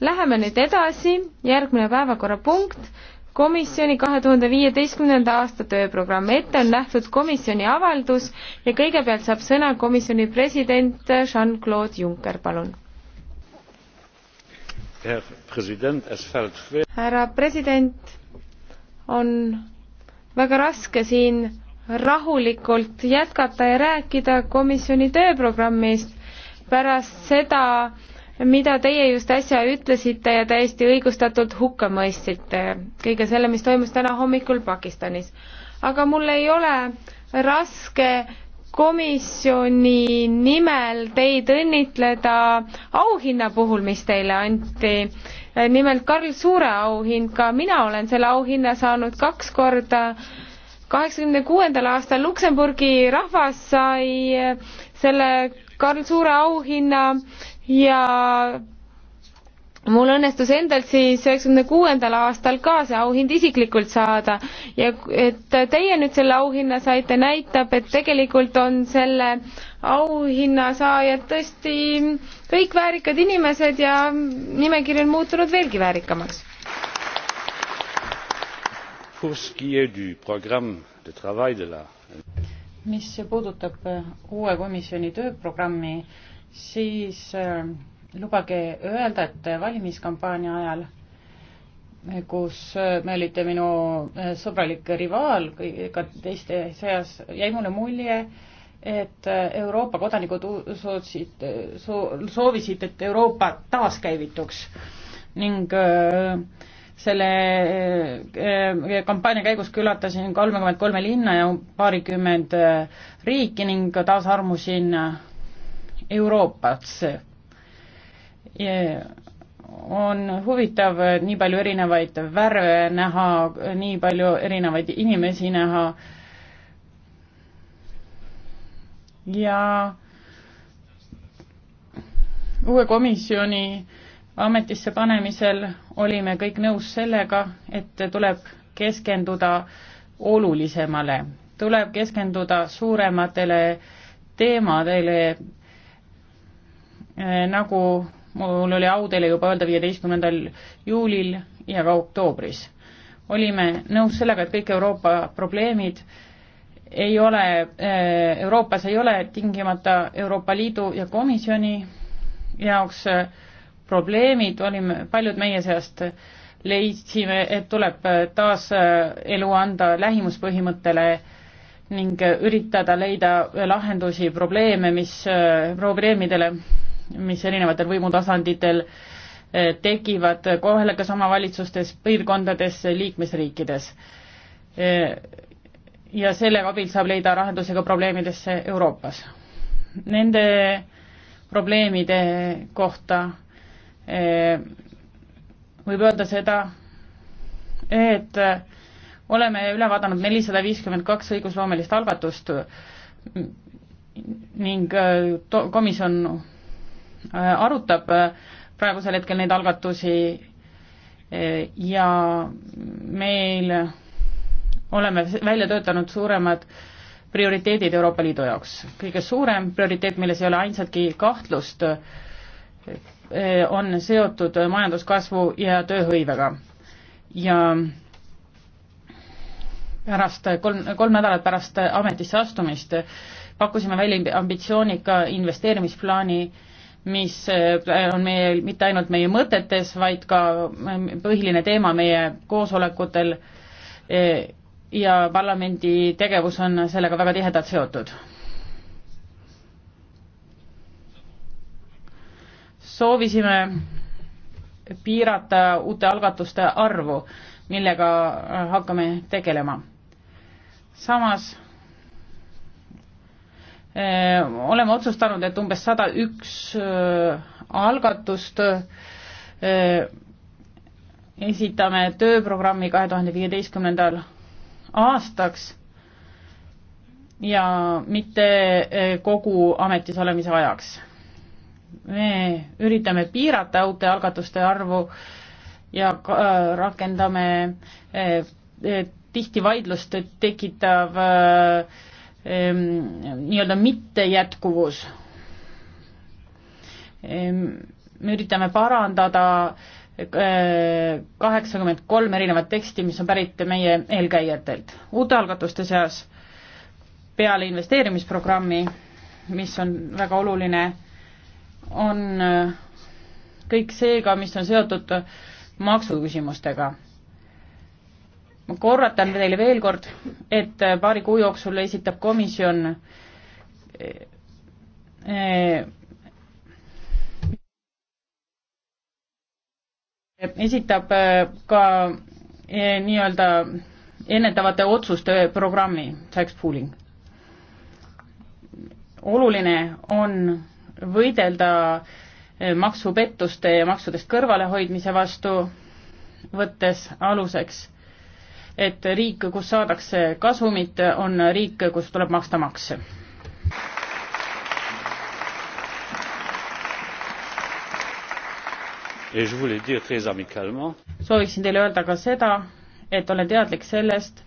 Läheme nüüd edasi, järgmine päevakorrapunkt, komisjoni kahe tuhande viieteistkümnenda aasta tööprogramm. ette on nähtud komisjoni avaldus ja kõigepealt saab sõna komisjoni president Jean-Claude Juncker, palun. härra president, on väga raske siin rahulikult jätkata ja rääkida komisjoni tööprogrammist pärast seda, mida teie just äsja ütlesite ja täiesti õigustatult hukka mõistsite, kõige selle, mis toimus täna hommikul Pakistanis. aga mul ei ole raske komisjoni nimel teid õnnitleda auhinna puhul, mis teile anti. nimelt Karl Suure auhind, ka mina olen selle auhinna saanud kaks korda. kaheksakümne kuuendal aastal Luksemburgi rahvas sai selle Karl Suure auhinna ja mul õnnestus endal siis üheksakümne kuuendal aastal ka see auhind isiklikult saada ja et teie nüüd selle auhinna saite, näitab, et tegelikult on selle auhinna saajad tõesti kõik väärikad inimesed ja nimekiri on muutunud veelgi väärikamaks. mis puudutab uue komisjoni tööprogrammi, siis äh, lubage öelda, et äh, valimiskampaania ajal, äh, kus me olite minu sõbralik rivaal ka teiste seas, jäi mulle mulje, et Euroopa kodanikud sootsid, soovisid, et Euroopa taaskäivituks ning selle kampaania käigus külatasin kolmekümmet kolme linna ja paarikümmend riiki ning taasarmusin Euroopasse. on huvitav nii palju erinevaid värve näha, nii palju erinevaid inimesi näha ja uue komisjoni ametisse panemisel olime kõik nõus sellega, et tuleb keskenduda olulisemale, tuleb keskenduda suurematele teemadele, Äh, nagu mul oli au teile juba öelda viieteistkümnendal juulil ja ka oktoobris. olime nõus sellega, et kõik Euroopa probleemid ei ole, äh, Euroopas ei ole tingimata Euroopa Liidu ja komisjoni jaoks äh, probleemid, olime, paljud meie seast leidsime, et tuleb taas elu anda lähimuspõhimõttele ning üritada leida lahendusi probleeme, mis, probleemidele, mis erinevatel võimutasanditel eh, tekivad kohalikes omavalitsustes, piirkondades, liikmesriikides. Eh, ja selle abil saab leida lahendusi ka probleemidesse Euroopas. Nende probleemide kohta eh, võib öelda seda, et oleme üle vaadanud nelisada viiskümmend kaks õigusloomelist algatust ning komisjon Äh, arutab äh, praegusel hetkel neid algatusi äh, ja meil oleme välja töötanud suuremad prioriteedid Euroopa Liidu jaoks. kõige suurem prioriteet, milles ei ole ainsatki kahtlust, on seotud majanduskasvu ja tööhõivega. ja pärast kolm, kolm nädalat pärast ametisse astumist pakkusime välja ambitsioonika investeerimisplaani äh, mis äh, on meie, mitte ainult meie mõtetes, vaid ka ähm, põhiline teema meie koosolekutel äh, ja parlamendi tegevus on sellega väga tihedalt seotud. soovisime piirata uute algatuste arvu, millega äh, hakkame tegelema. samas Äh, oleme otsustanud, et umbes sada üks äh, algatust äh, esitame tööprogrammi kahe tuhande viieteistkümnendal aastaks ja mitte kogu ametis olemise ajaks. me üritame piirata uute algatuste arvu ja rakendame tihti vaidlust tekitav äh, Ehm, nii-öelda mittejätkuvus. Ehm, me üritame parandada eh, kaheksakümmend kolm erinevat teksti, mis on pärit meie eelkäijatelt. uute algatuste seas peale investeerimisprogrammi, mis on väga oluline, on eh, kõik see ka, mis on seotud maksuküsimustega ma korratan teile veel kord, et äh, paari kuu jooksul esitab komisjon äh, äh, esitab ka nii-öelda ennetavate otsuste programmi, tax pooling. oluline on võidelda maksupettuste ja maksudest kõrvalehoidmise vastu, võttes aluseks et riik, kus saadakse kasumit, on riik, kus tuleb maksta makse. sooviksin teile öelda ka seda, et olen teadlik sellest,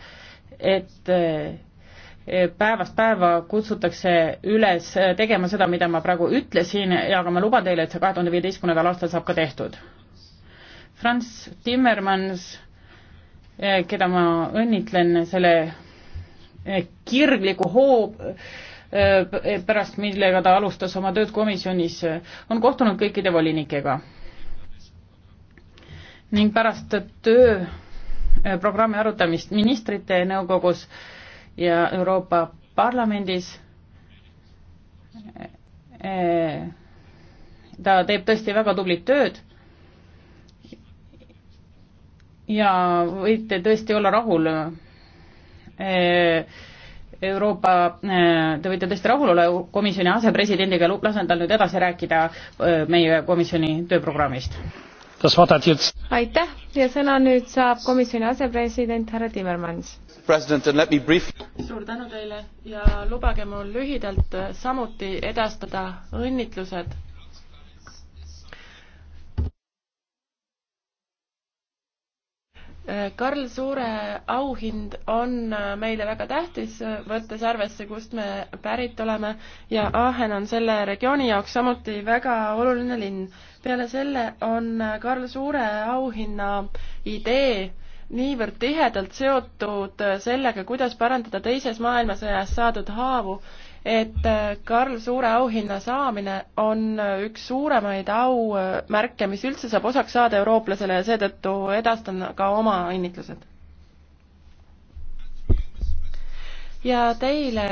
et eh, päevast päeva kutsutakse üles tegema seda, mida ma praegu ütlesin, aga ma luban teile, et see kahe tuhande viieteistkümnendal aastal saab ka tehtud. Franz Timmermans Eh, keda ma õnnitlen selle eh, kirgliku hoo eh, pärast, millega ta alustas oma tööd komisjonis, on kohtunud kõikide volinikega. ning pärast tööprogrammi arutamist ministrite nõukogus ja Euroopa Parlamendis ta teeb tõesti väga tublit tööd ja võite tõesti olla rahul Euroopa, te võite tõesti rahul olla komisjoni asepresidendiga, lasen tal nüüd edasi rääkida meie komisjoni tööprogrammist. aitäh ja sõna nüüd saab komisjoni asepresident härra Timmermans. Brief... suur tänu teile ja lubage mul lühidalt samuti edastada õnnitlused Karl Suure auhind on äh, meile väga tähtis, äh, võttes arvesse, kust me pärit oleme ja Aachen on selle regiooni jaoks samuti väga oluline linn. peale selle on äh, Karl Suure auhinna idee niivõrd tihedalt seotud sellega, kuidas parandada Teises maailmasõjas saadud haavu et äh, Karl Suure auhinna saamine on äh, üks suuremaid aumärke, mis üldse saab osaks saada eurooplasele ja seetõttu edastan ka oma õnnitlused. ja teile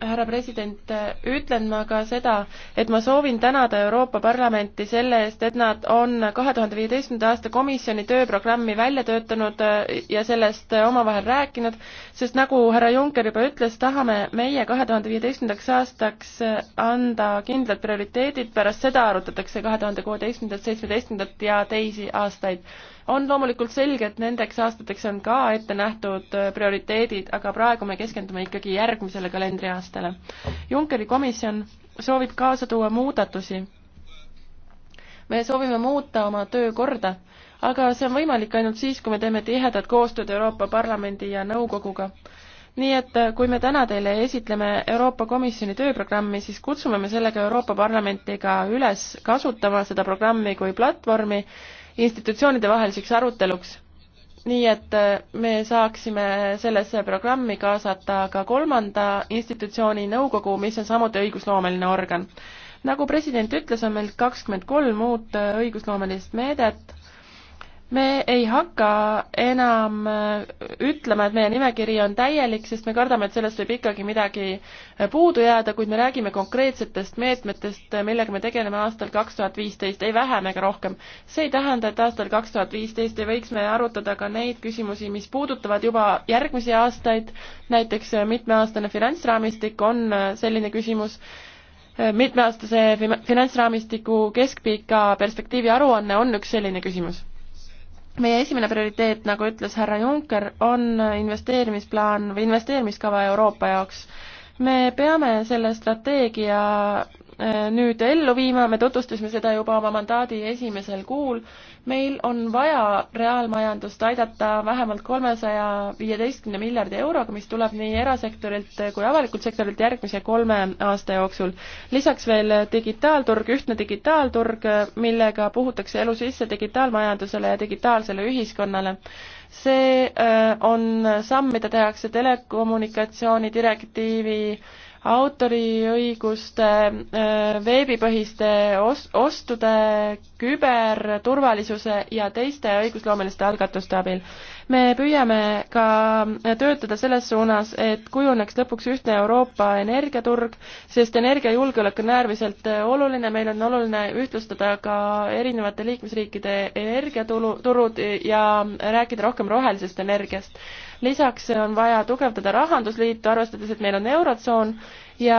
härra president, ütlen ma ka seda, et ma soovin tänada Euroopa Parlamenti selle eest, et nad on kahe tuhande viieteistkümnenda aasta komisjoni tööprogrammi välja töötanud äh, ja sellest äh, omavahel rääkinud, sest nagu härra Juncker juba ütles, tahame meie kahe tuhande viieteistkümnendaks aastaks äh, anda kindlad prioriteedid, pärast seda arutatakse kahe tuhande kuueteistkümnendat, seitsmeteistkümnendat ja teisi aastaid on loomulikult selge, et nendeks aastateks on ka ette nähtud äh, prioriteedid, aga praegu me keskendume ikkagi järgmisele kalendriaastale. Junckeri komisjon soovib kaasa tuua muudatusi. me soovime muuta oma töökorda, aga see on võimalik ainult siis, kui me teeme tihedat koostööd Euroopa Parlamendi ja Nõukoguga nii et äh, kui me täna teile esitleme Euroopa Komisjoni tööprogrammi, siis kutsume me sellega Euroopa Parlamenti ka üles kasutama seda programmi kui platvormi, institutsioonide vaheliseks aruteluks, nii et äh, me saaksime sellesse programmi kaasata ka kolmanda institutsiooni nõukogu, mis on samuti õigusloomeline organ. nagu president ütles, on meil kakskümmend kolm uut äh, õigusloomelist meedet me ei hakka enam äh, ütlema, et meie nimekiri on täielik, sest me kardame, et sellest võib ikkagi midagi äh, puudu jääda, kuid me räägime konkreetsetest meetmetest, äh, millega me tegeleme aastal kaks tuhat viisteist, ei vähem ega rohkem. see ei tähenda, et aastal kaks tuhat viisteist ei võiks me arutada ka neid küsimusi, mis puudutavad juba järgmisi aastaid, näiteks mitmeaastane finantsraamistik on selline küsimus mitmeaastase finantsraamistiku keskpika perspektiivi aruanne on üks selline küsimus meie esimene prioriteet, nagu ütles härra Juncker, on investeerimisplaan või investeerimiskava Euroopa jaoks me peame selle strateegia äh, nüüd ellu viima, me tutvustasime seda juba oma mandaadi esimesel kuul. meil on vaja reaalmajandust aidata vähemalt kolmesaja viieteistkümne miljardi euroga, mis tuleb nii erasektorilt kui avalikult sektorilt järgmise kolme aasta jooksul. lisaks veel digitaalturg, ühtne digitaalturg, millega puhutakse elu sisse digitaalmajandusele ja digitaalsele ühiskonnale see äh, on samm, mida tehakse telekommunikatsiooni direktiivi autoriõiguste äh, veebipõhiste os-, ostude, küberturvalisuse ja teiste õigusloomeliste algatuste abil. me püüame ka töötada selles suunas, et kujuneks lõpuks ühtne Euroopa energiaturg, sest energiajulgeolek on äärmiselt oluline, meil on oluline ühtlustada ka erinevate liikmesriikide energiatulu, turud ja rääkida rohkem rohelisest energiast lisaks on vaja tugevdada Rahandusliitu, arvestades, et meil on Eurotsoon ja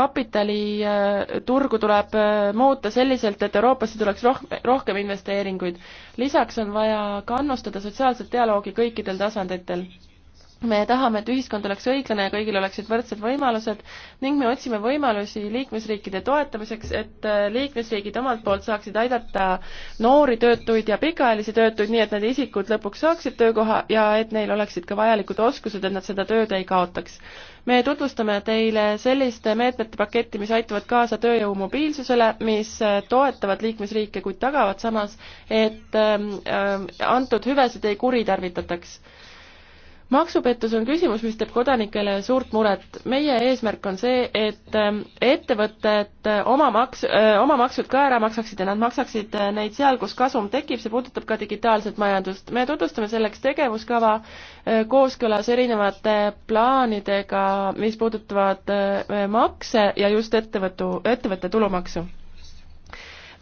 kapitaliturgu äh, tuleb äh, muuta selliselt, et Euroopasse tuleks roh-, rohkem investeeringuid. lisaks on vaja kannustada sotsiaalset dialoogi kõikidel tasanditel me tahame, et ühiskond oleks õiglane ja kõigil oleksid võrdsed võimalused ning me otsime võimalusi liikmesriikide toetamiseks, et äh, liikmesriigid omalt poolt saaksid aidata noori töötuid ja pikaajalisi töötuid, nii et need isikud lõpuks saaksid töökoha ja et neil oleksid ka vajalikud oskused, et nad seda tööd ei kaotaks. me tutvustame teile selliste meetmete paketti, mis aitavad kaasa tööjõu mobiilsusele, mis äh, toetavad liikmesriike, kuid tagavad samas, et ähm, äh, antud hüvesid ei kuritarvitataks maksupettus on küsimus, mis teeb kodanikele suurt muret. meie eesmärk on see, et ähm, ettevõtted äh, oma maks, äh, oma maksud ka ära maksaksid ja nad maksaksid äh, neid seal, kus kasum tekib, see puudutab ka digitaalset majandust. me tutvustame selleks tegevuskava kooskõlas erinevate plaanidega, mis puudutavad makse ja just ettevõtu, ettevõtte tulumaksu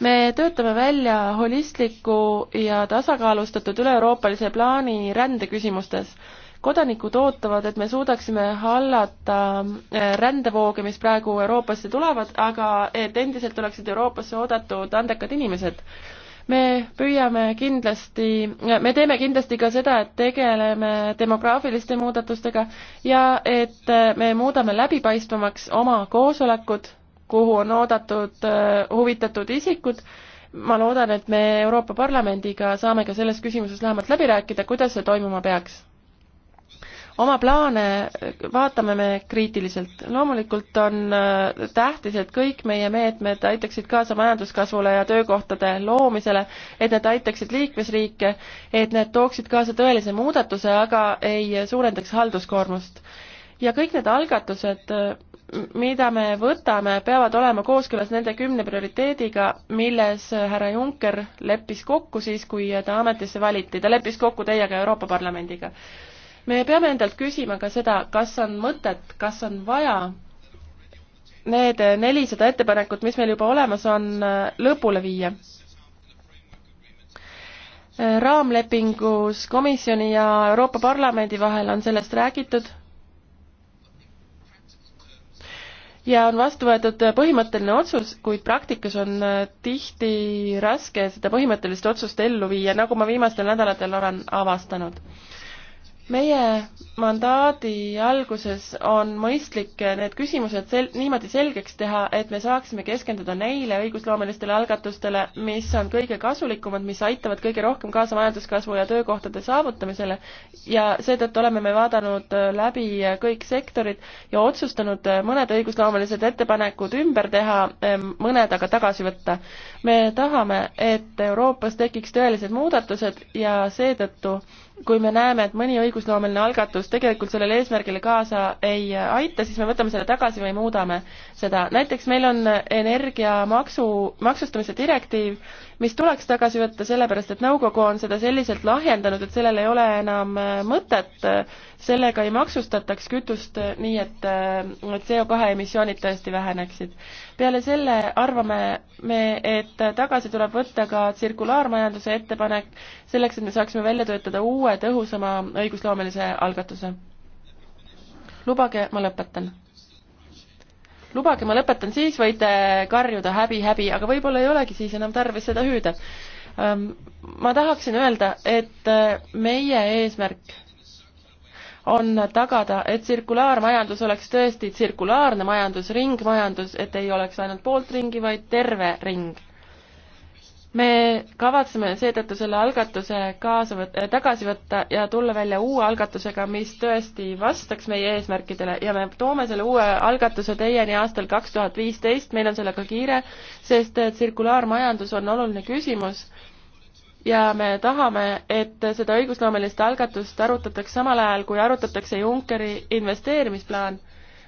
me töötame välja holistliku ja tasakaalustatud üle-euroopalise plaani rändeküsimustes kodanikud ootavad, et me suudaksime hallata äh, rändevooge, mis praegu Euroopasse tulevad, aga et endiselt oleksid Euroopasse oodatud andekad inimesed. me püüame kindlasti, äh, me teeme kindlasti ka seda, et tegeleme demograafiliste muudatustega ja et äh, me muudame läbipaistvamaks oma koosolekud, kuhu on oodatud huvitatud isikud ma loodan, et me Euroopa Parlamendiga saame ka selles küsimuses lähemalt läbi rääkida, kuidas see toimuma peaks oma plaane vaatame me kriitiliselt. loomulikult on äh, tähtis, et kõik meie meetmed aitaksid kaasa majanduskasvule ja töökohtade loomisele, et need aitaksid liikmesriike, et need tooksid kaasa tõelise muudatuse, aga ei suurendaks halduskoormust. ja kõik need algatused, mida me võtame, peavad olema kooskõlas nende kümne prioriteediga, milles härra Juncker leppis kokku siis, kui ta ametisse valiti. ta leppis kokku teiega Euroopa Parlamendiga me peame endalt küsima ka seda, kas on mõtet, kas on vaja need nelisada ettepanekut, mis meil juba olemas on, lõpule viia. raamlepingus komisjoni ja Euroopa Parlamendi vahel on sellest räägitud ja on vastu võetud põhimõtteline otsus, kuid praktikas on tihti raske seda põhimõttelist otsust ellu viia, nagu ma viimastel nädalatel olen avastanud meie mandaadi alguses on mõistlik need küsimused sel-, niimoodi selgeks teha, et me saaksime keskenduda neile õigusloomelistele algatustele, mis on kõige kasulikumad, mis aitavad kõige rohkem kaasa majanduskasvu ja töökohtade saavutamisele ja seetõttu oleme me vaadanud läbi kõik sektorid ja otsustanud mõned õigusloomelised ettepanekud ümber teha, mõned aga tagasi võtta. me tahame, et Euroopas tekiks tõelised muudatused ja seetõttu kui me näeme, et mõni õigusloomeline algatus tegelikult sellele eesmärgile kaasa ei aita, siis me võtame selle tagasi või muudame seda. näiteks meil on energiamaksu, maksustamise direktiiv mis tuleks tagasi võtta, sellepärast et nõukogu on seda selliselt lahjendanud, et sellel ei ole enam äh, mõtet, äh, sellega ei maksustataks kütust äh, nii, et CO2 emissioonid tõesti väheneksid. peale selle arvame me, et tagasi tuleb võtta ka tsirkulaarmajanduse ettepanek, selleks et me saaksime välja töötada uue tõhusama õigusloomelise algatuse. lubage, ma lõpetan lubage, ma lõpetan, siis võite karjuda häbi, häbi, aga võib-olla ei olegi siis enam tarvis seda hüüda. Ähm, ma tahaksin öelda, et äh, meie eesmärk on tagada, et tsirkulaarmajandus oleks tõesti tsirkulaarne majandus, ringmajandus, et ei oleks ainult poolt ringi, vaid terve ring me kavatseme seetõttu selle algatuse kaasa võtta, äh, tagasi võtta ja tulla välja uue algatusega, mis tõesti vastaks meie eesmärkidele ja me toome selle uue algatuse teieni aastal kaks tuhat viisteist, meil on sellega kiire, sest äh, tsirkulaarmajandus on oluline küsimus ja me tahame, et seda õigusloomelist algatust arutataks samal ajal, kui arutatakse Junckeri investeerimisplaan,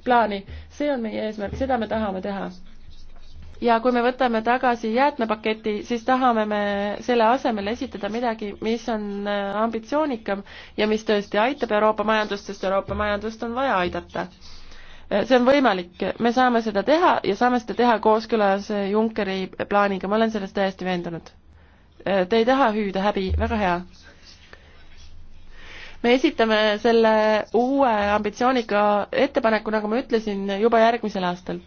plaani. see on meie eesmärk, seda me tahame teha ja kui me võtame tagasi jäätmepaketi, siis tahame me selle asemel esitada midagi, mis on äh, ambitsioonikam ja mis tõesti aitab Euroopa majandust, sest Euroopa majandust on vaja aidata. Äh, see on võimalik, me saame seda teha ja saame seda teha kooskõlas äh, Junckeri plaaniga, ma olen selles täiesti veendunud. Te ei taha hüüda häbi, väga hea me esitame selle uue ambitsioonika ettepaneku, nagu ma ütlesin, juba järgmisel aastal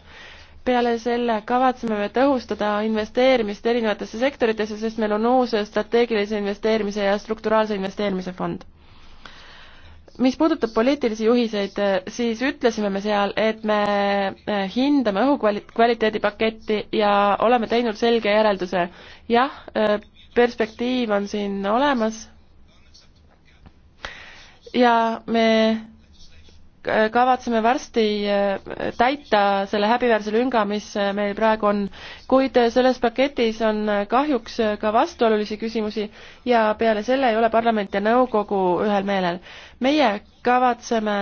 peale selle kavatseme me tõhustada investeerimist erinevatesse sektoritesse, sest meil on uus strateegilise investeerimise ja strukturaalse investeerimise fond. mis puudutab poliitilisi juhiseid, siis ütlesime me seal, et me eh, hindame õhukvaliteedi paketti ja oleme teinud selge järelduse. jah, eh, perspektiiv on siin olemas ja me kavatseme varsti äh, täita selle häbiväärse lünga, mis äh, meil praegu on, kuid äh, selles paketis on kahjuks ka vastuolulisi küsimusi ja peale selle ei ole parlament ja nõukogu ühel meelel. meie kavatseme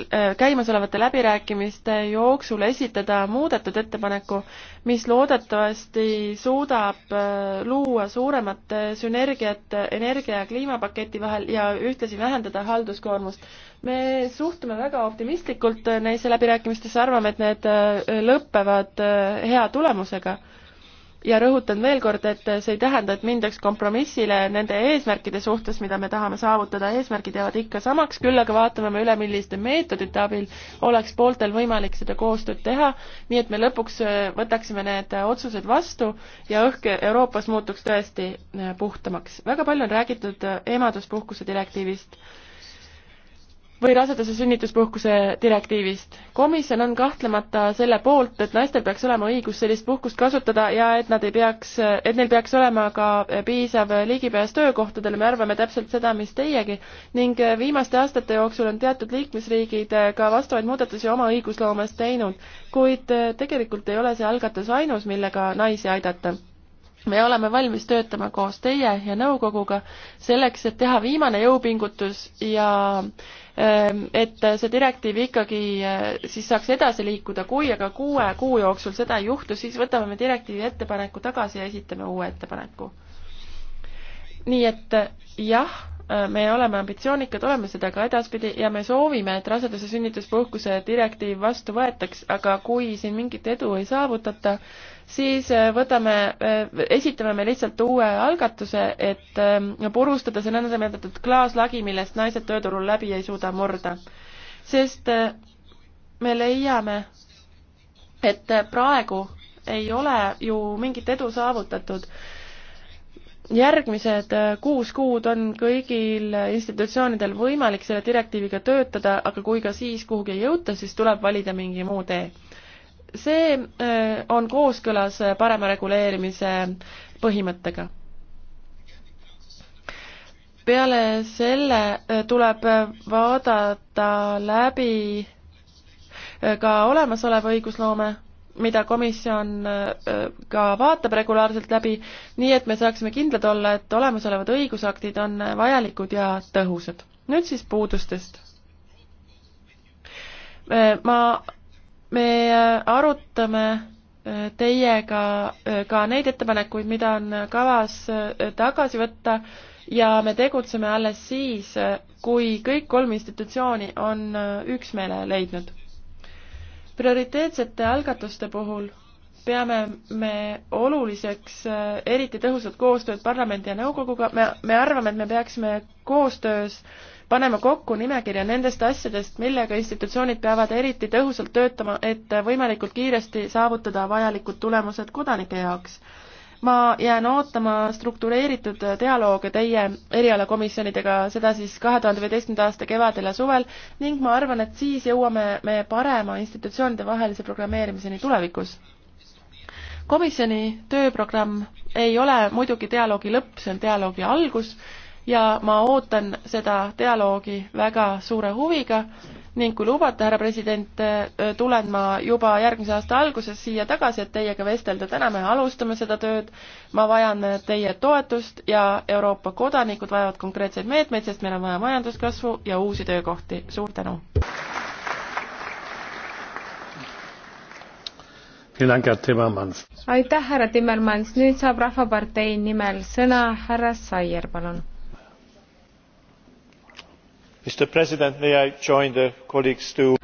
Äh, käimasolevate läbirääkimiste jooksul esitada muudetud ettepaneku, mis loodetavasti suudab äh, luua suuremat äh, sünergiat energia- ja kliimapaketi vahel ja ühtlasi vähendada halduskoormust. me suhtume väga optimistlikult neisse läbirääkimistesse, arvame, et need lõpevad hea tulemusega ja rõhutan veel kord, et see ei tähenda, et mindaks kompromissile nende eesmärkide suhtes, mida me tahame saavutada, eesmärgid jäävad ikka samaks, küll aga vaatame me üle, milliste meetodite abil oleks pooltel võimalik seda koostööd teha, nii et me lõpuks äh, võtaksime need otsused vastu ja õhk Euroopas muutuks tõesti äh, puhtamaks. väga palju on räägitud äh, emaduspuhkuse direktiivist või raseduse sünnituspuhkuse direktiivist. komisjon on kahtlemata selle poolt, et naistel peaks olema õigus sellist puhkust kasutada ja et nad ei peaks, et neil peaks olema ka piisav ligipääs töökohtadele, me arvame täpselt seda, mis teiegi, ning viimaste aastate jooksul on teatud liikmesriigid ka vastavaid muudatusi oma õigusloomes teinud, kuid tegelikult ei ole see algatus ainus, millega naisi aidata me oleme valmis töötama koos teie ja nõukoguga selleks, et teha viimane jõupingutus ja ähm, et see direktiiv ikkagi äh, siis saaks edasi liikuda, kui aga kuue kuu jooksul seda ei juhtu, siis võtame me direktiivi ettepaneku tagasi ja esitame uue ettepaneku nii et jah, me oleme ambitsioonikad, oleme seda ka edaspidi ja me soovime, et raseduse sünnituspuhkuse direktiiv vastu võetaks, aga kui siin mingit edu ei saavutata, siis äh, võtame, äh, esitame me lihtsalt uue algatuse, et äh, purustada see nõndanimetatud klaaslagi, millest naised tööturul läbi ei suuda murda. sest me leiame, et praegu ei ole ju mingit edu saavutatud järgmised äh, kuus kuud on kõigil institutsioonidel võimalik selle direktiiviga töötada, aga kui ka siis kuhugi ei jõuta, siis tuleb valida mingi muu tee. see äh, on kooskõlas äh, parema reguleerimise põhimõttega. peale selle tuleb vaadata läbi ka olemasolev õigusloome mida komisjon äh, ka vaatab regulaarselt läbi, nii et me saaksime kindlad olla, et olemasolevad õigusaktid on vajalikud ja tõhusad. nüüd siis puudustest. Äh, ma, me äh, arutame teiega ka neid ettepanekuid, mida on kavas tagasi võtta ja me tegutseme alles siis, kui kõik kolm institutsiooni on üksmeele leidnud prioriteetsete algatuste puhul peame me oluliseks äh, eriti tõhusat koostööd parlamendi ja nõukoguga, me, me arvame, et me peaksime koostöös panema kokku nimekirja nendest asjadest, millega institutsioonid peavad eriti tõhusalt töötama, et võimalikult kiiresti saavutada vajalikud tulemused kodanike jaoks ma jään ootama struktureeritud dialoogi teie erialakomisjonidega, seda siis kahe tuhande üheteistkümnenda aasta kevadel ja suvel ning ma arvan, et siis jõuame me parema institutsioonide vahelise programmeerimiseni tulevikus. komisjoni tööprogramm ei ole muidugi dialoogi lõpp, see on dialoogi algus ja ma ootan seda dialoogi väga suure huviga ning kui lubate, härra president, äh, tulen ma juba järgmise aasta alguses siia tagasi, et teiega vestelda. täna me alustame seda tööd, ma vajan teie toetust ja Euroopa kodanikud vajavad konkreetseid meetmeid, sest meil on vaja majanduskasvu ja uusi töökohti. suur tänu! aitäh, härra Timmermans, nüüd saab Rahvapartei nimel sõna härra Saier, palun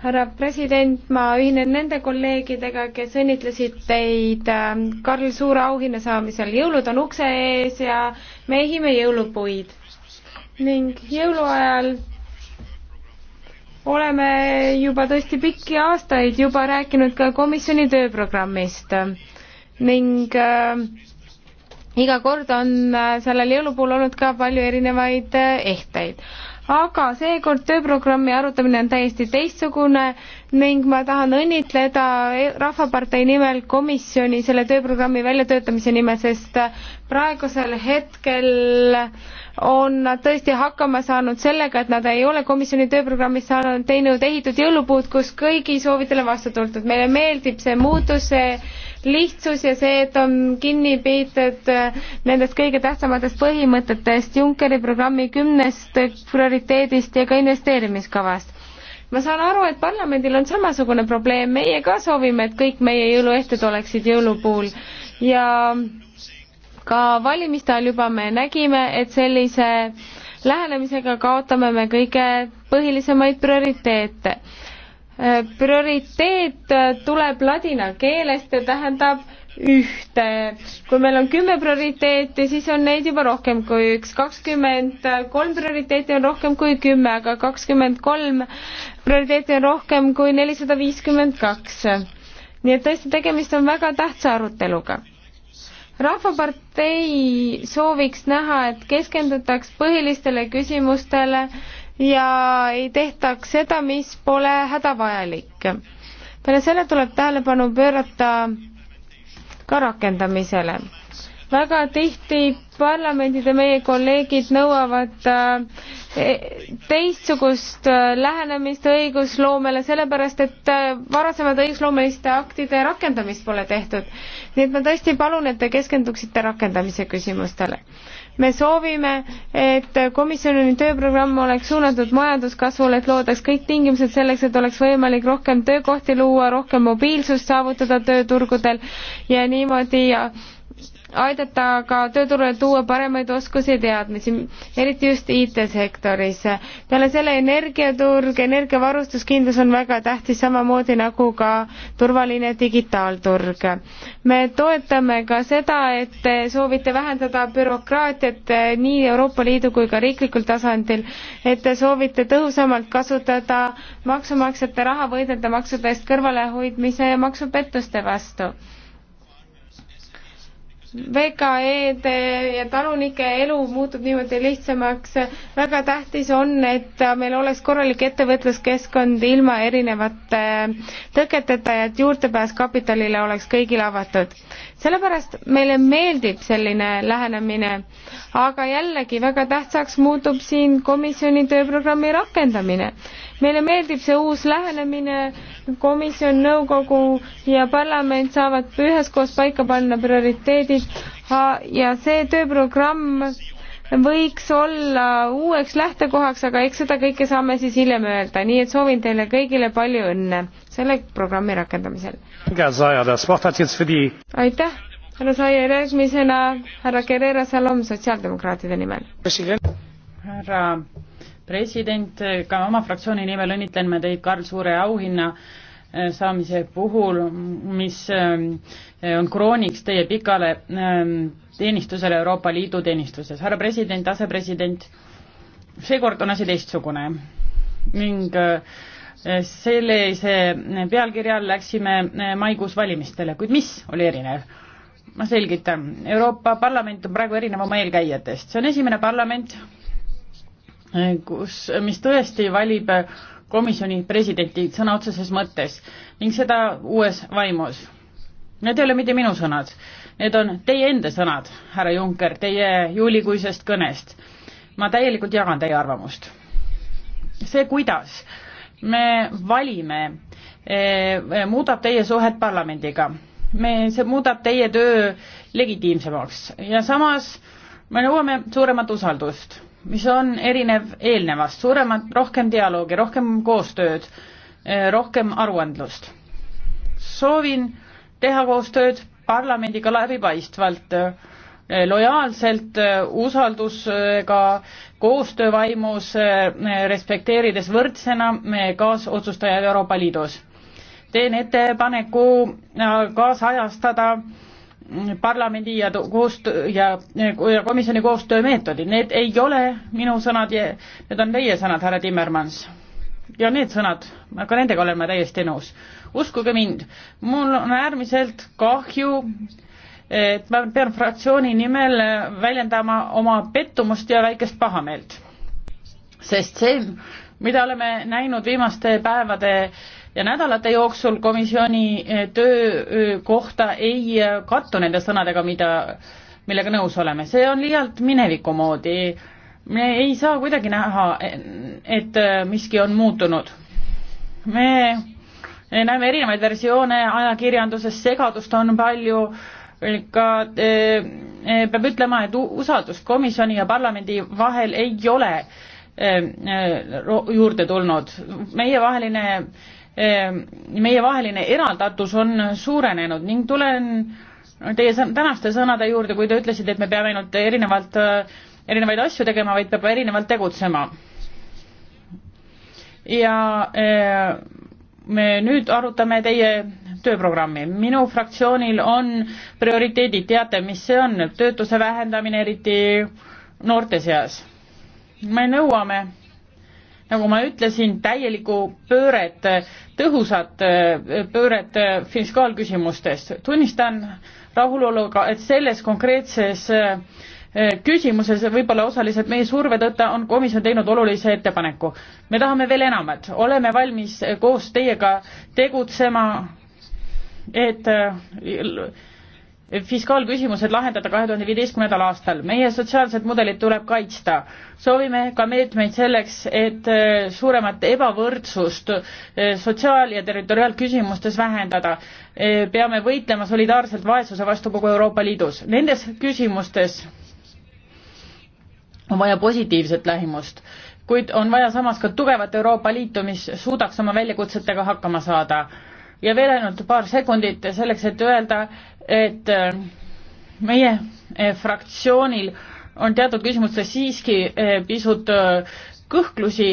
härra president ma ühinen nende kolleegidega kes õnnitlesid teid ähm, karl suure auhinna saamisel jõulud on ukse ees ja me ehime jõulupuid ning jõuluajal oleme juba tõesti pikki aastaid juba rääkinud ka komisjoni tööprogrammist ning äh, iga kord on äh, sellel jõulupuul olnud ka palju erinevaid äh, ehteid aga seekord tööprogrammi arutamine on täiesti teistsugune ning ma tahan õnnitleda e-, Rahvapartei nimel komisjoni selle tööprogrammi väljatöötamise nimel, sest praegusel hetkel on nad tõesti hakkama saanud sellega, et nad ei ole komisjoni tööprogrammis saanud, teinud ehitud jõulupuud, kus kõigi soovidele vastu tultud. meile meeldib see muutus, see lihtsus ja see, et on kinni peetud äh, nendest kõige tähtsamatest põhimõtetest, Junckeri programmi kümnest prioriteedist ja ka investeerimiskavast ma saan aru, et parlamendil on samasugune probleem, meie ka soovime, et kõik meie jõuluehted oleksid jõulupuul ja ka valimiste ajal juba me nägime, et sellise lähenemisega kaotame me kõige põhilisemaid prioriteete prioriteet tuleb ladina keelest ja tähendab ühte. kui meil on kümme prioriteeti, siis on neid juba rohkem kui üks, kakskümmend kolm prioriteeti on rohkem kui kümme, aga kakskümmend kolm prioriteeti on rohkem kui nelisada viiskümmend kaks. nii et tõesti, tegemist on väga tähtsa aruteluga rahvapartei sooviks näha, et keskendutaks põhilistele küsimustele ja ei tehtaks seda, mis pole hädavajalik. peale selle tuleb tähelepanu pöörata ka rakendamisele. väga tihti parlamendid ja meie kolleegid nõuavad äh, teistsugust äh, lähenemist õigusloomele, sellepärast et äh, varasemate õigusloomeliste aktide rakendamist pole tehtud. nii et ma tõesti palun, et te keskenduksite rakendamise küsimustele me soovime, et komisjoni tööprogramm oleks suunatud majanduskasvule, et loodaks kõik tingimused selleks, et oleks võimalik rohkem töökohti luua, rohkem mobiilsust saavutada tööturgudel ja niimoodi ja aidata ka tööturule tuua paremaid oskusi ja teadmisi, eriti just IT-sektoris. peale selle energiaturg, energiavarustuskindlus on väga tähtis, samamoodi nagu ka turvaline digitaalturg. me toetame ka seda, et te soovite vähendada bürokraatiat nii Euroopa Liidu kui ka riiklikul tasandil, et te soovite tõhusamalt kasutada maksumaksjate raha võidelda maksude eest kõrvalehoidmise ja maksupettuste vastu VKE-de ja talunike elu muutub niimoodi lihtsamaks. väga tähtis on, et meil oleks korralik ettevõtluskeskkond ilma erinevate tõketeta ja et juurdepääs kapitalile oleks kõigile avatud sellepärast meile meeldib selline lähenemine, aga jällegi väga tähtsaks muutub siin komisjoni tööprogrammi rakendamine. meile meeldib see uus lähenemine, komisjon, nõukogu ja parlament saavad üheskoos paika panna prioriteedid ja see tööprogramm võiks olla uueks lähtekohaks, aga eks seda kõike saame siis hiljem öelda, nii et soovin teile kõigile palju õnne selle programmi rakendamisel aitäh, härra Saia, järgmisena härra Guerrero Salom sotsiaaldemokraatide nimel. härra president, ka oma fraktsiooni nimel õnnitlen me teid Karl Suure auhinna äh, saamise puhul, mis äh, on krooniks teie pikale ähm, teenistusele Euroopa Liidu teenistuses. härra president, asepresident, seekord on asi teistsugune ning äh, sellise pealkirja all läksime eh, maikuus valimistele, kuid mis oli erinev? ma selgitan, Euroopa Parlament on praegu erinev oma eelkäijatest, see on esimene parlament, eh, kus, mis tõesti valib eh, komisjoni presidenti sõna otseses mõttes ning seda uues vaimus. Need ei ole mitte minu sõnad, need on teie enda sõnad, härra Juncker, teie juulikuisest kõnest. ma täielikult jagan teie arvamust. see, kuidas me valime, eh, eh, muudab teie suhet parlamendiga. me, see muudab teie töö legitiimsemaks ja samas me nõuame suuremat usaldust, mis on erinev eelnevast, suuremat, rohkem dialoogi, rohkem koostööd, eh, rohkem aruandlust. soovin teha koostööd parlamendiga läbipaistvalt lojaalselt, usaldusega, koostöövaimus, respekteerides võrdsena kaasotsustajaid Euroopa Liidus. teen ettepaneku äh, kaasajastada parlamendi ja koost- ja, ja komisjoni koostöömeetodid, need ei ole minu sõnad, need on teie sõnad, härra Timmermans. ja need sõnad, ka nendega olen ma täiesti nõus. uskuge mind, mul on äärmiselt kahju äh, et ma pean fraktsiooni nimel väljendama oma pettumust ja väikest pahameelt. sest see, mida oleme näinud viimaste päevade ja nädalate jooksul komisjoni töö kohta ei kattu nende sõnadega, mida, millega nõus oleme, see on liialt mineviku moodi. me ei saa kuidagi näha, et miski on muutunud. me näeme erinevaid versioone ajakirjanduses, segadust on palju ka eh, eh, peab ütlema, et usaldus komisjoni ja parlamendi vahel ei ole eh, juurde tulnud. meievaheline, meievaheline eraldatus on suurenenud ning tulen teie tänaste sõnade juurde, kui te ütlesite, et me peame ainult erinevalt, erinevaid asju tegema, vaid peab erinevalt tegutsema. ja me nüüd arutame teie tööprogrammi. minu fraktsioonil on prioriteedid, teate, mis see on, töötuse vähendamine, eriti noorte seas. me nõuame nagu ma ütlesin, täielikku pööret, tõhusat eh, pööret eh, fiskaalküsimustes. tunnistan rahuloluga, et selles konkreetses eh, küsimuses võib-olla osaliselt meie surve tõttu on komisjon teinud olulise ettepaneku. me tahame veel enamat, oleme valmis koos teiega tegutsema et äh, fiskaalküsimused lahendada kahe tuhande viieteistkümnendal aastal. meie sotsiaalset mudelit tuleb kaitsta. soovime ka meetmeid selleks, et äh, suuremat ebavõrdsust äh, sotsiaal- ja territoriaalküsimustes vähendada. peame võitlema solidaarselt vaesuse vastu kogu Euroopa Liidus. Nendes küsimustes on vaja positiivset lähimust, kuid on vaja samas ka tugevat Euroopa Liitu, mis suudaks oma väljakutsetega hakkama saada ja veel ainult paar sekundit selleks, et öelda, et äh, meie äh, fraktsioonil on teatud küsimustes siiski äh, pisut kõhklusi,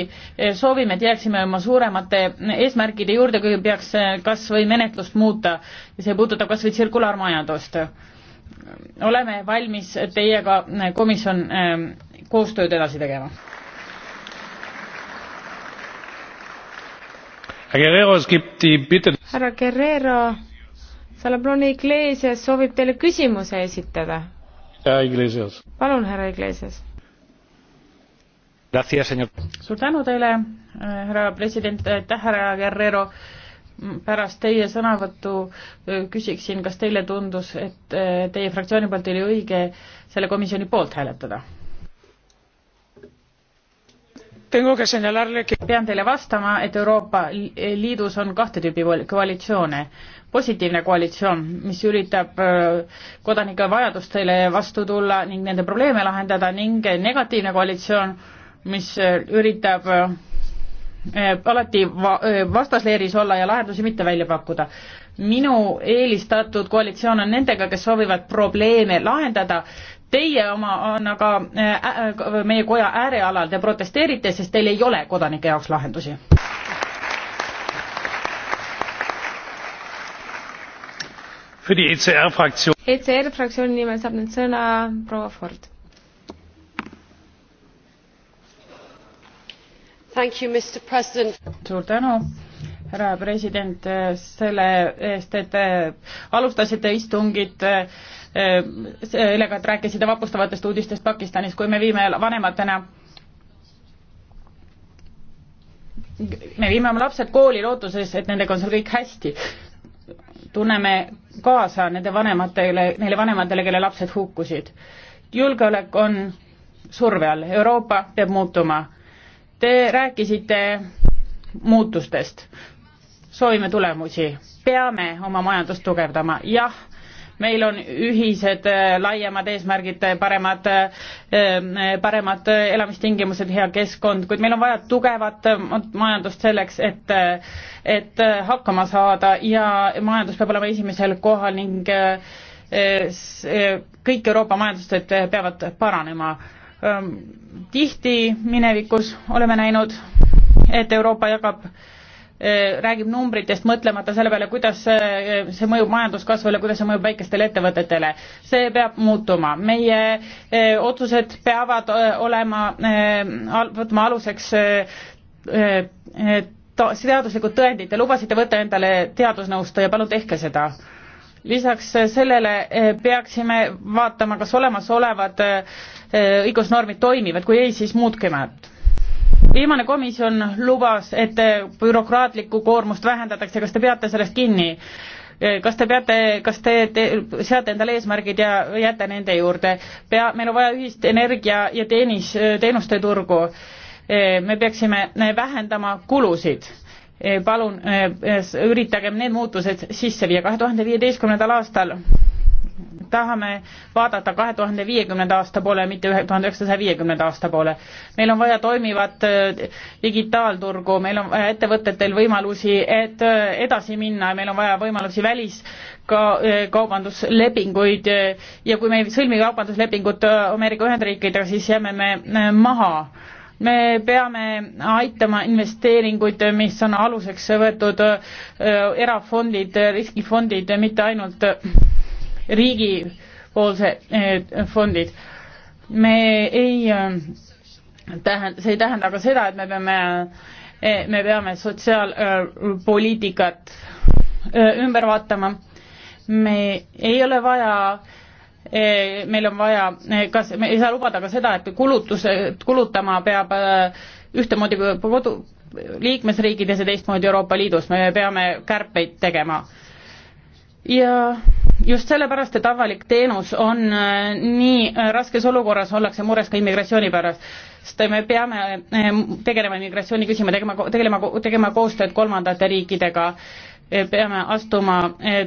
soovime, et jääksime oma suuremate eesmärkide juurde, kui peaks kas või menetlust muuta ja see puudutab kas või tsirkulaarmajandust. oleme valmis teiega, komisjon, koostööd edasi tegema härra Guerrero, Salabloni Iglesias soovib teile küsimuse esitada. palun, härra Iglesias. suur tänu teile, härra president, aitäh, härra Guerrero pärast teie sõnavõttu eh, küsiksin, kas teile tundus, et eh, teie fraktsiooni poolt oli õige selle komisjoni poolt hääletada? pean teile vastama et euroopa liidus on kahte tüüpi koalitsioone positiivne koalitsioon mis üritab äh, kodanike vajadustele vastu tulla ning nende probleeme lahendada ning negatiivne koalitsioon mis äh, üritab äh, alati vastasleeris olla ja lahendusi mitte välja pakkuda minu eelistatud koalitsioon on nendega kes soovivad probleeme lahendada Teie oma on aga äh, äh, meie koja äärealal, te protesteerite, sest teil ei ole kodanike jaoks lahendusi. ECR e e fraktsiooni ECR fraktsioon nimel saab nüüd sõna proua Ford. suur tänu härra president, selle eest, et alustasite istungit sellega, et rääkisite vapustavatest uudistest Pakistanis, kui me viime vanematena me viime oma lapsed kooli lootuses, et nendega on seal kõik hästi. tunneme kaasa nende vanematele, neile vanematele, kelle lapsed hukkusid. julgeolek on surve all, Euroopa peab muutuma. Te rääkisite muutustest soovime tulemusi, peame oma majandust tugevdama, jah, meil on ühised äh, laiemad eesmärgid, äh, paremad, äh, paremad elamistingimused, hea keskkond, kuid meil on vaja tugevat majandust selleks, et, et hakkama saada ja majandus peab olema esimesel kohal ning kõik Euroopa majandused peavad paranema. Ähm, tihti minevikus oleme näinud, et Euroopa jagab Äh, räägib numbritest, mõtlemata selle peale, kuidas äh, see mõjub majanduskasvule, kuidas see mõjub väikestele ettevõtetele. see peab muutuma. meie äh, otsused peavad olema, võtma aluseks teaduslikud tõendid, te lubasite võtta endale teadusnõustaja, palun tehke seda lisaks sellele peaksime vaatama, kas olemasolevad õigusnormid toimivad, kui ei, siis muutke nad viimane komisjon lubas, et bürokraatlikku koormust vähendatakse, kas te peate sellest kinni? kas te peate, kas te, te seate endale eesmärgid ja jääte nende juurde? pea, meil on vaja ühist energia ja teenis, teenuste turgu. me peaksime vähendama kulusid. palun üritagem need muutused sisse viia kahe tuhande viieteistkümnendal aastal tahame vaadata kahe tuhande viiekümnenda aasta poole, mitte ühe tuhande üheksasaja viiekümnenda aasta poole. meil on vaja toimivat äh, digitaalturgu, meil on vaja ettevõtetel võimalusi, et äh, edasi minna ja meil on vaja võimalusi välis ka äh, kaubanduslepinguid ja kui me ei sõlmi kaubanduslepingut Ameerika Ühendriikidega, siis jääme me maha me peame aitama investeeringuid, mis on aluseks võetud erafondid, riskifondid, mitte ainult riigipoolse eh, fondid. me ei eh, tähenda, see ei tähenda aga seda, et me peame, eh, me peame sotsiaalpoliitikat ümber vaatama. me ei ole vaja meil on vaja, kas me ei saa lubada ka seda, et kulutused, kulutama peab ühtemoodi kodu, liikmesriikides ja teistmoodi Euroopa Liidus, me peame kärpeid tegema. ja just sellepärast, et avalik teenus on äh, nii äh, raskes olukorras, ollakse mures ka immigratsiooni pärast. sest me peame äh, tegelema immigratsiooni küsimusega, tegema, tegelema, tegema koostööd kolmandate riikidega, peame astuma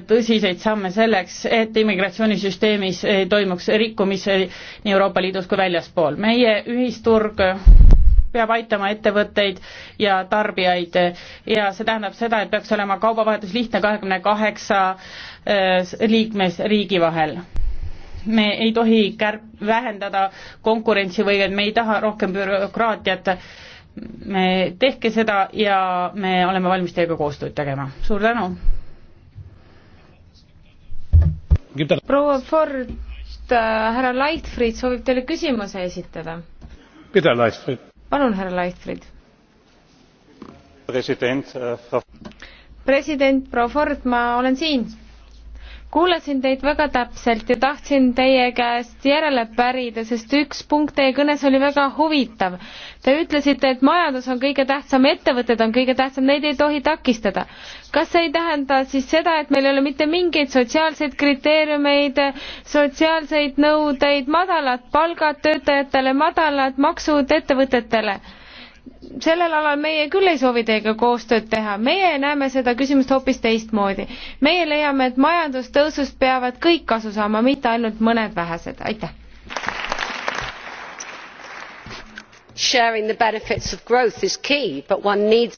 tõsiseid samme selleks, et immigratsioonisüsteemis ei toimuks rikkumisi nii Euroopa Liidus kui väljaspool. meie ühisturg peab aitama ettevõtteid ja tarbijaid ja see tähendab seda, et peaks olema kaubavahetus lihtne kahekümne kaheksa äh, liikmesriigi vahel. me ei tohi kärp-, vähendada konkurentsivõimet, me ei taha rohkem bürokraatiat, me, tehke seda ja me oleme valmis teiega koostööd tegema, suur tänu! proua Ford, äh, härra Leichtfried soovib teile küsimuse esitada. mida Leichtfried? palun, härra Leichtfried. president äh,, president proua Ford, ma olen siin kuulasin teid väga täpselt ja tahtsin teie käest järele pärida, sest üks punkt teie kõnes oli väga huvitav. Te ütlesite, et majandus on kõige tähtsam, ettevõtted on kõige tähtsam, neid ei tohi takistada kas see ei tähenda siis seda, et meil ei ole mitte mingeid sotsiaalseid kriteeriumeid, sotsiaalseid nõudeid, madalad palgad töötajatele, madalad maksud ettevõtetele? sellel alal meie küll ei soovi teiega koostööd teha, meie näeme seda küsimust hoopis teistmoodi. meie leiame, et majandustõusust peavad kõik kasu saama, mitte ainult mõned vähesed, aitäh!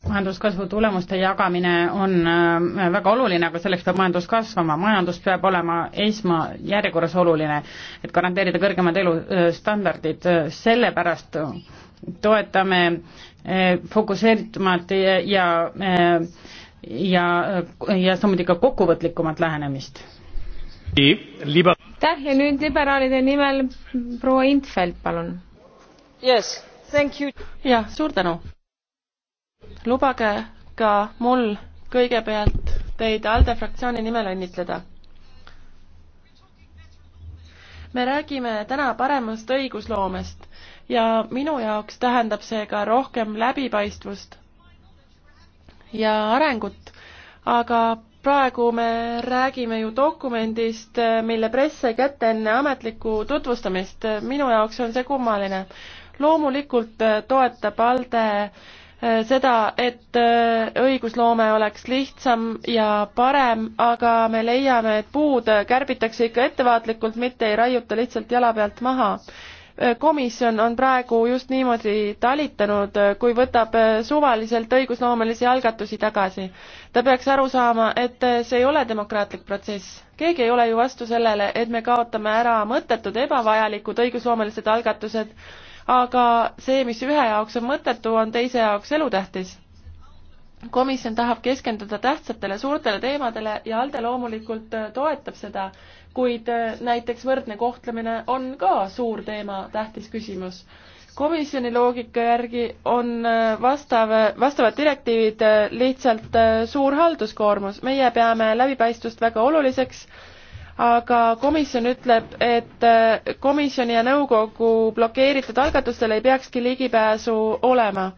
majanduskasvu tulemuste jagamine on äh, väga oluline aga selleks peab majandus kasvama majandus peab olema esmajärjekorras oluline et garanteerida kõrgemad elustandardid sellepärast toetame äh, fokusseeritumat ja äh, ja ja samuti ka kokkuvõtlikumat lähenemist aitäh ja nüüd liberaalide nimel proua Intfeld palun yes jah, suur tänu. lubage ka mul kõigepealt teid ALDE fraktsiooni nimel õnnitleda. me räägime täna paremast õigusloomest ja minu jaoks tähendab see ka rohkem läbipaistvust ja arengut, aga praegu me räägime ju dokumendist, mille press sai kätte enne ametlikku tutvustamist. minu jaoks on see kummaline loomulikult äh, toetab ALDE äh, seda, et äh, õigusloome oleks lihtsam ja parem, aga me leiame, et puud kärbitakse ikka ettevaatlikult, mitte ei raiuta lihtsalt jala pealt maha komisjon on praegu just niimoodi talitanud, kui võtab suvaliselt õigusloomelisi algatusi tagasi. ta peaks aru saama, et see ei ole demokraatlik protsess. keegi ei ole ju vastu sellele, et me kaotame ära mõttetud ebavajalikud õigusloomelised algatused aga see, mis ühe jaoks on mõttetu, on teise jaoks elutähtis. komisjon tahab keskenduda tähtsatele suurtele teemadele ja ALDE loomulikult äh, toetab seda, kuid äh, näiteks võrdne kohtlemine on ka suur teema, tähtis küsimus komisjoni loogika järgi on äh, vastav, vastavad direktiivid lihtsalt suur halduskoormus. meie peame läbipaistvust väga oluliseks aga komisjon ütleb, et äh, komisjoni ja nõukogu blokeeritud algatustel ei peakski ligipääsu olema.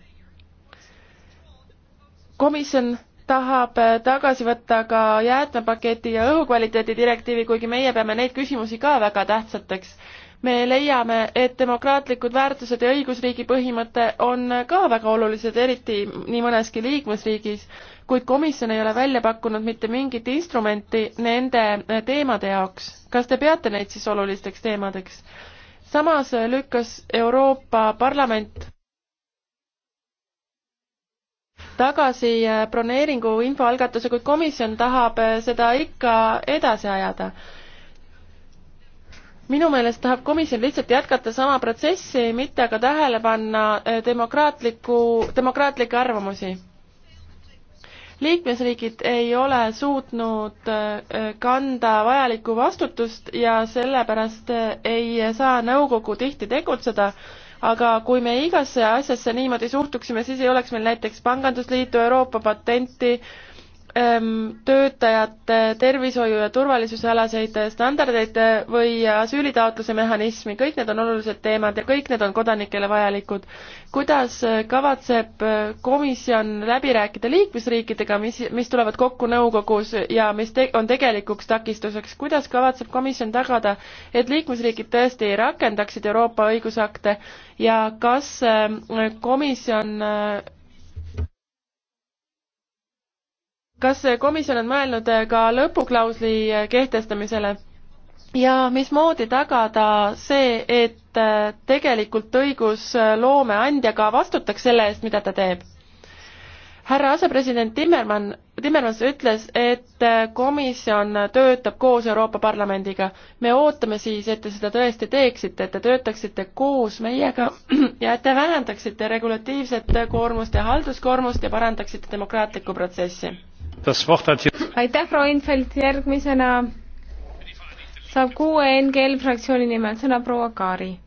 komisjon tahab äh, tagasi võtta ka jäätmepaketi ja õhukvaliteedi direktiivi, kuigi meie peame neid küsimusi ka väga tähtsateks me leiame, et demokraatlikud väärtused ja õigusriigi põhimõte on ka väga olulised, eriti nii mõneski liikmesriigis, kuid komisjon ei ole välja pakkunud mitte mingit instrumenti nende teemade jaoks. kas te peate neid siis olulisteks teemadeks? samas lükkas Euroopa Parlament tagasi broneeringu infoalgatuse, kuid komisjon tahab seda ikka edasi ajada minu meelest tahab komisjon lihtsalt jätkata sama protsessi, mitte aga tähele panna eh, demokraatliku, demokraatlikke arvamusi. liikmesriigid ei ole suutnud eh, kanda vajalikku vastutust ja sellepärast eh, ei saa nõukogu tihti tegutseda, aga kui me igasse asjasse niimoodi suhtuksime, siis ei oleks meil näiteks pangandusliitu, Euroopa patenti äh,, Ähm, töötajate tervishoiu ja turvalisuse alaseid standardeid äh, või asüülitaotluse mehhanismi, kõik need on olulised teemad ja kõik need on kodanikele vajalikud. kuidas äh, kavatseb äh, komisjon läbi rääkida liikmesriikidega, mis, mis tulevad kokku nõukogus ja mis te, on tegelikuks takistuseks, kuidas kavatseb komisjon tagada, et liikmesriigid tõesti rakendaksid Euroopa õigusakte ja kas komisjon kas komisjon on mõelnud eh, ka lõpuklausli eh, kehtestamisele? ja mismoodi tagada see, et eh, tegelikult õigusloome andja ka vastutaks selle eest, mida ta teeb? härra asepresident Timmermann, Timmermans ütles, et komisjon töötab koos Euroopa Parlamendiga. me ootame siis, et te seda tõesti teeksite, et te töötaksite koos meiega ja et te vähendaksite regulatiivset koormust ja halduskoormust ja parandaksite demokraatlikku protsessi aitäh, proua Infeld, järgmisena saab kuue NGL fraktsiooni nimel sõna proua Kaari.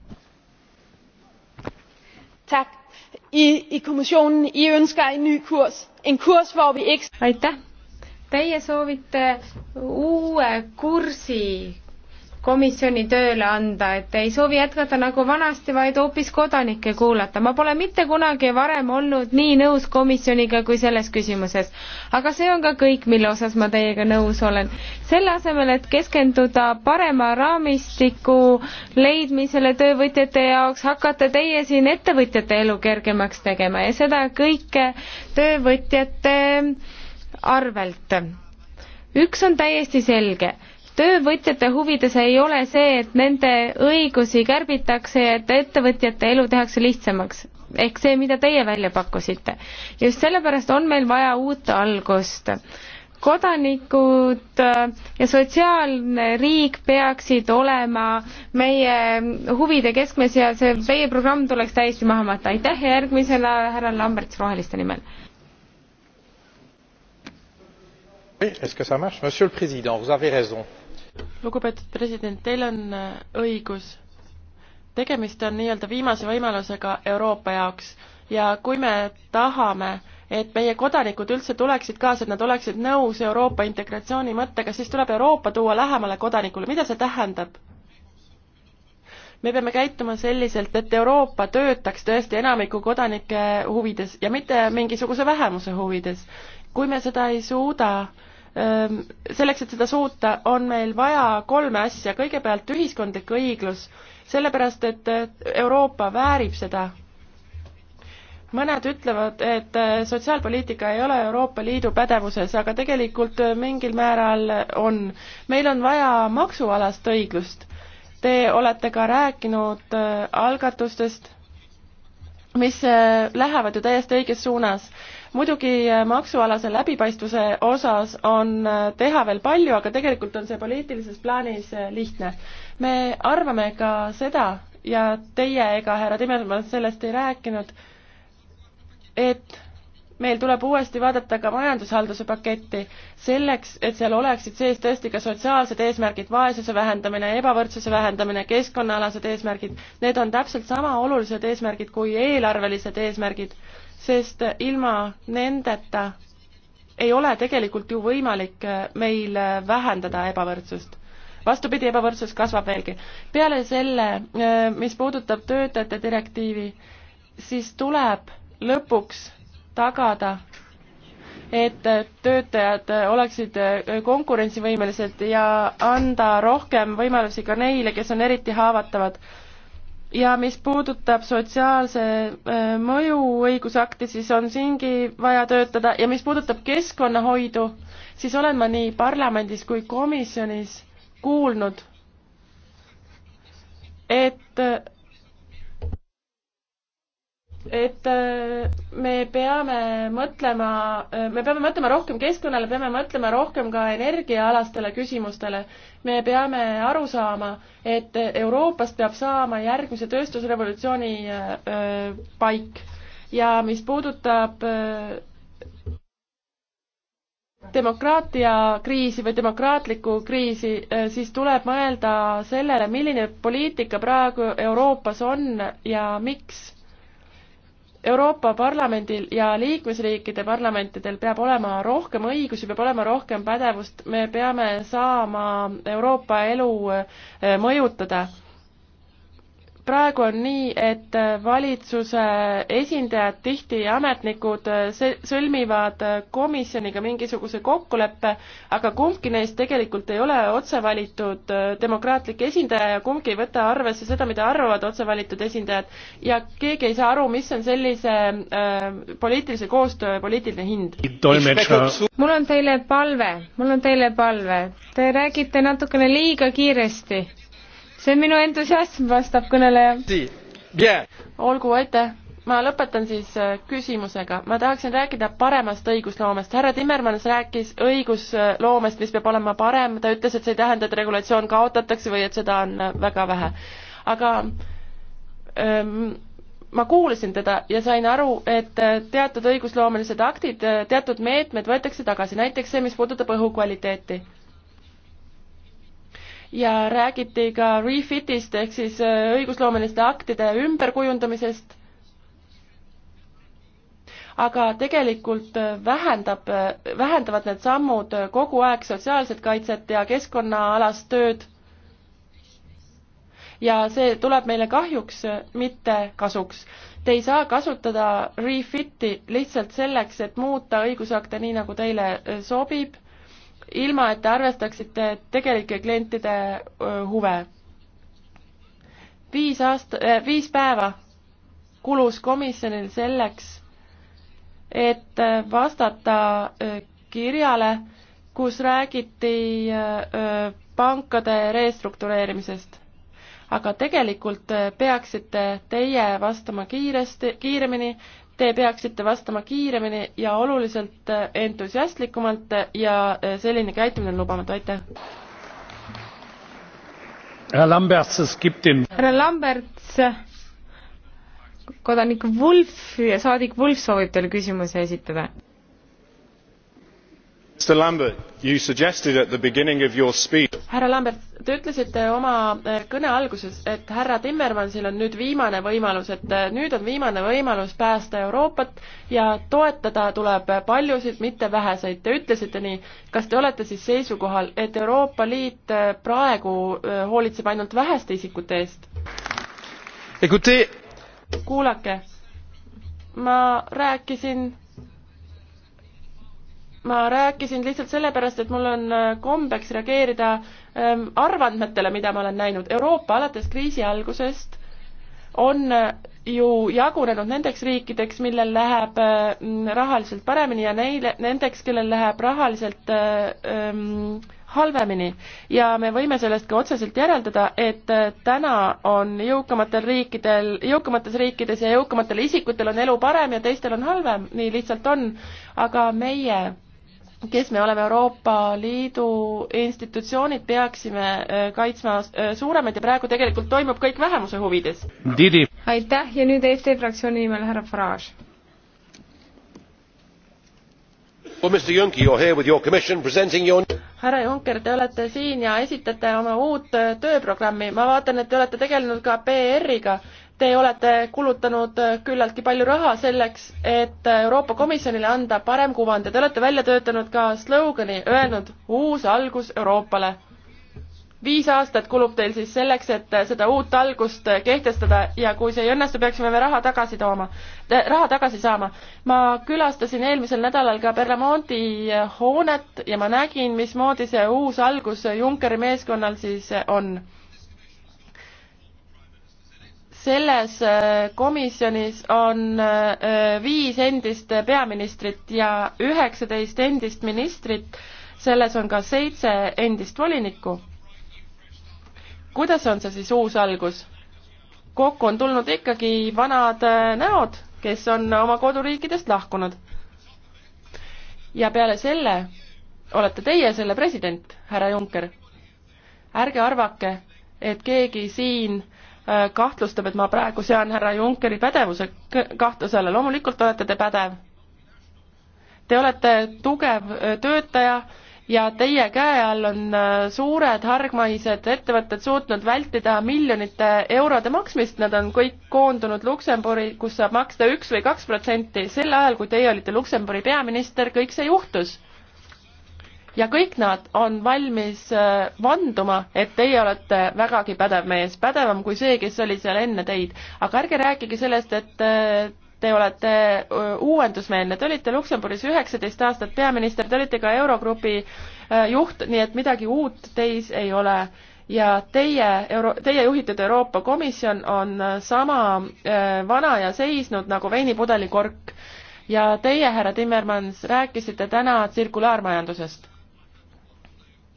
aitäh, teie soovite uue kursi komisjoni tööle anda, et ei soovi jätkata nagu vanasti, vaid hoopis kodanikke kuulata. ma pole mitte kunagi varem olnud nii nõus komisjoniga kui selles küsimuses. aga see on ka kõik, mille osas ma teiega nõus olen. selle asemel, et keskenduda parema raamistiku leidmisele töövõtjate jaoks, hakkate teie siin ettevõtjate elu kergemaks tegema ja seda kõike töövõtjate arvelt. üks on täiesti selge töövõtjate huvides ei ole see, et nende õigusi kärbitakse ja et ettevõtjate elu tehakse lihtsamaks. ehk see, mida teie välja pakkusite. just sellepärast on meil vaja uut algust kodanikud äh, ja sotsiaalne riik peaksid olema meie huvide keskmes ja see teie programm tuleks täiesti maha matta. aitäh ja järgmisena härra Lamberts Roheliste nimel. Oui, est-ce que ça marche? Monsieur le Président, vous avez raison lugupeetud president, teil on äh, õigus. tegemist on nii-öelda viimase võimalusega Euroopa jaoks ja kui me tahame, et meie kodanikud üldse tuleksid kaasa, et nad oleksid nõus Euroopa integratsiooni mõttega, siis tuleb Euroopa tuua lähemale kodanikule, mida see tähendab? me peame käituma selliselt, et Euroopa töötaks tõesti enamiku kodanike huvides ja mitte mingisuguse vähemuse huvides. kui me seda ei suuda, selleks, et seda suuta, on meil vaja kolme asja, kõigepealt ühiskondlik õiglus, sellepärast et Euroopa väärib seda. mõned ütlevad, et äh, sotsiaalpoliitika ei ole Euroopa Liidu pädevuses, aga tegelikult äh, mingil määral on. meil on vaja maksualast õiglust. Te olete ka rääkinud äh, algatustest, mis lähevad ju täiesti õiges suunas muidugi äh, maksualase läbipaistvuse osas on äh, teha veel palju, aga tegelikult on see poliitilises plaanis äh, lihtne. me arvame ka seda ja teie ega härra Timmermann sellest ei rääkinud, et meil tuleb uuesti vaadata ka majandushalduse paketti selleks, et seal oleksid sees tõesti ka sotsiaalsed eesmärgid, vaesuse vähendamine, ebavõrdsuse vähendamine, keskkonnaalased eesmärgid, need on täpselt sama olulised eesmärgid kui eelarvelised eesmärgid sest ilma nendeta ei ole tegelikult ju võimalik äh, meil äh, vähendada ebavõrdsust. vastupidi, ebavõrdsus kasvab veelgi. peale selle, äh, mis puudutab töötajate direktiivi, siis tuleb lõpuks tagada, et töötajad oleksid konkurentsivõimelised ja anda rohkem võimalusi ka neile, kes on eriti haavatavad ja mis puudutab sotsiaalse äh, mõju õigusakti, siis on siingi vaja töötada ja mis puudutab keskkonnahoidu, siis olen ma nii parlamendis kui komisjonis kuulnud, et et äh, me peame mõtlema, äh, me peame mõtlema rohkem keskkonnale, peame mõtlema rohkem ka energiaalastele küsimustele. me peame aru saama, et Euroopast peab saama järgmise tööstusrevolutsiooni äh, paik ja mis puudutab demokraatia kriisi või demokraatlikku kriisi, siis tuleb mõelda sellele, milline poliitika praegu Euroopas on ja miks Euroopa Parlamendil ja liikmesriikide parlamentidel peab olema rohkem õigusi, peab olema rohkem pädevust, me peame saama Euroopa elu eh, mõjutada praegu on nii, et valitsuse esindajad, tihti ametnikud, sõlmivad komisjoniga mingisuguse kokkuleppe, aga kumbki neist tegelikult ei ole otse valitud demokraatlik esindaja ja kumbki ei võta arvesse seda, mida arvavad otse valitud esindajad. ja keegi ei saa aru, mis on sellise äh, poliitilise koostöö poliitiline hind. mul on teile palve, mul on teile palve. Te räägite natukene liiga kiiresti see on minu entusiasm, vastab kõneleja. olgu, aitäh. ma lõpetan siis äh, küsimusega. ma tahaksin rääkida paremast õigusloomest. härra Timmermans rääkis õigusloomest, mis peab olema parem, ta ütles, et see ei tähenda, et regulatsioon kaotatakse või et seda on äh, väga vähe. aga ähm, ma kuulasin teda ja sain aru, et äh, teatud õigusloomelised aktid, teatud meetmed võetakse tagasi, näiteks see, mis puudutab õhukvaliteeti ja räägiti ka refitist ehk siis äh, õigusloomeliste aktide ümberkujundamisest. aga tegelikult äh, vähendab, äh, vähendavad need sammud kogu aeg sotsiaalset kaitset ja keskkonnaalast tööd. ja see tuleb meile kahjuks, mitte kasuks. Te ei saa kasutada refiti lihtsalt selleks, et muuta õigusakte nii, nagu teile sobib ilma et te arvestaksite tegelike klientide huve. viis aasta, viis päeva kulus komisjonil selleks, et vastata kirjale, kus räägiti pankade restruktureerimisest. aga tegelikult peaksite teie vastama kiiresti, kiiremini Te peaksite vastama kiiremini ja oluliselt äh, entusiastlikumalt ja äh, selline käitumine on lubamatu, aitäh. härra Lamberts, kodanik Wolf ja saadik Wolf soovib teile küsimuse esitada mr lambert you suggested at the beginning of your speech. Te ütlesite oma äh, kõne alguses, et härra Timmermansil on nüüd viimane võimalus, et äh, nüüd on viimane võimalus päästa Euroopat ja toetada tuleb paljusid, mitte väheseid. Te ütlesite nii. kas te olete siis seisukohal, et Euroopa Liit äh, praegu hoolitseb ainult väheste isikute eest? kuulake, ma rääkisin ma rääkisin lihtsalt sellepärast, et mul on äh, kombeks reageerida ähm, arvandmetele, mida ma olen näinud. Euroopa alates kriisi algusest on äh, ju jagunenud nendeks riikideks, millel läheb äh, rahaliselt paremini ja neile, nendeks, kellel läheb rahaliselt ähm, halvemini. ja me võime sellest ka otseselt järeldada, et täna on jõukamatel riikidel, jõukamates riikides ja jõukamatel isikutel on elu parem ja teistel on halvem, nii lihtsalt on, aga meie kes me oleme Euroopa Liidu institutsioonid, peaksime äh, kaitsma äh, suuremaid ja praegu tegelikult toimub kõik vähemuse huvides. aitäh ja nüüd Eesti fraktsiooni nimel härra Farage. härra Juncker, te olete siin ja esitate oma uut äh, tööprogrammi. ma vaatan, et te olete tegelenud ka PR-iga Te olete kulutanud äh, küllaltki palju raha selleks, et äh, Euroopa Komisjonile anda parem kuvand ja te olete välja töötanud ka slogani, öelnud uus algus Euroopale. viis aastat kulub teil siis selleks, et äh, seda uut algust kehtestada ja kui see ei õnnestu, peaksime me raha tagasi tooma, raha tagasi saama. ma külastasin eelmisel nädalal ka Berlamondi hoonet ja ma nägin, mismoodi see uus algus Junckeri meeskonnal siis on selles äh, komisjonis on äh, viis endist peaministrit ja üheksateist endist ministrit, selles on ka seitse endist volinikku. kuidas on see siis uus algus? kokku on tulnud ikkagi vanad äh, näod, kes on oma koduriikidest lahkunud. ja peale selle olete teie selle president, härra Juncker. ärge arvake, et keegi siin äh, Äh, kahtlustab, et ma praegu sean härra Junckeri pädevuse kahtluse alla, loomulikult olete te pädev. Te olete tugev äh, töötaja ja teie käe all on äh, suured hargmaised ettevõtted suutnud vältida miljonite eurode maksmist, nad on kõik koondunud Luksemburi, kus saab maksta üks või kaks protsenti, sel ajal, kui teie olite Luksemburi peaminister, kõik see juhtus ja kõik nad on valmis äh, vanduma, et teie olete vägagi pädev mees, pädevam kui see, kes oli seal enne teid. aga ärge rääkige sellest, et äh, te olete äh, uuendusmeelne, te olite Luksemburgis üheksateist aastat peaminister, te olite ka Eurogrupi juht, nii et midagi uut teis ei ole. ja teie, Euro-, teie juhitud Euroopa Komisjon on sama vana ja seisnud nagu veinipudeli kork ja teie, härra Timmermans, rääkisite täna tsirkulaarmajandusest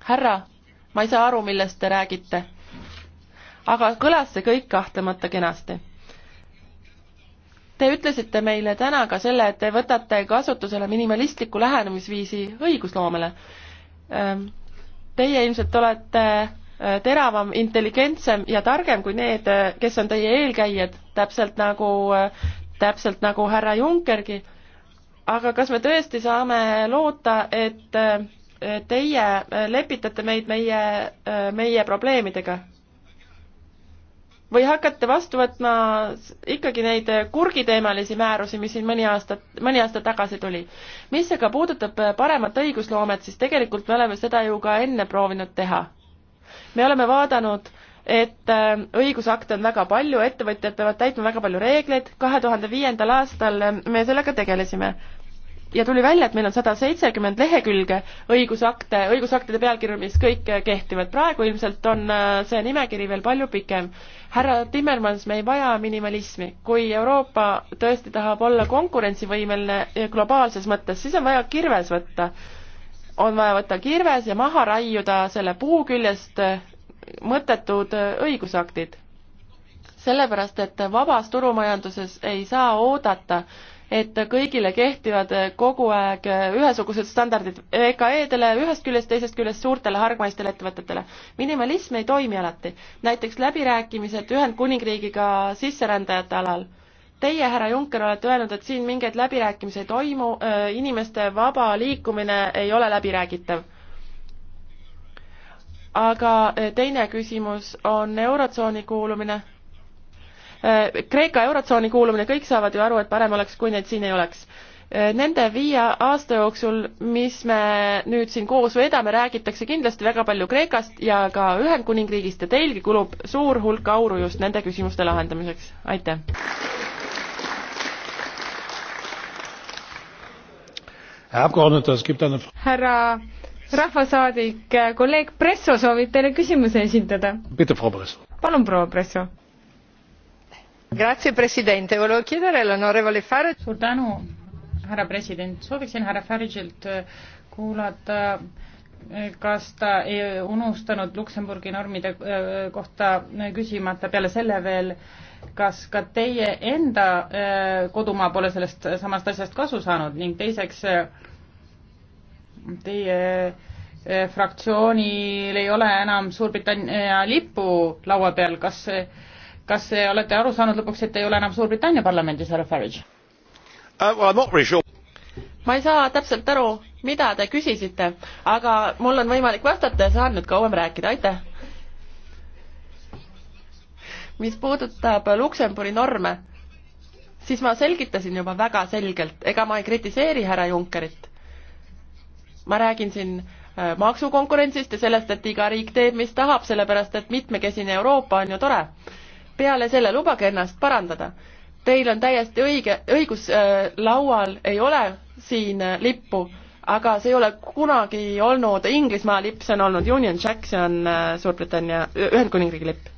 härra, ma ei saa aru, millest te räägite. aga kõlas see kõik kahtlemata kenasti. Te ütlesite meile täna ka selle, et te võtate kasutusele minimalistliku lähenemisviisi õigusloomele. Ehm, teie ilmselt olete eh, teravam, intelligentsem ja targem kui need, eh, kes on teie eelkäijad, täpselt nagu, eh, täpselt nagu härra Junckergi. aga kas me tõesti saame loota, et teie lepitate meid meie, meie probleemidega? või hakkate vastu võtma ikkagi neid kurgiteemalisi määrusi, mis siin mõni aasta, mõni aasta tagasi tuli? mis aga puudutab paremat õigusloomet, siis tegelikult me oleme seda ju ka enne proovinud teha. me oleme vaadanud, et äh, õigusakte on väga palju, ettevõtjad peavad täitma väga palju reegleid, kahe tuhande viiendal aastal me sellega tegelesime ja tuli välja, et meil on sada seitsekümmend lehekülge õigusakte, õigusaktide pealkirju, mis kõik kehtivad. praegu ilmselt on äh, see nimekiri veel palju pikem. härra Timmermans, me ei vaja minimalismi. kui Euroopa tõesti tahab olla konkurentsivõimeline globaalses mõttes, siis on vaja kirves võtta. on vaja võtta kirves ja maha raiuda selle puu küljest äh, mõttetud äh, õigusaktid. sellepärast, et vabas turumajanduses ei saa oodata, et kõigile kehtivad kogu aeg ühesugused standardid VKE-dele e ühest küljest, teisest küljest suurtele hargmaistele ettevõtetele. minimalism ei toimi alati. näiteks läbirääkimised Ühendkuningriigiga sisserändajate alal Teie, härra Juncker, olete öelnud, et siin mingeid läbirääkimisi ei toimu, äh, inimeste vaba liikumine ei ole läbiräägitav. aga äh, teine küsimus on Eurotsooni kuulumine Äh, Kreeka eurotsooni kuulumine, kõik saavad ju aru, et parem oleks, kui neid siin ei oleks. Äh, nende viie aasta jooksul, mis me nüüd siin koos veedame, räägitakse kindlasti väga palju Kreekast ja ka Ühendkuningriigist ja teilgi kulub suur hulk auru just nende küsimuste lahendamiseks, aitäh! härra rahvasaadik, kolleeg Presso soovib teile küsimuse esitada. palun, proua Presso suur tänu, härra president, sooviksin härra Farage'ilt äh, kuulata, äh, kas ta ei unustanud Luksemburgi normide äh, kohta küsimata peale selle veel, kas ka teie enda kodumaa pole sellest samast asjast kasu saanud ning teiseks teie fraktsioonil ei ole enam Suurbritannia lippu laua peal, kas kas te olete aru saanud lõpuks, et ei ole enam Suurbritannia parlamendis, härra Farage uh,? Well, really sure. ma ei saa täpselt aru, mida te küsisite, aga mul on võimalik vastata ja saan nüüd kauem rääkida, aitäh. mis puudutab Luksemburi norme, siis ma selgitasin juba väga selgelt, ega ma ei kritiseeri härra Junckerit. ma räägin siin äh, maksukonkurentsist ja sellest, et iga riik teeb, mis tahab, sellepärast et mitmekesine Euroopa on ju tore peale selle lubage ennast parandada. Teil on täiesti õige, õigus äh,, laual ei ole siin äh, lippu, aga see ei ole kunagi olnud Inglismaa lipp, see on olnud Union Jack, see on äh, Suurbritannia, Ühendkuningriigi lipp.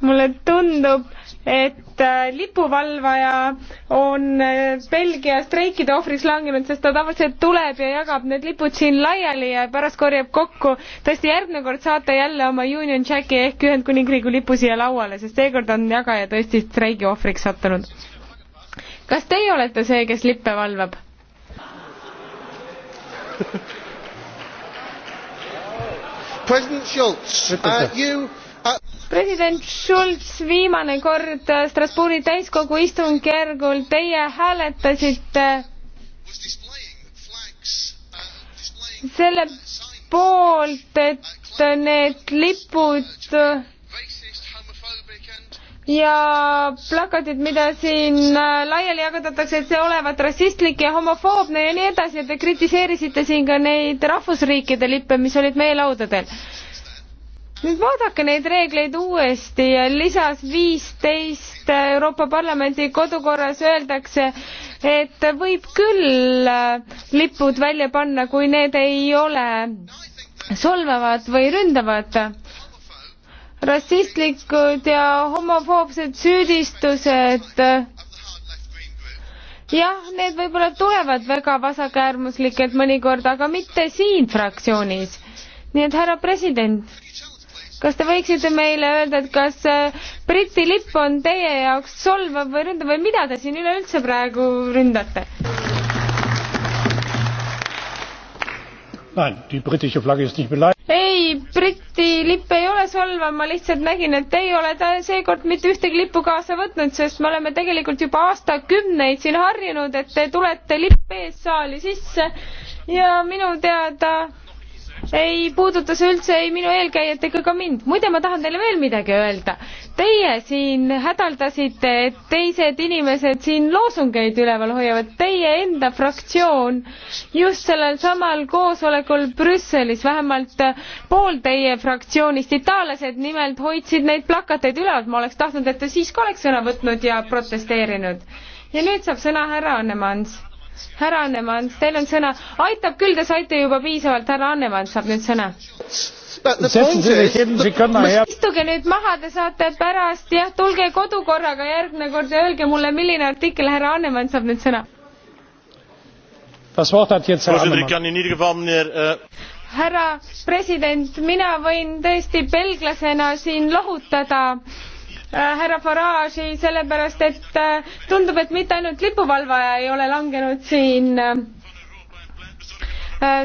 mulle tundub, et äh, lipuvalvaja on äh, Belgia streikide ohvriks langenud, sest ta tavaliselt tuleb ja jagab need lipud siin laiali ja pärast korjab kokku. tõesti, järgmine kord saate jälle oma Union Jacki ehk Ühendkuningriigi lipu siia lauale, sest seekord on jagaja tõesti streigi ohvriks sattunud. kas teie olete see, kes lippe valvab? president Schulz uh,, you president Schulz, viimane kord äh, Strasbourgi täiskogu istungjärgul teie hääletasite selle poolt, et need lipud ja plakatid, mida siin äh, laiali jagatakse, et see olevat rassistlik ja homofoobne ja nii edasi ja te kritiseerisite siin ka neid rahvusriikide lippe, mis olid meie laudadel nüüd vaadake neid reegleid uuesti ja lisas viisteist Euroopa Parlamendi kodukorras öeldakse, et võib küll lipud välja panna, kui need ei ole solvavad või ründavad. rassistlikud ja homofoobsed süüdistused jah, need võib-olla tulevad väga vasakäärmuslikelt mõnikord, aga mitte siin fraktsioonis. nii et härra president kas te võiksite meile öelda, et kas äh, Briti lipp on teie jaoks solvav või ründav või mida te siin üleüldse praegu ründate? ei, Briti lipp ei ole solvav, ma lihtsalt nägin, et ei ole ta seekord mitte ühtegi lippu kaasa võtnud, sest me oleme tegelikult juba aastakümneid siin harjunud, et te tulete lipp ees saali sisse ja minu teada ei puuduta see üldse ei minu eelkäijat ega ka mind. muide, ma tahan teile veel midagi öelda. Teie siin hädaldasite, et teised inimesed siin loosungeid üleval hoiavad. Teie enda fraktsioon just sellel samal koosolekul Brüsselis, vähemalt pool teie fraktsioonist, itaallased nimelt hoidsid neid plakateid üleval. ma oleks tahtnud, et te siis ka oleks sõna võtnud ja protesteerinud. ja nüüd saab sõna härra Annemans härra Annemann, teil on sõna. aitab küll, te saite juba piisavalt, härra Annemann saab nüüd sõna. istuge nüüd maha, te saate pärast, jah, tulge kodukorraga järgmine kord ja öelge mulle, milline artikkel härra Annemann saab nüüd sõna. Eh, härra president, mina võin tõesti belglasena siin lohutada Äh, härra Farage'i, sellepärast et äh, tundub, et mitte ainult lipuvalvaja ei ole langenud siin äh,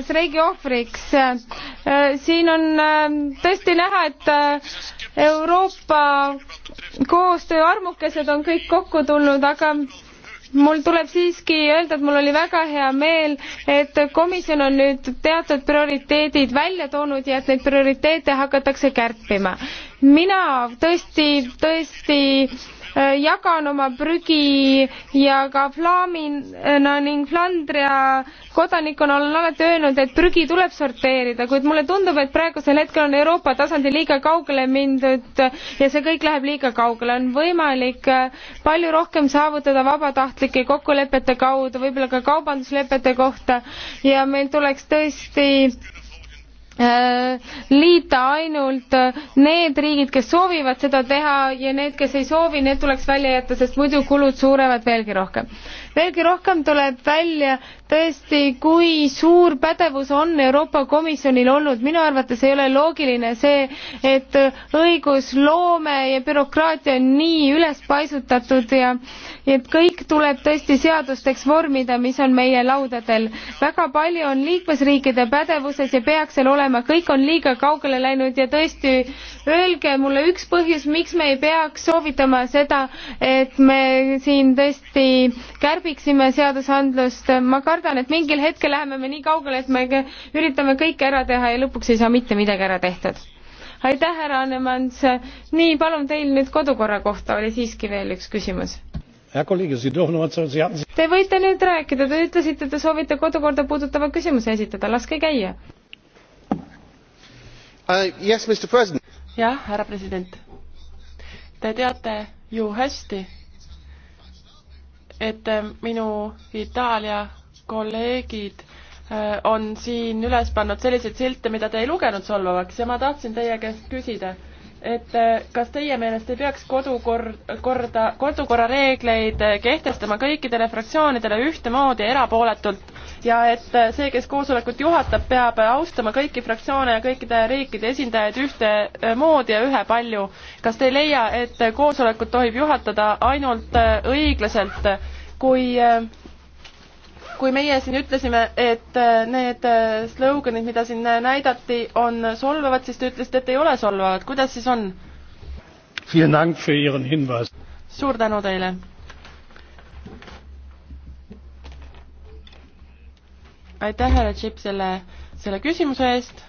streigi ohvriks. siin on tõesti näha, et Euroopa koostöö armukesed on kõik kokku tulnud, aga mul tuleb siiski öelda, et mul oli väga hea meel, et komisjon on nüüd teatud prioriteedid välja toonud ja et neid prioriteete hakatakse kärpima. mina tõesti, tõesti Äh, jagan oma prügi ja ka Flaamina ning Flandria kodanikuna olen alati öelnud, et prügi tuleb sorteerida, kuid mulle tundub, et praegusel hetkel on Euroopa tasandil liiga kaugele mindud ja see kõik läheb liiga kaugele. on võimalik äh, palju rohkem saavutada vabatahtlike kokkulepete kaudu, võib-olla ka kaubanduslepete kohta ja meil tuleks tõesti Äh, liita ainult äh, need riigid, kes soovivad seda teha ja need, kes ei soovi, need tuleks välja jätta, sest muidu kulud suurevad veelgi rohkem veelgi rohkem tuleb välja tõesti, kui suur pädevus on Euroopa Komisjonil olnud. minu arvates ei ole loogiline see, et õigusloome ja bürokraatia on nii üles paisutatud ja et kõik tuleb tõesti seadusteks vormida, mis on meie laudadel. väga palju on liikmesriikide pädevuses ja peaks seal olema, kõik on liiga kaugele läinud ja tõesti, öelge mulle üks põhjus, miks me ei peaks soovitama seda, et me siin tõesti kärp-, tarbiksime seadusandlust, ma kardan, et mingil hetkel läheme me nii kaugele, et me üritame kõike ära teha ja lõpuks ei saa mitte midagi ära tehtud. aitäh, härra Annemans, nii, palun teil nüüd kodukorra kohta oli siiski veel üks küsimus. Te võite nüüd rääkida, te ütlesite, te soovite kodukorda puudutava küsimuse esitada, laske käia. Uh, jah, härra president, te teate ju hästi, et äh, minu Itaalia kolleegid äh, on siin üles pannud selliseid silte, mida te ei lugenud solvavaks ja ma tahtsin teie käest küsida et äh, kas teie meelest ei peaks kodukord, korda, kodukorra reegleid äh, kehtestama kõikidele fraktsioonidele ühtemoodi erapooletult ja et äh, see, kes koosolekut juhatab, peab austama kõiki fraktsioone ja kõikide riikide esindajaid ühtemoodi ja ühepalju. kas te ei leia, et koosolekut tohib juhatada ainult õiglaselt, kui kui meie siin ütlesime, et äh, need äh, slõuganid, mida siin äh, näidati, on solvavad, siis te ütlesite, et ei ole solvavad, kuidas siis on? suur tänu teile. aitäh, härra Tšipp, selle, selle küsimuse eest.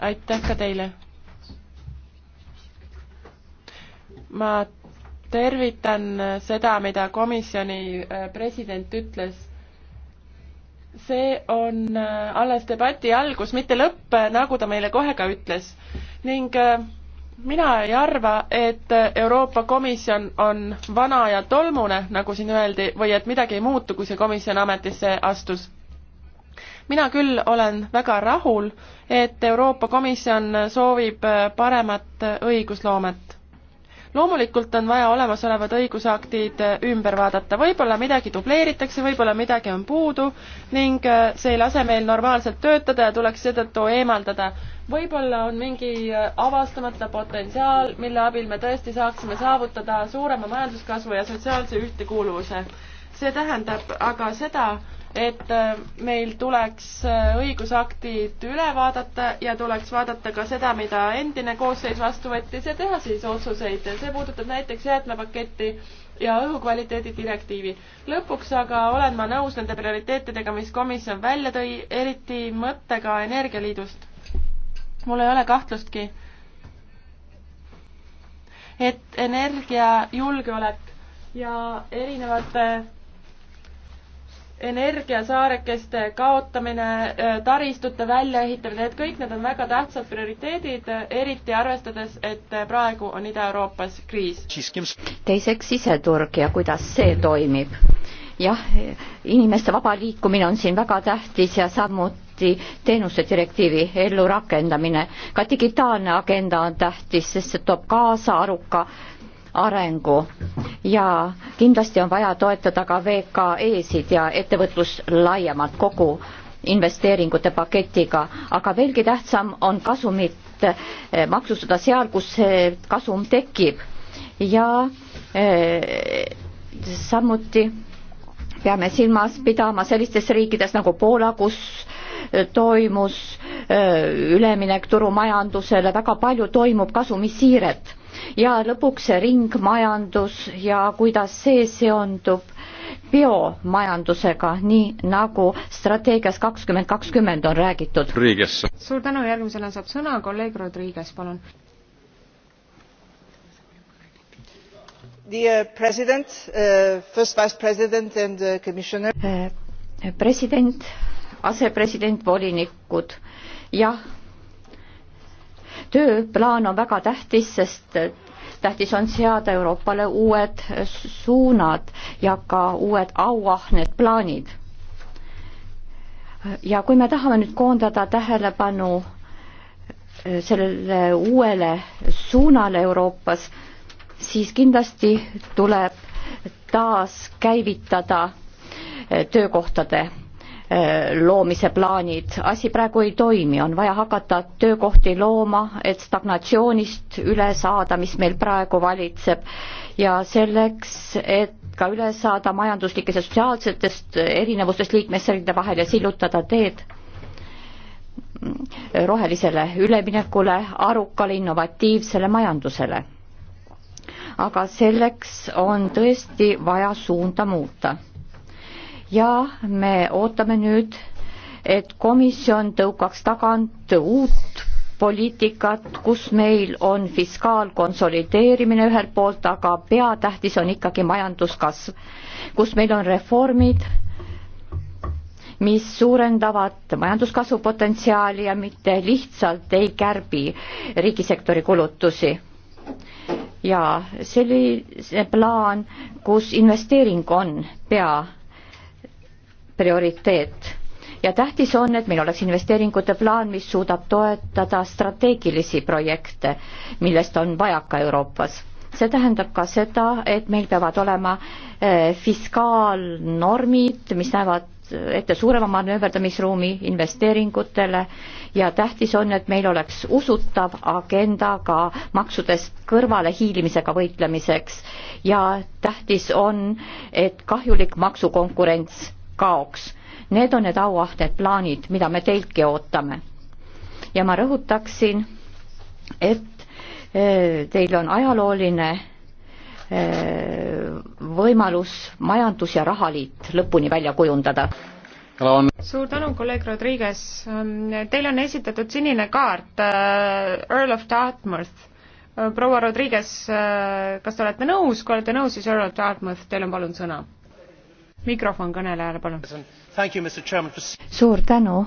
aitäh ka teile. ma tervitan seda, mida komisjoni äh, president ütles. see on äh, alles debati algus, mitte lõpp, äh, nagu ta meile kohe ka ütles. ning mina ei arva, et Euroopa Komisjon on vana ja tolmune, nagu siin öeldi, või et midagi ei muutu, kui see komisjon ametisse astus mina küll olen väga rahul, et Euroopa Komisjon soovib paremat õigusloomet loomulikult on vaja olemasolevad õigusaktid äh, ümber vaadata, võib-olla midagi dubleeritakse, võib-olla midagi on puudu ning äh, see ei lase meil normaalselt töötada ja tuleks seetõttu eemaldada. võib-olla on mingi äh, avastamata potentsiaal, mille abil me tõesti saaksime saavutada suurema majanduskasvu ja sotsiaalse ühtekuuluvuse. see tähendab aga seda, et äh, meil tuleks äh, õigusaktid üle vaadata ja tuleks vaadata ka seda, mida endine koosseis vastu võttis ja teha siis otsuseid. see puudutab näiteks jäätmepaketti ja õhukvaliteedi direktiivi. lõpuks aga olen ma nõus nende prioriteetidega, mis komisjon välja tõi, eriti mõttega Energialiidust. mul ei ole kahtlustki, et energiajulgeolek ja erinevate energiasaarekeste kaotamine, äh, taristute väljaehitamine, et kõik need on väga tähtsad prioriteedid, äh, eriti arvestades, et äh, praegu on Ida-Euroopas kriis. teiseks siseturg ja kuidas see toimib? jah, inimeste vaba liikumine on siin väga tähtis ja samuti teenuste direktiivi ellurakendamine. ka digitaalne agenda on tähtis, sest see toob kaasa aruka arengu ja kindlasti on vaja toetada ka VKE-sid ja ettevõtlus laiemalt kogu investeeringute paketiga, aga veelgi tähtsam on kasumit eh, maksustada seal, kus see kasum tekib ja eh, samuti peame silmas pidama sellistes riikides nagu Poola, kus eh, toimus üleminek turumajandusele, väga palju toimub kasumisiiret ja lõpuks ringmajandus ja kuidas see seondub biomajandusega, nii nagu strateegias kakskümmend kakskümmend on räägitud. suur tänu, järgmisena saab sõna kolleeg Rodriguez, palun. Dear president uh,, first vice president and uh, commissioner. Uh, president, asepresident, volinikud, jah tööplaan on väga tähtis, sest tähtis on seada Euroopale uued suunad ja ka uued auahned plaanid. ja kui me tahame nüüd koondada tähelepanu sellele uuele suunale Euroopas, siis kindlasti tuleb taaskäivitada töökohtade Äh, loomise plaanid. asi praegu ei toimi, on vaja hakata töökohti looma, et stagnatsioonist üle saada, mis meil praegu valitseb ja selleks, et ka üle saada majanduslikest ja sotsiaalsetest erinevustest liikmesriikide vahel ja sillutada teed rohelisele üleminekule, arukale, innovatiivsele majandusele. aga selleks on tõesti vaja suunda muuta ja me ootame nüüd, et komisjon tõukaks tagant uut poliitikat, kus meil on fiskaalkonsolideerimine ühelt poolt, aga peatähtis on ikkagi majanduskasv, kus meil on reformid, mis suurendavad majanduskasvu potentsiaali ja mitte lihtsalt ei kärbi riigisektori kulutusi. ja selline plaan, kus investeering on pea prioriteet ja tähtis on, et meil oleks investeeringute plaan, mis suudab toetada strateegilisi projekte, millest on vajaka Euroopas. see tähendab ka seda, et meil peavad olema eh, fiskaalnormid, mis näevad ette suurema manööverdamisruumi investeeringutele ja tähtis on, et meil oleks usutav agenda ka maksudest kõrvalehiilimisega võitlemiseks ja tähtis on, et kahjulik maksukonkurents kaoks. Need on need auahted plaanid, mida me teiltki ootame. ja ma rõhutaksin, et e, teil on ajalooline e, võimalus majandus- ja rahaliit lõpuni välja kujundada. suur tänu, kolleeg Rodriguez. Ähm, teile on esitatud sinine kaart, äh, Earl of Dartmouth. Äh, proua Rodriguez, äh, kas te olete nõus, kui olete nõus, siis Earl of Dartmouth, teil on palun sõna mikrofon kõnelejale, palun. suur tänu,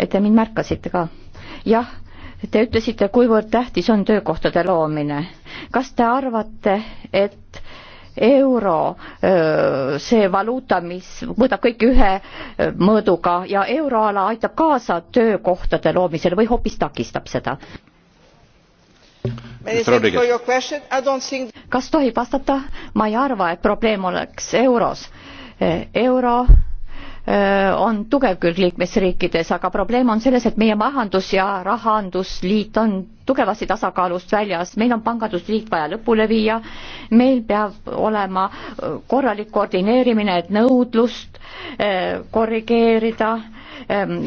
et te mind märkasite ka. jah, te ütlesite, kuivõrd tähtis on töökohtade loomine. kas te arvate, et euro, see valuuta, mis mõõdab kõik ühe mõõduga ja euroala aitab kaasa töökohtade loomisele või hoopis takistab seda? kas tohib vastata? ma ei arva, et probleem oleks euros. E, euro e, on tugev küll liikmesriikides, aga probleem on selles, et meie majandus ja rahandusliit on tugevasti tasakaalust väljas, meil on pangandusliit vaja lõpule viia, meil peab olema korralik koordineerimine, et nõudlust e, korrigeerida,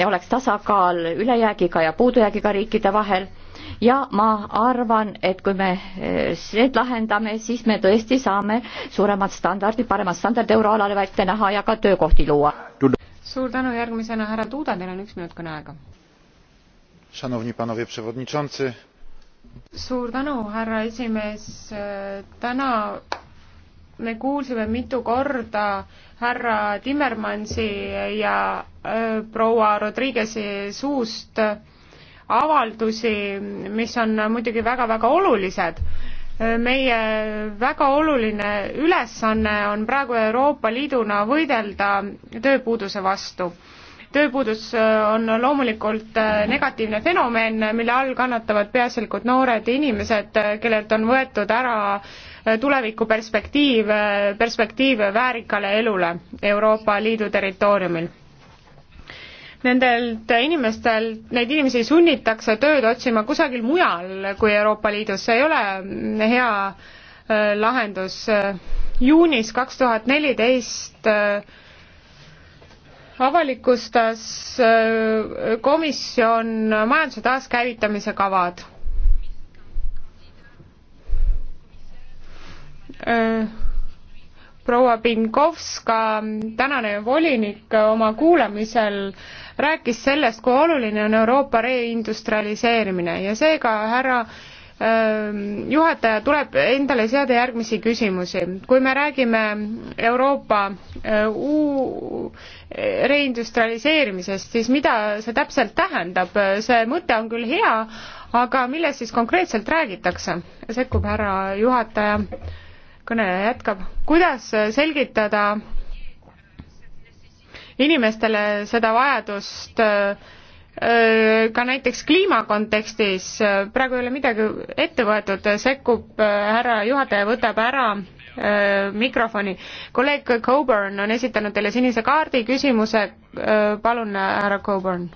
oleks tasakaal ülejäägiga ja puudujäägiga riikide vahel ja ma arvan, et kui me eh, need lahendame, siis me tõesti saame suuremad standardid, paremad standardid euroalale välja näha ja ka töökohti luua. suur tänu, järgmisena härra Tuuda, teil on üks minut kõneaega. suur tänu, härra esimees, täna me kuulsime mitu korda härra Timmermansi ja äh, proua Rodriguez'i suust äh, avaldusi, mis on muidugi väga-väga olulised. meie väga oluline ülesanne on praegu Euroopa Liiduna võidelda tööpuuduse vastu tööpuudus on loomulikult negatiivne fenomen, mille all kannatavad peaasjalikult noored inimesed, kellelt on võetud ära tulevikuperspektiiv, perspektiiv väärikale elule Euroopa Liidu territooriumil nendelt inimestelt, neid inimesi sunnitakse tööd otsima kusagil mujal kui Euroopa Liidus, see ei ole hea äh, lahendus. juunis kaks tuhat neliteist äh, avalikustas äh, komisjon majanduse taaskäivitamise kavad. proua Pinkovska, tänane volinik oma kuulamisel rääkis sellest, kui oluline on Euroopa reindustrialiseerimine ja seega härra ähm, juhataja tuleb endale seada järgmisi küsimusi. kui me räägime Euroopa äh, uu-, reindustrialiseerimisest, siis mida see täpselt tähendab, see mõte on küll hea, aga millest siis konkreetselt räägitakse? sekkub härra juhataja, kõneleja jätkab. kuidas selgitada inimestele seda vajadust äh, ka näiteks kliima kontekstis, äh, praegu ei ole midagi ette võetud, sekkub äh, härra juhataja, võtab ära mikrofoni. kolleeg Coburn on esitanud teile sinise kaardi küsimuse, palun, härra Coburn.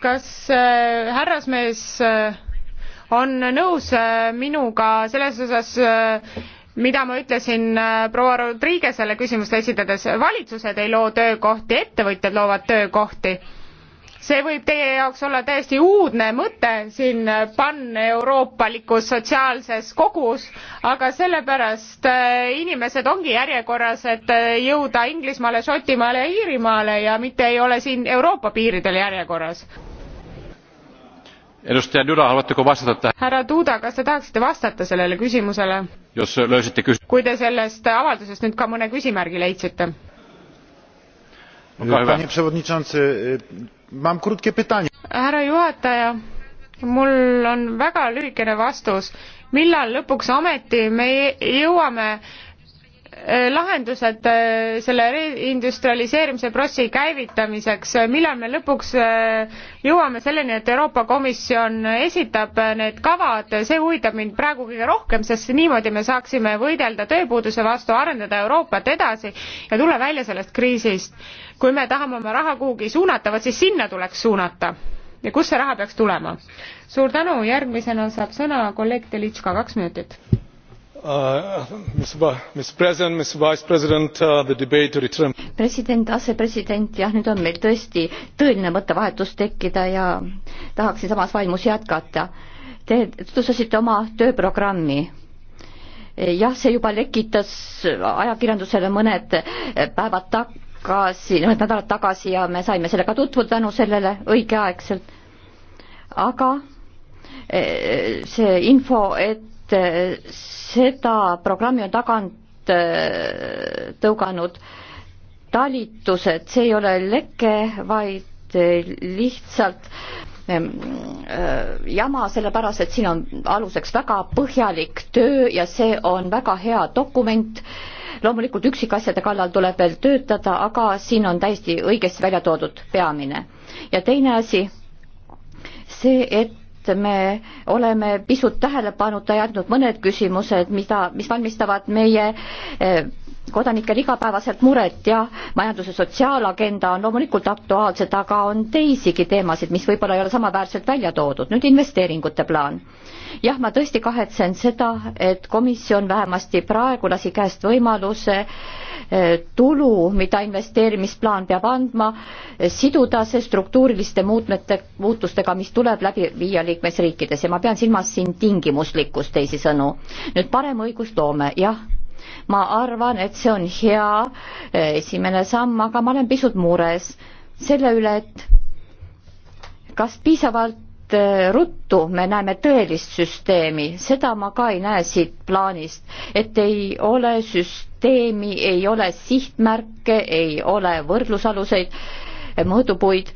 kas härrasmees on nõus minuga selles osas mida ma ütlesin äh, proua Rodriguez'ele küsimust esitades, valitsused ei loo töökohti, ettevõtjad loovad töökohti. see võib teie jaoks olla täiesti uudne mõte siin pan-euroopalikus sotsiaalses kogus, aga sellepärast äh, inimesed ongi järjekorras, et äh, jõuda Inglismaale, Šotimaale ja Iirimaale ja mitte ei ole siin Euroopa piiridel järjekorras härra Duda, kas te tahaksite vastata sellele küsimusele? Küs... kui te sellest avaldusest nüüd ka mõne küsimärgi leidsite? härra juhataja, mul on väga lühikene vastus millal lõpuks ometi me jõuame Äh, lahendused äh, selle reindustrialiseerimise prossi käivitamiseks, äh, millal me lõpuks jõuame selleni, et Euroopa Komisjon esitab need kavad, see huvitab mind praegu kõige rohkem, sest niimoodi me saaksime võidelda tööpuuduse vastu, arendada Euroopat edasi ja tulla välja sellest kriisist. kui me tahame oma raha kuhugi suunata, vot siis sinna tuleks suunata. ja kust see raha peaks tulema? suur tänu, järgmisena saab sõna kolleeg Delitška, kaks minutit Uh, president asepresident jah nüüd on meil tõesti tõeline mõttevahetus tekkida ja tahaksin samas vaimus jätkata te tutvustasite oma tööprogrammi jah see juba lekitas ajakirjandusele mõned päevad tagasi mõned nädalad tagasi ja me saime sellega tutvuda tänu sellele õigeaegselt aga eh, see info et et eh, seda programmi on tagant eh, tõuganud talitused, see ei ole leke, vaid eh, lihtsalt ehm, jama, sellepärast et siin on aluseks väga põhjalik töö ja see on väga hea dokument. loomulikult üksikasjade kallal tuleb veel töötada, aga siin on täiesti õigesti välja toodud peamine. ja teine asi, see, et et me oleme pisut tähelepanuta jätnud mõned küsimused, mida, mis valmistavad meie eh, kodanikel igapäevaselt muret ja majanduse sotsiaalagenda on loomulikult aktuaalsed, aga on teisigi teemasid, mis võib-olla ei ole samaväärselt välja toodud. nüüd investeeringute plaan. jah, ma tõesti kahetsen seda, et komisjon vähemasti praegu lasi käest võimaluse äh, Eh, tulu, mida investeerimisplaan peab andma, eh, siduda see struktuuriliste muutmete, muutustega, mis tuleb läbi viia liikmesriikides ja ma pean silmas siin tingimuslikkust, teisisõnu. nüüd parem õigusloome, jah, ma arvan, et see on hea eh, esimene samm, aga ma olen pisut mures selle üle, et kas piisavalt Eh, ruttu me näeme tõelist süsteemi, seda ma ka ei näe siit plaanist, et ei ole süsteemi, ei ole sihtmärke, ei ole võrdlusaluseid, eh, mõõdupuid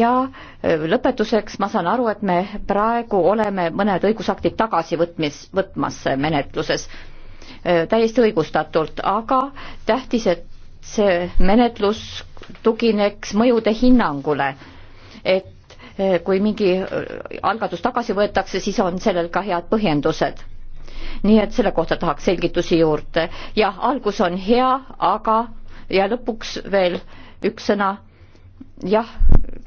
ja eh, lõpetuseks ma saan aru, et me praegu oleme mõned õigusaktid tagasi võtmis, võtmas menetluses täiesti õigustatult, aga tähtis, et see menetlus tugineks mõjude hinnangule, et Eh, kui mingi eh, algatus tagasi võetakse, siis on sellel ka head põhjendused. nii et selle kohta tahaks selgitusi juurde. jah, algus on hea, aga ja lõpuks veel üks sõna. jah,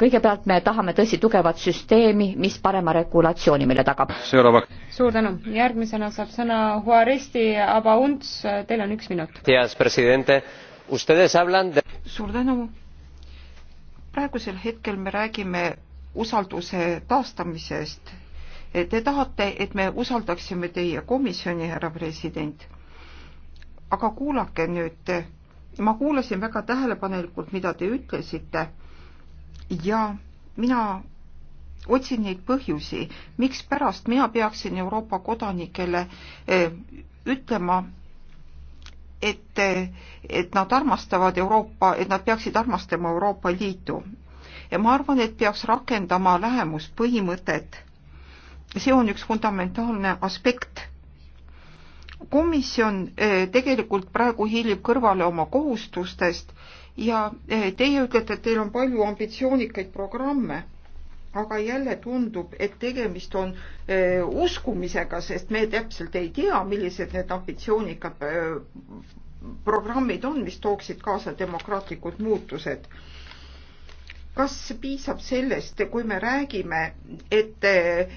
kõigepealt me tahame tõesti tugevat süsteemi, mis parema regulatsiooni meile tagab. suur tänu, järgmisena saab sõna Juaristi Abaunts, teil on üks minut. suur tänu praegusel hetkel me räägime usalduse taastamisest. Te tahate, et me usaldaksime teie komisjoni, härra president. aga kuulake nüüd, ma kuulasin väga tähelepanelikult, mida te ütlesite ja mina otsin neid põhjusi, mikspärast mina peaksin Euroopa kodanikele eh, ütlema, et, eh, et nad armastavad Euroopa, et nad peaksid armastama Euroopa Liitu ja ma arvan, et peaks rakendama lähemuspõhimõtet. see on üks fundamentaalne aspekt. komisjon eh, tegelikult praegu hiilib kõrvale oma kohustustest ja eh, teie ütlete, et teil on palju ambitsioonikaid programme aga jälle tundub, et tegemist on öö, eh, uskumisega, sest me täpselt ei tea, millised need ambitsioonikad öö, programmid on, mis tooksid kaasa demokraatlikud muutused kas piisab sellest, kui me räägime, et eh,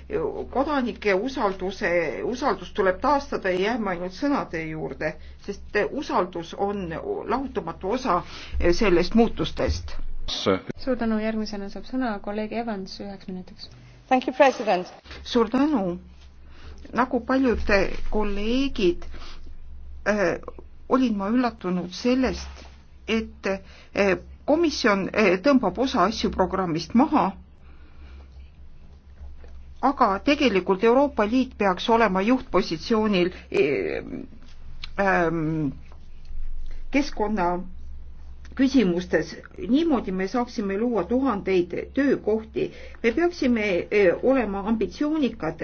kodanike usalduse, usaldus tuleb taastada ja jääme ainult sõnade juurde, sest eh, usaldus on lahutamatu osa eh, sellest muutustest? suur tänu, järgmisena saab sõna kolleeg Evans üheks minutiks. suur tänu. nagu paljud kolleegid äh, olin ma üllatunud sellest, et äh, komisjon eh, tõmbab osa asju programmist maha, aga tegelikult Euroopa Liit peaks olema juhtpositsioonil eh, ehm, keskkonna küsimustes, niimoodi me saaksime luua tuhandeid töökohti. me peaksime eh, olema ambitsioonikad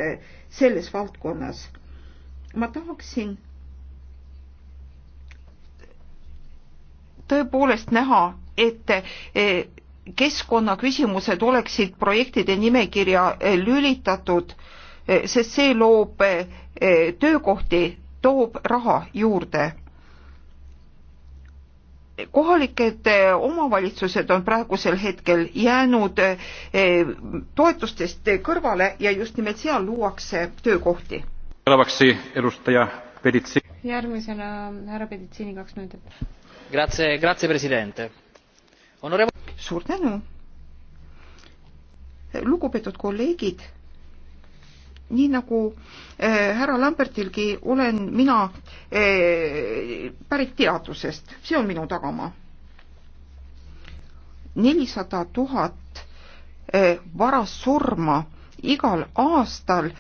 selles valdkonnas. ma tahaksin tõepoolest näha, et e, keskkonnaküsimused oleksid projektide nimekirja e, lülitatud, e, sest see loob töökohti, toob raha juurde. kohalikud omavalitsused on praegusel hetkel jäänud toetustest kõrvale ja just nimelt seal luuakse töökohti. järgmisena härra Peditsiini kaks minutit suur tänu lugupeetud kolleegid nii nagu eh, härra äh, Lambertilgi olen mina äh, pärit teadusest, see on minu tagamaa. nelisada tuhat äh, eh, varast surma igal aastal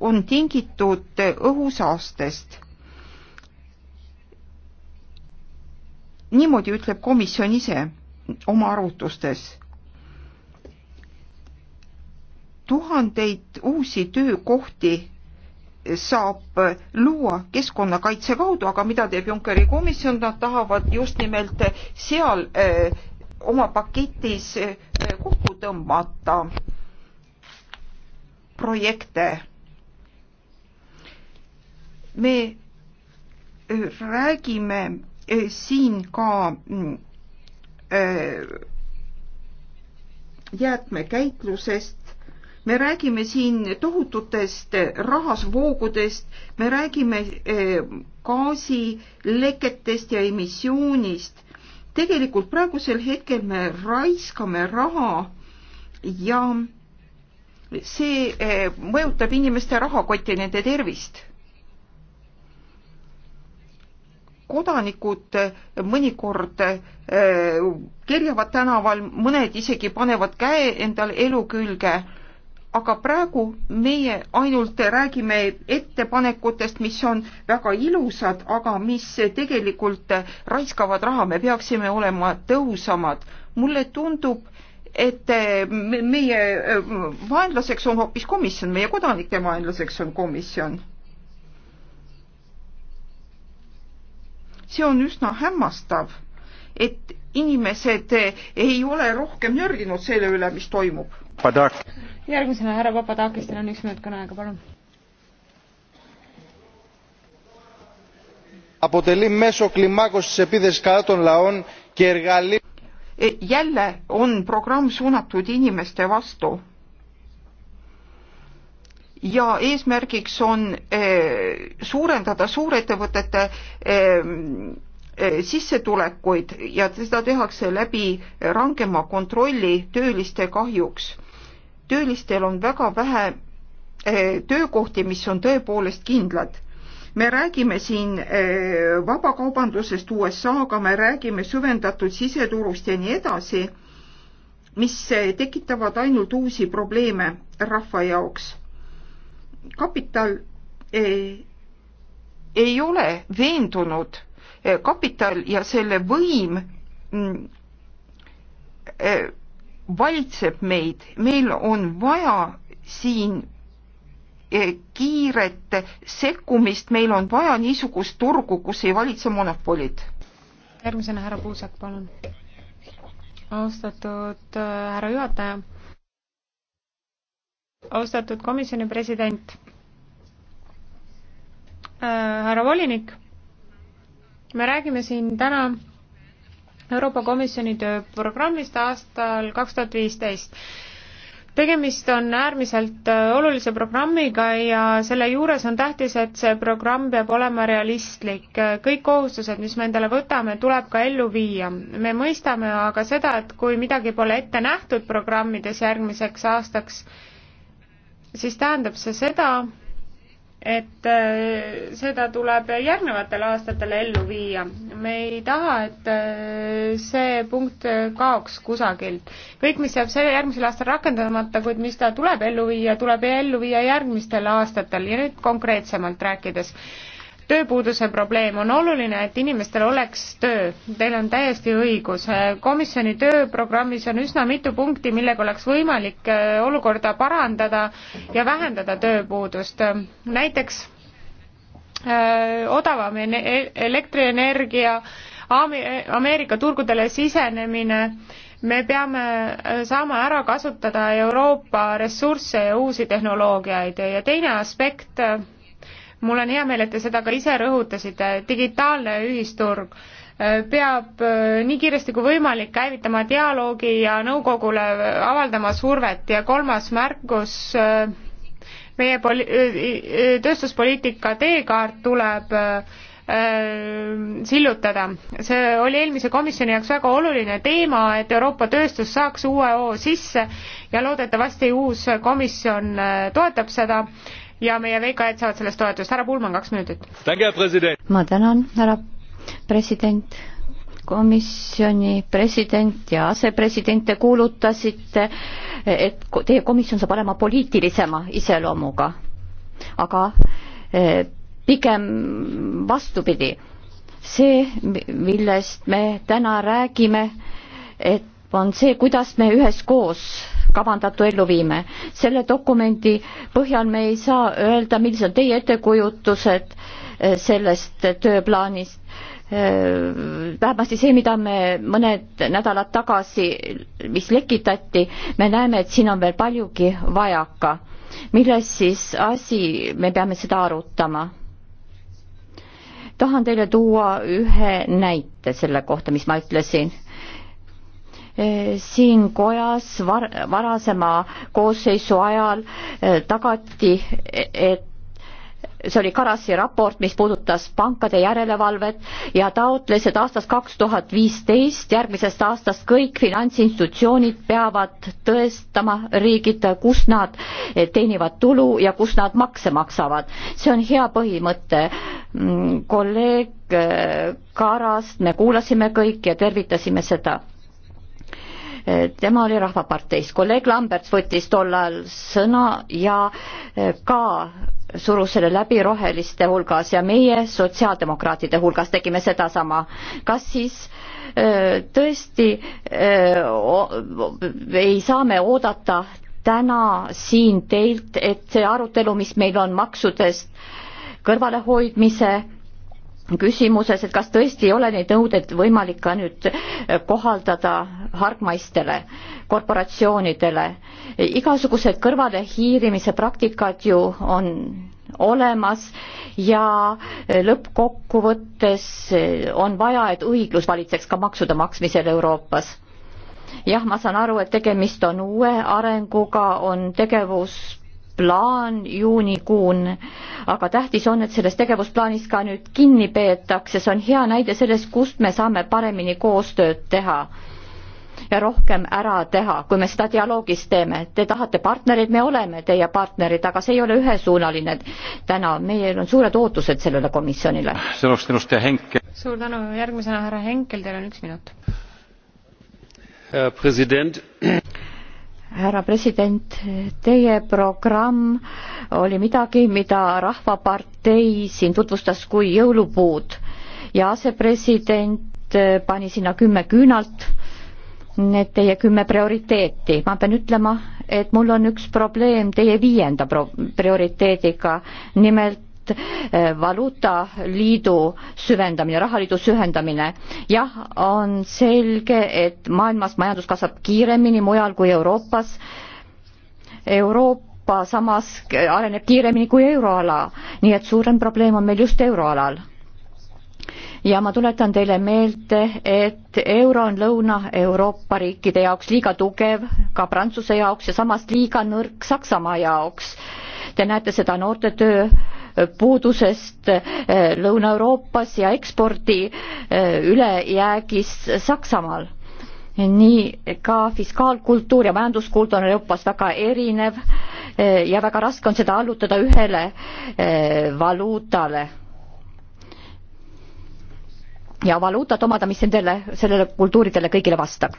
on tingitud õhusaastest niimoodi ütleb komisjon ise oma arvutustes. tuhandeid uusi töökohti saab luua keskkonnakaitse kaudu, aga mida teeb Junckeri komisjon, nad tahavad just nimelt seal öö, eh, oma paketis öö, eh, kokku tõmmata projekte. me eh, räägime Äh, siin ka mm, äh, jäätmekäitlusest, me räägime siin tohututest rahasvoogudest, me räägime äh, gaasileketest ja emissioonist. tegelikult praegusel hetkel me raiskame raha ja see mõjutab inimeste rahakotti, nende tervist kodanikud mõnikord eh, kerjavad tänaval, mõned isegi panevad käe endale elu külge, aga praegu meie ainult räägime ettepanekutest, mis on väga ilusad, aga mis tegelikult raiskavad raha, me peaksime olema tõhusamad. mulle tundub, et eh, meie eh, vaenlaseks on hoopis komisjon, meie kodanike vaenlaseks on komisjon see on üsna hämmastav, et inimesed ei ole rohkem nördinud selle üle, mis toimub. järgmisena härra Papadakis, teil on üks minut kõneaega, palun. αποτελεί μέσο κλιμάκωσης της επίθεσης κατά των λαών και εργαλείο jälle on programm suunatud inimeste vastu ja eesmärgiks on eh, suurendada suurettevõtete eh, eh, sissetulekuid ja seda tehakse läbi rangema kontrolli tööliste kahjuks. töölistel on väga vähe töökohti, mis on tõepoolest kindlad. me räägime siin vabakaubandusest USA-ga, me räägime süvendatud siseturust ja nii edasi, mis tekitavad ainult uusi probleeme rahva jaoks kapital ei, eh, ei ole veendunud, eh, kapital ja selle võim mm, eh, valitseb meid, meil on vaja siin kiiret sekkumist, meil on vaja niisugust turgu, kus ei valitse monopolid. järgmisena härra Puusak, palun. austatud äh, härra juhataja austatud komisjoni president äh,, härra volinik, me räägime siin täna Euroopa Komisjoni tööprogrammist aastal kaks tuhat viisteist tegemist on äärmiselt äh, olulise programmiga ja selle juures on tähtis, et see programm peab olema realistlik. Äh, kõik kohustused, mis me endale võtame, tuleb ka ellu viia. me mõistame aga seda, et kui midagi pole ette nähtud programmides järgmiseks aastaks, siis tähendab see seda, et äh, seda tuleb järgnevatel aastatel ellu viia. me ei taha, et äh, see punkt kaoks kusagilt. kõik, mis jääb selle järgmisel aastal rakendamata, kuid mis ta tuleb ellu viia, tuleb ellu viia järgmistel aastatel ja nüüd konkreetsemalt rääkides tööpuuduse probleem, on oluline, et inimestel oleks töö. Teil on täiesti õigus. komisjoni tööprogrammis on üsna mitu punkti, millega oleks võimalik äh, olukorda parandada ja vähendada tööpuudust. näiteks öö, äh, odavam e-, elektrienergia, Ameerika turgudele sisenemine, me peame äh, saama ära kasutada Euroopa ressursse ja uusi tehnoloogiaid ja teine aspekt mul on hea meel, et te seda ka ise rõhutasite, digitaalne ühisturg äh, peab äh, nii kiiresti kui võimalik käivitama dialoogi ja nõukogule äh, avaldama survet ja kolmas märkus, meie poli-, tööstuspoliitika teekaart tuleb sillutada. see oli eelmise komisjoni jaoks väga oluline teema, et Euroopa tööstus saaks uue hoo sisse ja loodetavasti uus komisjon toetab seda ja meie VKE-d saavad sellest toetust. härra Pullmann, kaks minutit. ma tänan, härra president, komisjoni president ja asepresident, te kuulutasite, et teie komisjon saab olema poliitilisema iseloomuga. aga eh, pigem vastupidi, see, millest me täna räägime, et on see, kuidas me üheskoos kavandatu ellu viime. selle dokumendi põhjal me ei saa öelda, millised on teie ettekujutused eh, sellest tööplaanist, eh, vähemasti see, mida me mõned nädalad tagasi, mis lekitati, me näeme, et siin on veel paljugi vajaka. milles siis asi, me peame seda arutama? tahan teile tuua ühe näite selle kohta, mis ma ütlesin siin kojas var, varasema koosseisu ajal eh, tagati, et see oli Karasi raport, mis puudutas pankade järelevalvet ja taotles, et aastast kaks tuhat viisteist, järgmisest aastast kõik finantsinstitutsioonid peavad tõestama riigid, kus nad eh, teenivad tulu ja kus nad makse maksavad. see on hea põhimõte. Mm, kolleeg eh, Karast me kuulasime kõik ja tervitasime seda tema oli Rahvaparteist, kolleeg Lamberts võttis tol ajal sõna ja e, ka surus selle läbi roheliste hulgas ja meie sotsiaaldemokraatide hulgas tegime sedasama. kas siis e, tõesti e, ei saa me oodata täna siin teilt, et see arutelu, mis meil on maksudest kõrvalehoidmise küsimuses, et kas tõesti ei ole neid nõudeid võimalik ka nüüd äh, kohaldada hargmaistele korporatsioonidele. igasugused kõrvalehiirimise praktikad ju on olemas ja äh, lõppkokkuvõttes äh, on vaja, et õiglus valitseks ka maksude maksmisel Euroopas jah, ma saan aru, et tegemist on uue arenguga, on tegevus plaan juunikuun, aga tähtis on, et sellest tegevusplaanist ka nüüd kinni peetakse, see on hea näide sellest, kust me saame paremini koostööd teha ja rohkem ära teha, kui me seda dialoogis teeme. Te tahate partnereid, me oleme teie partnerid, aga see ei ole ühesuunaline täna, meil on suured ootused sellele komisjonile. suur tänu, järgmisena härra Henkel, teil on üks minut. president härra president, teie programm oli midagi, mida Rahvapartei siin tutvustas kui jõulupuud ja asepresident pani sinna kümme küünalt, need teie kümme prioriteeti. ma pean ütlema, et mul on üks probleem teie viienda pro prioriteediga, nimelt et eh, valuutaliidu süvendamine, rahaliidu süvendamine, jah, on selge, et maailmas majandus kasvab kiiremini mujal kui Euroopas. Euroopa samas eh, areneb kiiremini kui euroala, nii et suurem probleem on meil just euroalal ja ma tuletan teile meelde, et euro on Lõuna-Euroopa riikide jaoks liiga tugev, ka Prantsuse jaoks ja samas liiga nõrk Saksamaa jaoks. Te näete seda noorte töö puudusest eh, Lõuna-Euroopas ja ekspordi eh, ülejäägist Saksamaal. nii ka fiskaalkultuur ja majanduskultuur on Euroopas väga erinev eh, ja väga raske on seda allutada ühele valuutale ja valuutat omada, mis nendele, sellele kultuuridele kõigile vastab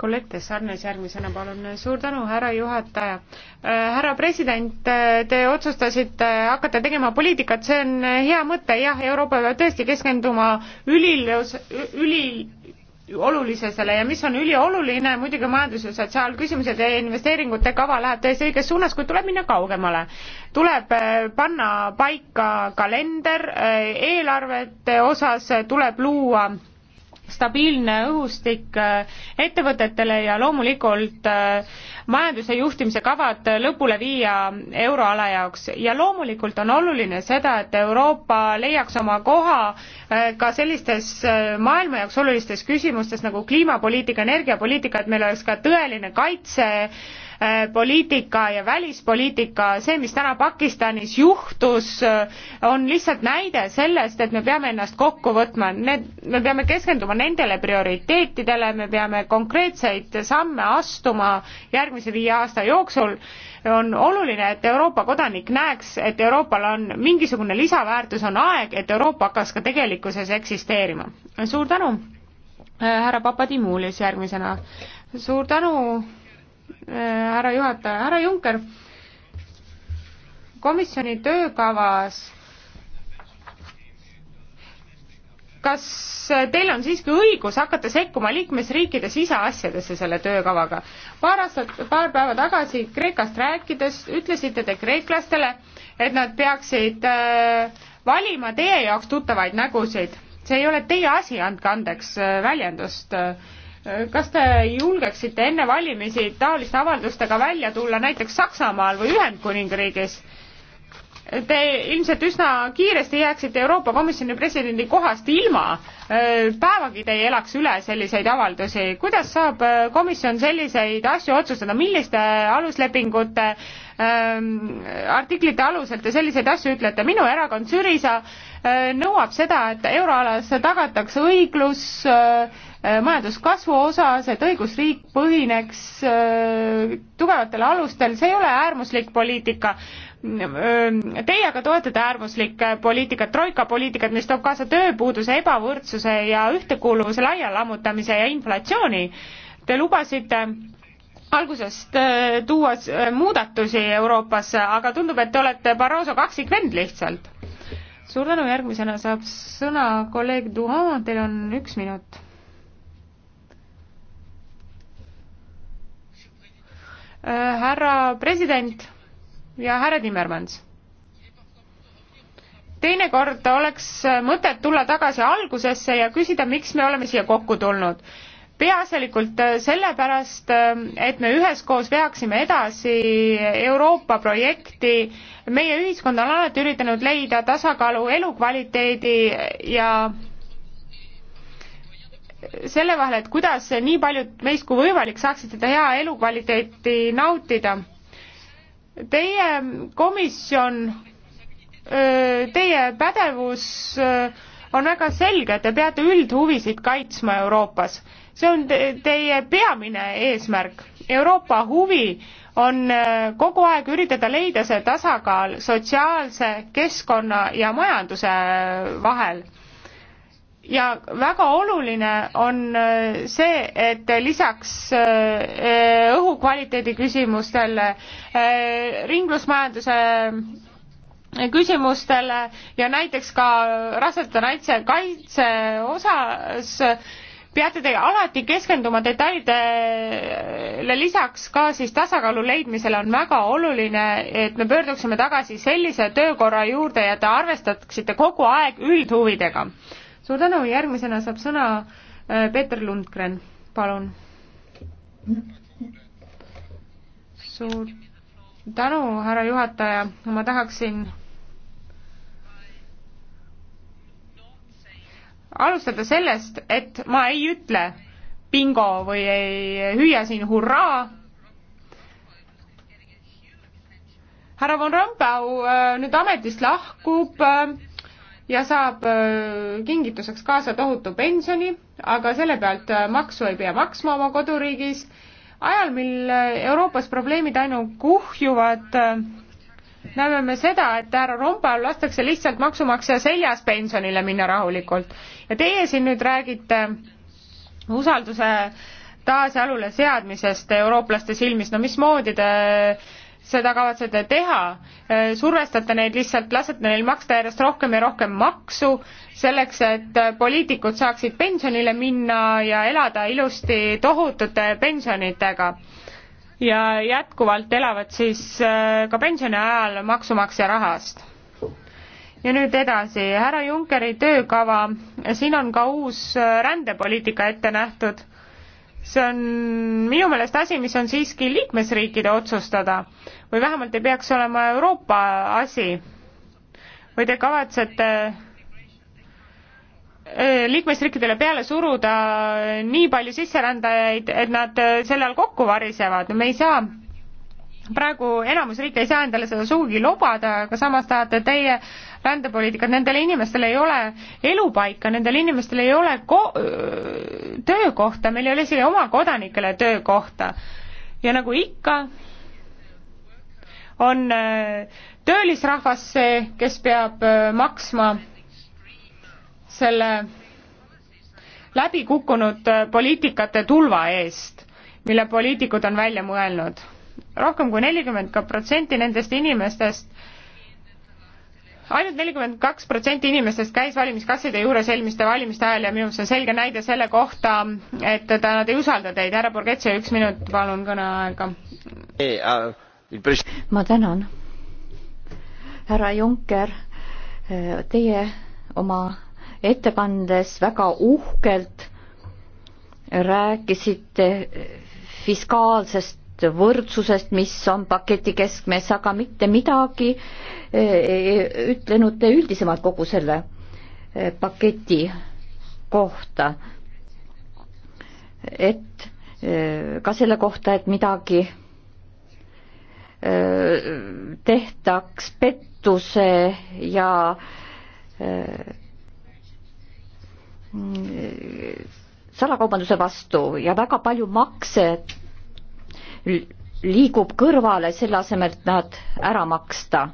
kollekte sarnas järgmisena, palun. suur tänu, härra juhataja. Äh, härra president, äh, te otsustasite hakata tegema poliitikat, see on hea mõte, jah, Euroopa peab tõesti keskenduma ülilus, üli olulisesele ja mis on ülioluline, muidugi majandus- ja sotsiaalküsimused ja investeeringute kava läheb täiesti õiges suunas, kuid tuleb minna kaugemale. tuleb äh, panna paika kalender, eelarvete osas tuleb luua stabiilne õhustik äh, ettevõtetele ja loomulikult äh, majanduse juhtimise kavad lõpule viia euroala jaoks. ja loomulikult on oluline seda, et Euroopa leiaks oma koha äh, ka sellistes maailma jaoks olulistes küsimustes nagu kliimapoliitika, energiapoliitika, et meil oleks ka tõeline kaitse Äh, poliitika ja välispoliitika, see, mis täna Pakistanis juhtus, äh, on lihtsalt näide sellest, et me peame ennast kokku võtma, need, me peame keskenduma nendele prioriteetidele, me peame konkreetseid samme astuma järgmise viie aasta jooksul, on oluline, et Euroopa kodanik näeks, et Euroopal on mingisugune lisaväärtus, on aeg, et Euroopa hakkas ka tegelikkuses eksisteerima. suur tänu, äh, härra Papadimulis järgmisena. suur tänu Äh, härra juhataja, härra Juncker, komisjoni töökavas kas teil on siiski õigus hakata sekkuma liikmesriikide siseasjadesse selle töökavaga? paar aastat, paar päeva tagasi Kreekast rääkides ütlesite te kreeklastele, et nad peaksid äh, valima teie jaoks tuttavaid nägusid. see ei ole teie asi, andke andeks äh, väljendust kas te julgeksite enne valimisi taoliste avaldustega välja tulla näiteks Saksamaal või Ühendkuningriigis? Te ilmselt üsna kiiresti jääksite Euroopa Komisjoni presidendi kohast ilma, äh, päevagi te ei elaks üle selliseid avaldusi. kuidas saab äh, komisjon selliseid asju otsustada, milliste aluslepingute ähm, artiklite aluselt te selliseid asju ütlete? minu erakond Sürisa äh, nõuab seda, et euroalas tagatakse õiglus äh, Äh, majanduskasvu osas, et õigusriik põhineks äh, tugevatel alustel, see ei ole äärmuslik poliitika. Ähm, teie aga toetate äärmuslikke äh, poliitikat, troika poliitikat, mis toob kaasa tööpuuduse, ebavõrdsuse ja ühtekuuluvuse laialammutamise ja inflatsiooni. Te lubasite algusest tuua muudatusi Euroopasse, aga tundub, et te olete Barroso kaksikvend lihtsalt. suur tänu, järgmisena saab sõna kolleeg Duhan, teil on üks minut Äh, härra president ja härra Timmermans. teinekord oleks mõtet tulla tagasi algusesse ja küsida, miks me oleme siia kokku tulnud. peaasjalikult äh, sellepärast, äh, et me üheskoos veaksime edasi Euroopa projekti. meie ühiskond on alati üritanud leida tasakaalu elukvaliteedi ja selle vahel, et kuidas nii paljud meist kui võimalik saaksid seda hea elukvaliteeti nautida. Teie komisjon, teie pädevus on väga selge, te peate üldhuvisid kaitsma Euroopas. see on teie peamine eesmärk. Euroopa huvi on kogu aeg üritada leida see tasakaal sotsiaalse, keskkonna ja majanduse vahel ja väga oluline on äh, see, et lisaks äh, äh, õhukvaliteedi küsimustele, ringlusmajanduse küsimustele ja näiteks ka rasedate naiste kaitse osas peate te alati keskenduma detailidele lisaks ka siis tasakaalu leidmisele on väga oluline, et me pöörduksime tagasi sellise töökorra juurde ja te arvestaksite kogu aeg üldhuvidega suur tänu, järgmisena saab sõna äh, Peeter Lundgren, palun. suur tänu, härra juhataja, ma tahaksin alustada sellest, et ma ei ütle bingo või ei hüüa siin hurraa. härra von Rompau äh, nüüd ametist lahkub äh, ja saab äh, kingituseks kaasa tohutu pensioni, aga selle pealt äh, maksu ei pea maksma oma koduriigis. ajal, mil äh, Euroopas probleemid ainult kuhjuvad, näeme me seda, et härra Rumpal lastakse lihtsalt maksumaksja seljas pensionile minna rahulikult. ja teie siin nüüd räägite usalduse taasjalule seadmisest eurooplaste silmis, no mismoodi te seda kavatsete teha, äh, survestate neid lihtsalt, lasete neil maksta järjest rohkem ja rohkem maksu, selleks et äh, poliitikud saaksid pensionile minna ja elada ilusti tohutute pensionitega. ja jätkuvalt elavad siis äh, ka pensioni ajal maksumaksja rahast. ja nüüd edasi, härra Junckeri töökava, siin on ka uus rändepoliitika ette nähtud see on minu meelest asi, mis on siiski liikmesriikide otsustada või vähemalt ei peaks olema Euroopa asi. või te kavatsete eh, liikmesriikidele peale suruda nii palju sisserändajaid, et nad eh, selle all kokku varisevad, me ei saa praegu enamus riike ei saa endale seda sugugi lubada, aga samas tahate teie rändepoliitikat, nendel inimestel ei ole elupaika, nendel inimestel ei ole ko-, töökohta, meil ei ole isegi oma kodanikele töökohta. ja nagu ikka, on äh, töölisrahvas see, kes peab äh, maksma selle läbikukkunud äh, poliitikate tulva eest, mille poliitikud on välja mõelnud. rohkem kui nelikümmend protsenti nendest inimestest ainult nelikümmend kaks protsenti inimestest käis valimiskasside juures eelmiste valimiste ajal ja minu meelest see on selge näide selle kohta, et ta, nad ei usalda teid. härra Borghese, üks minut, palun kõneaega. Eh, ah, ma tänan. härra Juncker, eh, teie oma ettekandes väga uhkelt rääkisite eh, fiskaalsest võrdsusest, mis on paketi keskmes, aga mitte midagi ei e, ütlenud üldisemalt kogu selle e, paketi kohta. et e, ka selle kohta, et midagi tehtaks pettuse ja salakaubanduse vastu ja väga palju makse liigub kõrvale, selle asemel, et nad ära maksta.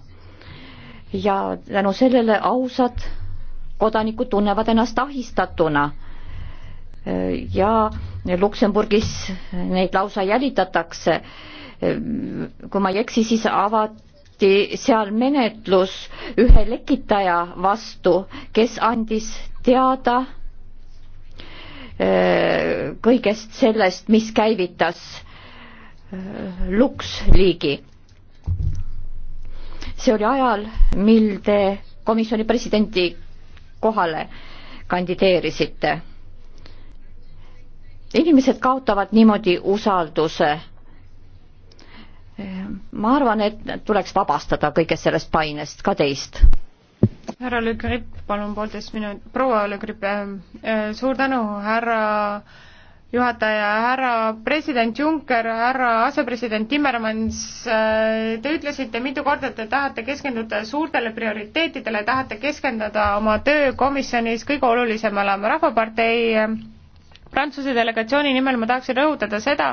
ja tänu sellele ausad kodanikud tunnevad ennast ahistatuna. ja Luksemburgis neid lausa jälitatakse. kui ma ei eksi, siis avati seal menetlus ühe lekitaja vastu, kes andis teada eh, kõigest sellest, mis käivitas Luxleagi. see oli ajal, mil te komisjoni presidendi kohale kandideerisite. inimesed kaotavad niimoodi usalduse. ma arvan, et tuleks vabastada kõigest sellest painest ka teist härra Le Grip, palun poolteist minut, proua Le Grip, äh, äh, suur tänu, härra juhataja, härra president Juncker, härra asepresident Timmermans, äh, te ütlesite mitu korda, et te tahate keskenduda suurtele prioriteetidele, tahate keskenduda oma töö komisjonis kõige olulisemale, Rahvapartei äh, Prantsuse delegatsiooni nimel ma tahaksin rõhutada seda,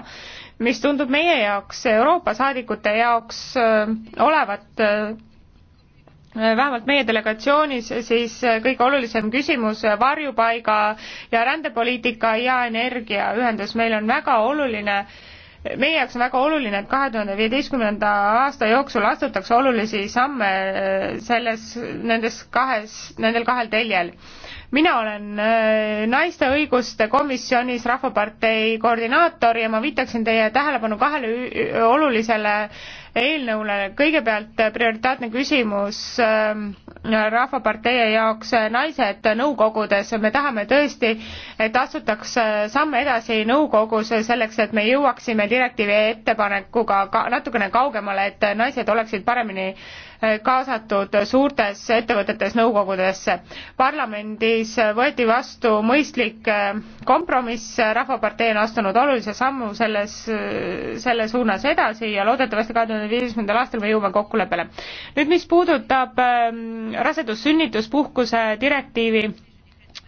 mis tundub meie jaoks, Euroopa saadikute jaoks äh, olevat vähemalt meie delegatsioonis, siis kõige olulisem küsimus varjupaiga ja rändepoliitika ja energiaühendus. meil on väga oluline meie jaoks on väga oluline, et kahe tuhande viieteistkümnenda aasta jooksul astutakse olulisi samme äh, selles, nendes kahes, nendel kahel teljel. mina olen äh, naiste õiguste komisjonis Rahvapartei koordinaator ja ma viitaksin teie tähelepanu kahele olulisele äh, eelnõule. kõigepealt prioritaatne küsimus ähm, Rahvapartei jaoks äh, naised nõukogudes. me tahame tõesti, et astutaks äh, samme edasi nõukogus selleks, et me jõuaksime direktiivi ettepanekuga ka natukene kaugemale, et naised oleksid paremini kaasatud suurtes ettevõtetes nõukogudesse. parlamendis võeti vastu mõistlik äh, kompromiss, Rahvapartei on astunud olulise sammu selles, äh, selle suunas edasi ja loodetavasti kahe tuhande viieteistkümnendal aastal me jõuame kokkuleppele. nüüd, mis puudutab ähm, rasedus-sünnituspuhkuse direktiivi,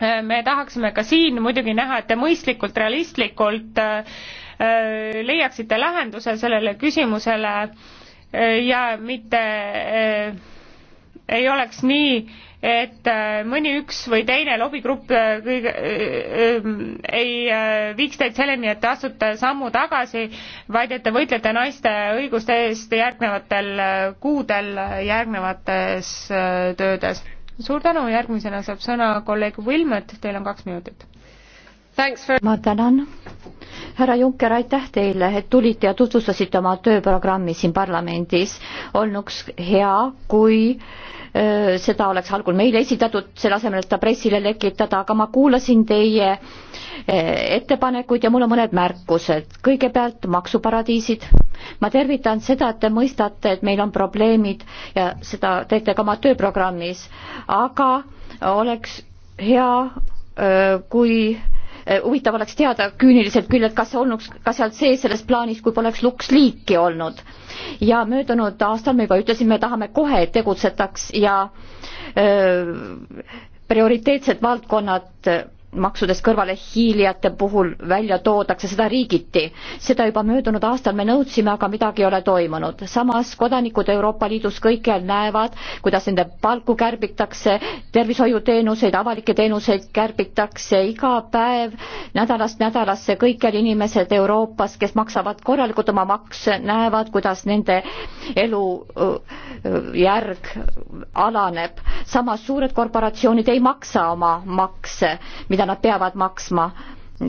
äh, me tahaksime ka siin muidugi näha, et te mõistlikult, realistlikult leiaksite lahenduse sellele küsimusele ja mitte eh, ei oleks nii, et eh, mõni üks või teine lobigrupp eh, kõige, ei viiks teid selleni, et te astute sammu tagasi, vaid et te võitlete naiste õiguste eest järgnevatel kuudel, järgnevates töödes. suur tänu, järgmisena saab sõna kolleeg Wilmet, teil on kaks minutit. For... ma tänan. härra Juncker, aitäh teile, et tulite ja tutvustasite oma tööprogrammi siin parlamendis. olnuks hea, kui öö, äh, seda oleks algul meile esitatud, selle asemel, et ta pressile lekitada, aga ma kuulasin teie äh, ettepanekuid ja mul on mõned märkused. kõigepealt maksuparadiisid. ma tervitan seda, et te mõistate, et meil on probleemid ja seda teete ka oma tööprogrammis, aga oleks hea, äh, kui Eh, huvitav oleks teada küüniliselt küll, et kas see olnuks ka seal sees selles plaanis, kui poleks LuxLeaki olnud. ja möödunud aastal me juba ütlesime, tahame kohe, et tegutsetaks ja öö, eh, prioriteetsed valdkonnad maksudest kõrvalehiilijate puhul välja toodakse, seda riigiti. seda juba möödunud aastal me nõudsime, aga midagi ei ole toimunud. samas kodanikud Euroopa Liidus kõikjal näevad, kuidas nende palku kärbitakse, tervishoiuteenuseid, avalikke teenuseid kärbitakse iga päev, nädalast nädalasse, kõikjal inimesed Euroopas, kes maksavad korralikult oma makse, näevad, kuidas nende elujärg alaneb. samas suured korporatsioonid ei maksa oma makse, mida mida nad peavad maksma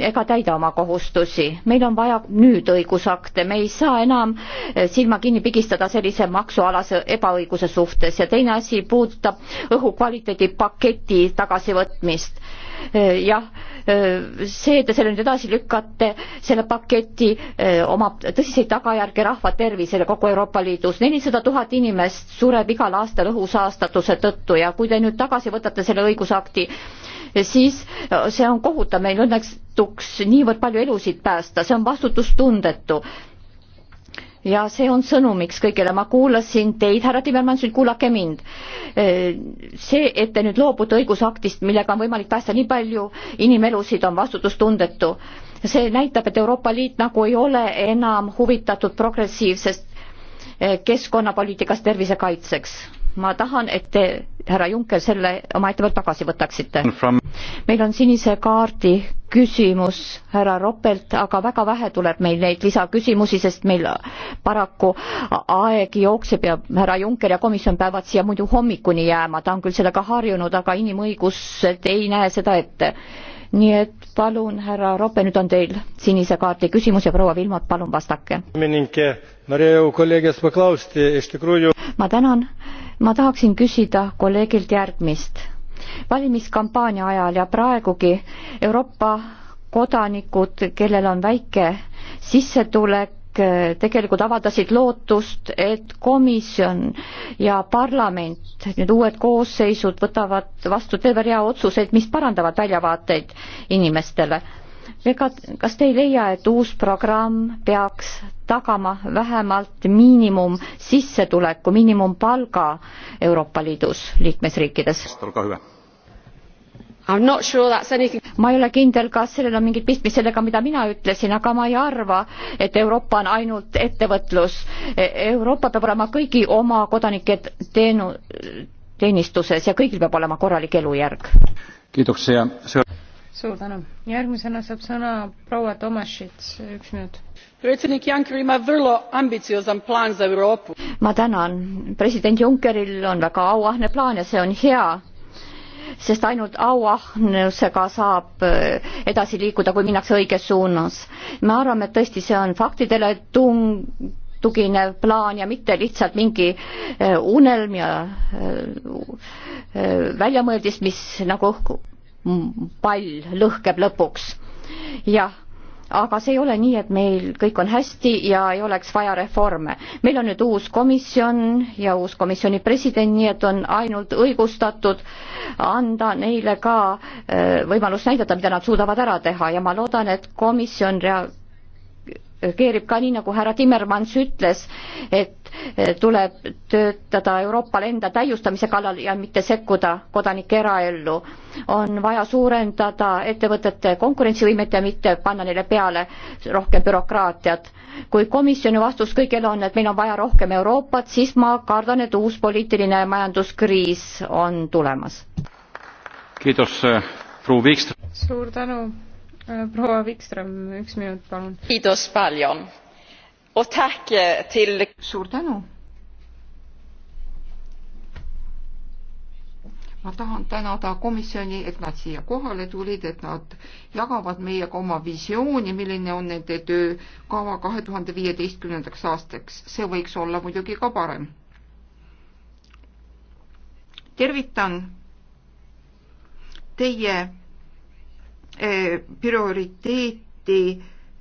ega täida oma kohustusi. meil on vaja nüüd õigusakte, me ei saa enam eh, silma kinni pigistada sellise maksualase ebaõiguse suhtes ja teine asi puudutab õhukvaliteedi paketi tagasivõtmist. Eh, jah, eh, see, et te selle nüüd edasi lükkate, selle paketi omab tõsiseid tagajärgi rahva tervisele kogu Euroopa Liidus. nelisada tuhat inimest sureb igal aastal õhusaastatuse tõttu ja kui te nüüd tagasi võtate selle õigusakti, siis äh, see on kohutav, meil õnnestuks niivõrd palju elusid päästa, see on vastutustundetu. ja see on sõnumiks kõigile, ma kuulasin teid, härra Timmermans, nüüd kuulake mind. Äh, see, et te nüüd loobute õigusaktist, millega on võimalik päästa nii palju inimelusid, on vastutustundetu. see näitab, et Euroopa Liit nagu ei ole enam huvitatud progressiivsest äh, keskkonnapoliitikast tervise kaitseks. ma tahan, et te härra Juncker selle oma ettepaneku tagasi võtaksite? meil on sinise kaardi küsimus härra Roppelt, aga väga vähe tuleb meil neid lisaküsimusi, sest meil paraku aeg jookseb ja härra Juncker ja komisjon peavad siia muidu hommikuni jääma, ta on küll sellega harjunud, aga inimõigused ei näe seda ette. nii et palun, härra Roppe, nüüd on teil sinise kaardi küsimus ja proua Vilmot, palun vastake. ma tänan ma tahaksin küsida kolleegilt järgmist. valimiskampaania ajal ja praegugi Euroopa kodanikud, kellel on väike sissetulek, tegelikult avaldasid lootust, et komisjon ja parlament, need uued koosseisud võtavad vastu terve rea otsuseid, mis parandavad väljavaateid inimestele ega, kas te ei leia, et uus programm peaks tagama vähemalt miinimum sissetuleku, miinimumpalga Euroopa Liidus liikmesriikides? Sure ma ei ole kindel, kas sellel on mingit pistmist sellega, mida mina ütlesin, aga ma ei arva, et Euroopa on ainult ettevõtlus. E, Euroopa peab olema kõigi oma kodanike teenu-, teenistuses ja kõigil peab olema korralik elujärg. kiitoksia suur tänu. järgmisena saab sõna proua Tomašits, üks minut. president Juncker ima vrlo ambiciozan plan za Euroopu. ma tänan, president Junckeril on väga auahne plaan ja see on hea sest ainult auahnusega saab eh, edasi liikuda, kui minnakse õiges suunas. me arvame, et tõesti, see on faktidele tung-, tuginev plaan ja mitte lihtsalt mingi eh, unelm ja eh, väljamõeldis, mis nagu õhku pall lõhkeb lõpuks. jah, aga see ei ole nii, et meil kõik on hästi ja ei oleks vaja reforme. meil on nüüd uus komisjon ja uus komisjoni president, nii et on ainult õigustatud anda neile ka eh, võimalus näidata, mida nad suudavad ära teha ja ma loodan, et komisjon rea-, reageerib ka nii, nagu härra Timmermans ütles, et Eh, tuleb töötada Euroopale enda täiustamise kallal ja mitte sekkuda kodanike eraellu. on vaja suurendada ettevõtete konkurentsivõimet ja mitte panna neile peale rohkem bürokraatiat. kui komisjoni vastus kõigile on, et meil on vaja rohkem Euroopat, siis ma kardan, et uus poliitiline majanduskriis on tulemas. Eh, suur tänu proua Wikström, üks minut palun. kiitos paljon Eh, suur tänu. ma tahan tänada komisjoni, et nad siia kohale tulid, et nad jagavad meiega oma visiooni, milline on nende töökava kahe tuhande viieteistkümnendaks aastaks. see võiks olla muidugi ka parem. tervitan teie eh, prioriteeti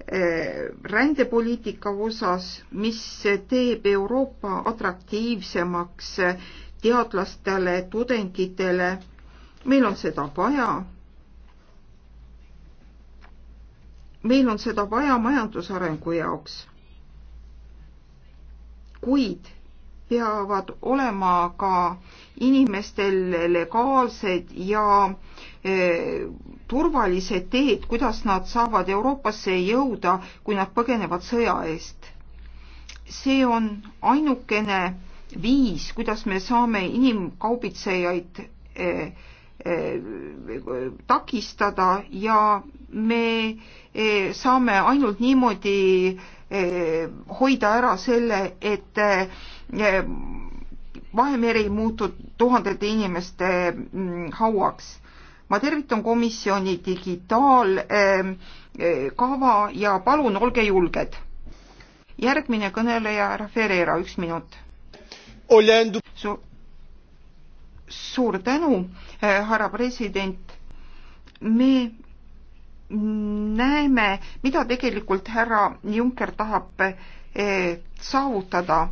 Eh, rändepoliitika osas, mis teeb Euroopa atraktiivsemaks teadlastele, tudengitele. meil on seda vaja. meil on seda vaja majandusarengu jaoks. kuid peavad olema ka inimestel legaalsed ja eh, turvalise teed, kuidas nad saavad Euroopasse jõuda, kui nad põgenevad sõja eest. see on ainukene viis, kuidas me saame inimkaubitsejaid eh, eh, takistada ja me eh, saame ainult niimoodi eh, hoida ära selle, et eh, eh, Vahemeri muutub tuhandete inimeste mm, hauaks ma tervitan komisjoni digitaalkava ähm, äh, ja palun olge julged. järgmine kõneleja, härra Ferreira, üks minut. Su suur tänu, äh, härra president. me näeme, mida tegelikult härra Juncker tahab äh, saavutada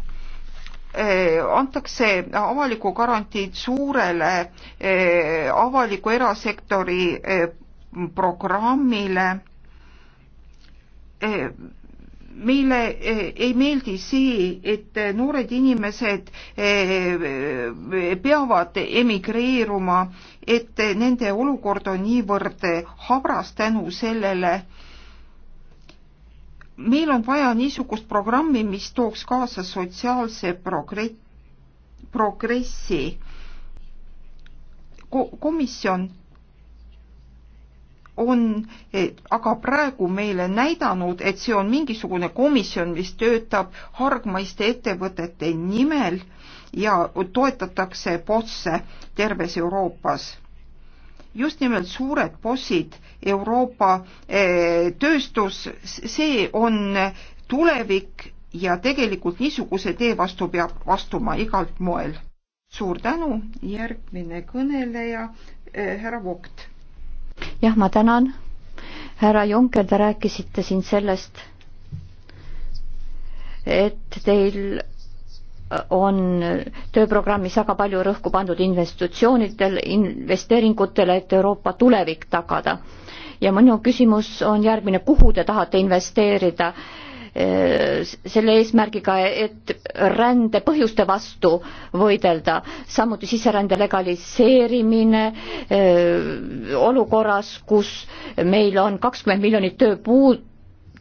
Äh, antakse avaliku garantiid suurele äh, avaliku erasektori äh, programmile. meile ei meeldi see, et noored inimesed peavad emigreeruma, et nende olukord on niivõrd habras tänu sellele, meil on vaja niisugust programmi, mis tooks kaasa sotsiaalse progre-, progressi Ko. komisjon on e, aga praegu meile näidanud, et see on mingisugune komisjon, mis töötab hargmaiste ettevõtete nimel ja toetatakse bosse terves Euroopas just nimelt suured bossid Euroopa eh, tööstus, see on tulevik ja tegelikult niisuguse tee vastu peab astuma igalt moel. suur tänu, järgmine kõneleja, eh, härra Vogt. jah, ma tänan. härra Junker, te rääkisite siin sellest, et teil on tööprogrammis väga palju rõhku pandud investitsioonidel, investeeringutele, et Euroopa tulevik tagada. ja minu küsimus on järgmine, kuhu te tahate investeerida eh, selle eesmärgiga, et rände põhjuste vastu võidelda, samuti sisserände legaliseerimine eh, olukorras, kus meil on kakskümmend miljonit tööpuud,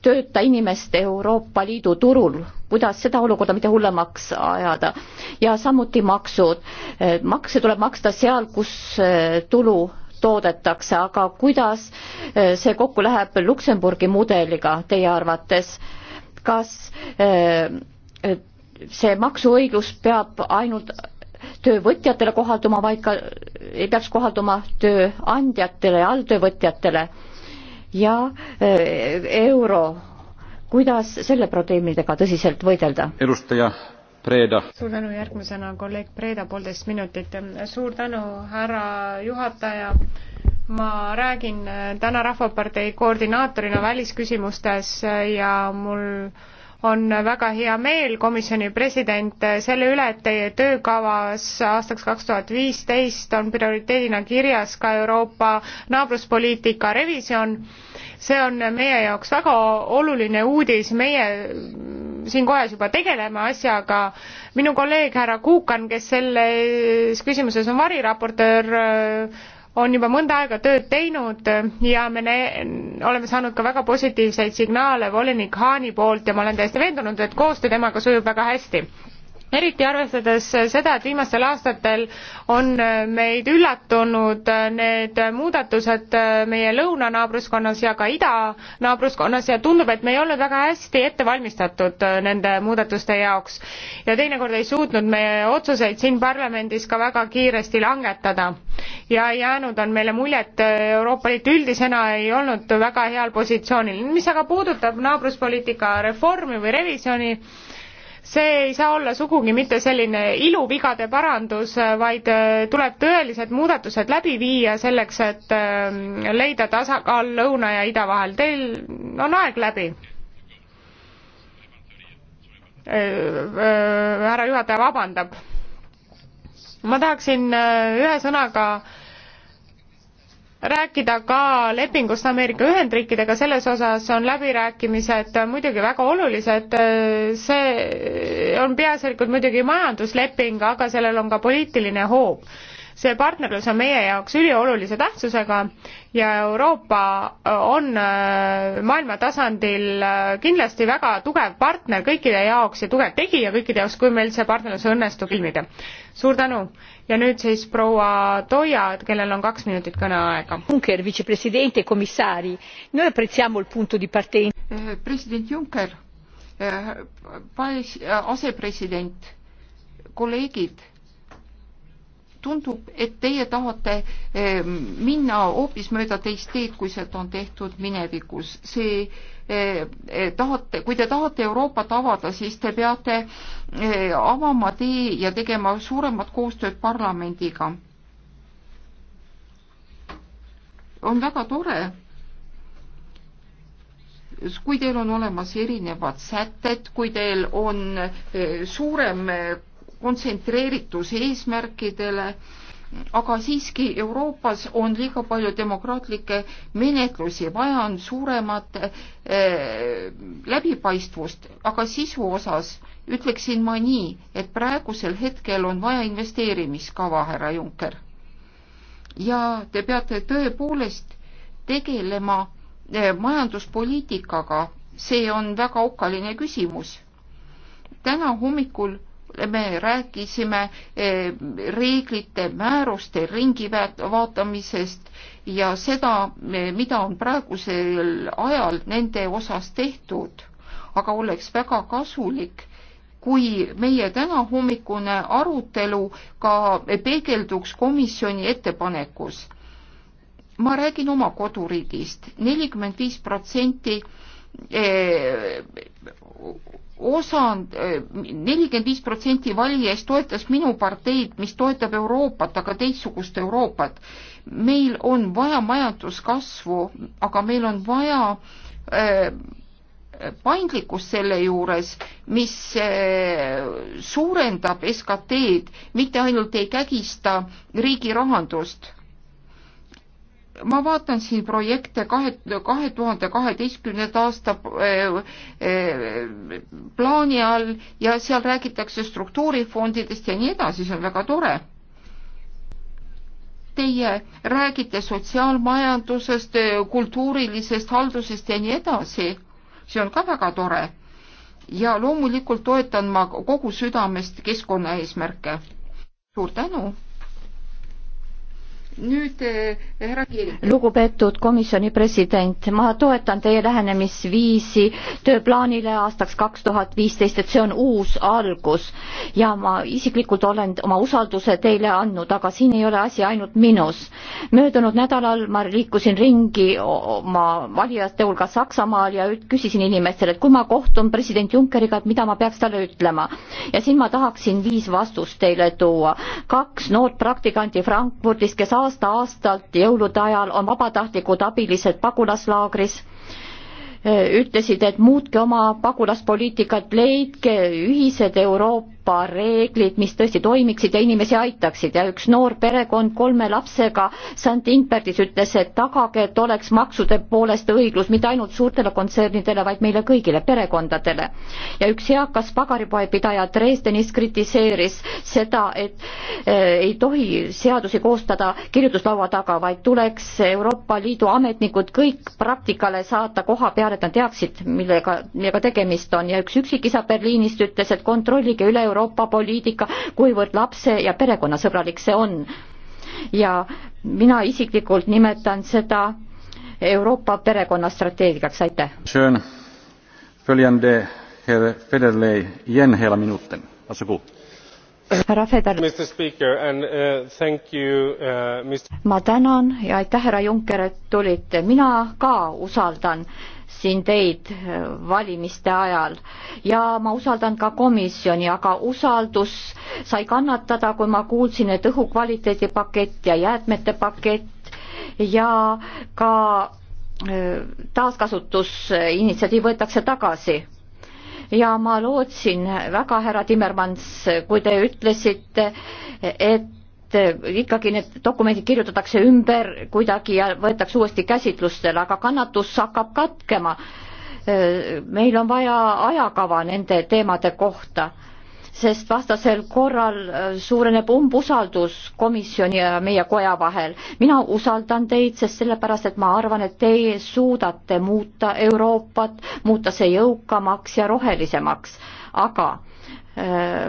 tööta inimest Euroopa Liidu turul kuidas seda olukorda mitte hullemaks ajada. ja samuti maksud. Eh, makse tuleb maksta seal, kus eh, tulu toodetakse, aga kuidas eh, see kokku läheb Luksemburgi mudeliga teie arvates? kas see maksuõiglus peab ainult töövõtjatele kohalduma, vaid ka ei peaks kohalduma tööandjatele ja alltöövõtjatele ja euro kuidas selle probleemidega tõsiselt võidelda? edustaja Preeda. suur tänu, järgmisena kolleeg Preeda, poolteist minutit. suur tänu, härra juhataja. ma räägin täna Rahvapartei koordinaatorina välisküsimustes ja mul on väga hea meel, komisjoni president, selle üle, et teie töökavas aastaks kaks tuhat viisteist on prioriteedina kirjas ka Euroopa naabruspoliitika revisjon. see on meie jaoks väga oluline uudis, meie siin kojas juba tegeleme asjaga. minu kolleeg härra Kuukan, kes selles küsimuses on variraportöör, on juba mõnda aega tööd teinud ja me oleme saanud ka väga positiivseid signaale volinik Haani poolt ja ma olen täiesti veendunud, et koostöö temaga sujub väga hästi eriti arvestades seda, et viimastel aastatel on meid üllatunud need muudatused meie lõunanaabruskonnas ja ka idanaabruskonnas ja tundub, et me ei olnud väga hästi ette valmistatud nende muudatuste jaoks. ja teinekord ei suutnud me otsuseid siin parlamendis ka väga kiiresti langetada. ja jäänud on meile mulje, et Euroopa Liit üldisena ei olnud väga heal positsioonil. mis aga puudutab naabruspoliitika reformi või revisjoni, see ei saa olla sugugi mitte selline iluvigade parandus, vaid äh, tuleb tõelised muudatused läbi viia selleks, et ähm, leida tasakaal lõuna ja ida vahel. Teil on aeg läbi. Äh, äh, härra juhataja vabandab. ma tahaksin ühe sõnaga rääkida ka lepingust Ameerika Ühendriikidega, selles osas on läbirääkimised muidugi väga olulised, see on peaasjalikult muidugi majandusleping, aga sellel on ka poliitiline hoob. see partnerlus on meie jaoks üliolulise tähtsusega ja Euroopa on äh, maailma tasandil äh, kindlasti väga tugev partner kõikide jaoks ja tugev tegija kõikide jaoks, kui meil see partnerlus õnnestub filmida. suur tänu! ja nüüd siis proua Toia, kellel on kaks minutit kõneaega. Juncker, vicepresidente, komissari, noi apprezziamo il punto di partenza. Eh, president Juncker, eh, eh, asepresident, kolleegid, tundub, et teie tahate minna hoopis mööda teist teed, kui sealt on tehtud minevikus. see Eh, eh, tahate, kui te tahate Euroopat avada, siis te peate eh, avama tee ja tegema suuremat koostööd parlamendiga. on väga tore, kui teil on olemas erinevad sätted, kui teil on suurem kontsentreeritus eesmärkidele aga siiski Euroopas on liiga palju demokraatlikke menetlusi, vaja on suuremat äh, läbipaistvust, aga sisu osas ütleksin ma nii, et praegusel hetkel on vaja investeerimiskava, härra Juncker. ja te peate tõepoolest tegelema äh, majanduspoliitikaga, see on väga okkaline küsimus. täna hommikul me rääkisime eh, reeglite määruste ringi vaatamisest ja seda, mida on praegusel ajal nende osas tehtud. aga oleks väga kasulik, kui meie tänahommikune arutelu ka peegelduks komisjoni ettepanekus. ma räägin oma koduriigist, nelikümmend viis protsenti eh, osand, nelikümmend viis protsenti valijaist toetas minu parteid, mis toetab Euroopat, aga teistsugust Euroopat. meil on vaja majanduskasvu, aga meil on vaja äh, paindlikkus selle juures, mis äh, suurendab SKT-d, mitte ainult ei kägista riigi rahandust ma vaatan siin projekte kahe, kahe tuhande kaheteistkümnenda aasta eh, eh, plaani all ja seal räägitakse struktuurifondidest ja nii edasi, see on väga tore. Teie räägite sotsiaalmajandusest, kultuurilisest haldusest ja nii edasi, see on ka väga tore. ja loomulikult toetan ma kogu südamest keskkonnaeesmärke. suur tänu nüüd eh, härra Kirik. lugupeetud komisjoni president, ma toetan teie lähenemisviisi tööplaanile aastaks kaks tuhat viisteist, et see on uus algus ja ma isiklikult olen oma usalduse teile andnud, aga siin ei ole asi ainult minus. möödunud nädalal ma liikusin ringi oma valijate hulgas Saksamaal ja küsisin inimestele, et kui ma kohtun president Junckeriga, et mida ma peaks talle ütlema. ja siin ma tahaksin viis vastust teile tuua. kaks noort praktikanti Frankfurdist, kes aasta-aastalt jõulude ajal on vabatahtlikud abilised pagulaslaagris, ütlesid, et muutke oma pagulaspoliitikat, leidke ühised Euroopa Euroopa reeglid, mis tõesti toimiksid ja inimesi aitaksid ja üks noor perekond kolme lapsega Saint-Ingberdis ütles, et tagage, et oleks maksude poolest õiglus mitte ainult suurtele kontsernidele, vaid meile kõigile perekondadele. ja üks eakas pagaripoepidaja Dresdenis kritiseeris seda, et eh, ei tohi seadusi koostada kirjutuslaua taga, vaid tuleks Euroopa Liidu ametnikud kõik praktikale saata koha peale, et nad teaksid, millega, millega tegemist on ja üks üksikisa Berliinist ütles, et kontrollige üle Euroopa Euroopa poliitika, kuivõrd lapse- ja perekonnasõbralik see on. ja mina isiklikult nimetan seda Euroopa perekonnastrateegiaks, aitäh. härra Feder. Uh, uh, ma tänan ja aitäh, härra Juncker, et tulite, mina ka usaldan usaldasin teid äh, valimiste ajal ja ma usaldan ka komisjoni, aga usaldus sai kannatada, kui ma kuulsin, et õhukvaliteedipakett ja jäätmete pakett ja ka äh, taaskasutusinitsiatiiv võetakse tagasi ja ma lootsin väga, härra Timmermans, kui te ütlesite, et ikkagi need dokumendid kirjutatakse ümber kuidagi ja võetakse uuesti käsitlustele, aga kannatus hakkab katkema. meil on vaja ajakava nende teemade kohta, sest vastasel korral suureneb umbusaldus komisjoni ja meie koja vahel. mina usaldan teid, sest sellepärast, et ma arvan, et teie suudate muuta Euroopat, muuta see jõukamaks ja rohelisemaks, aga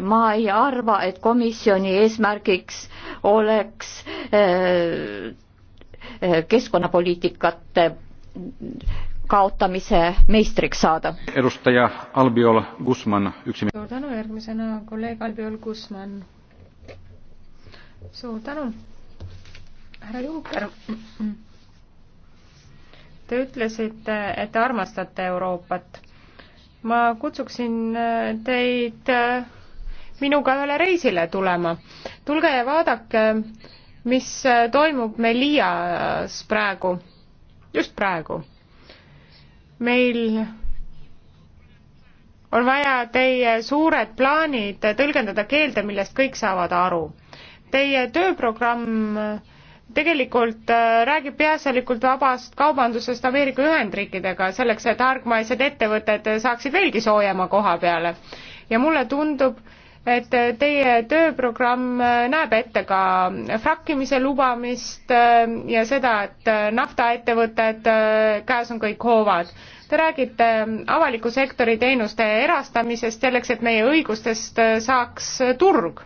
ma ei arva, et komisjoni eesmärgiks oleks äh, äh, keskkonnapoliitikate kaotamise meistriks saada. edustaja Albiol Guzman, üks minut. suur tänu, järgmisena kolleeg Albiol Guzman. suur tänu, härra Juuker. Te ütlesite, et te armastate Euroopat ma kutsuksin äh, teid äh, minuga ühele reisile tulema. tulge ja vaadake, mis äh, toimub Melias praegu, just praegu. meil on vaja teie suured plaanid tõlgendada keelde, millest kõik saavad aru. Teie tööprogramm tegelikult äh, räägib peaasjalikult vabast kaubandusest Ameerika Ühendriikidega, selleks et hargmaised ettevõtted saaksid veelgi soojema koha peale. ja mulle tundub, et teie tööprogramm äh, näeb ette ka frakkimise lubamist äh, ja seda, et naftaettevõtted, käes on kõik hoovad. Te räägite avaliku sektori teenuste erastamisest selleks, et meie õigustest saaks turg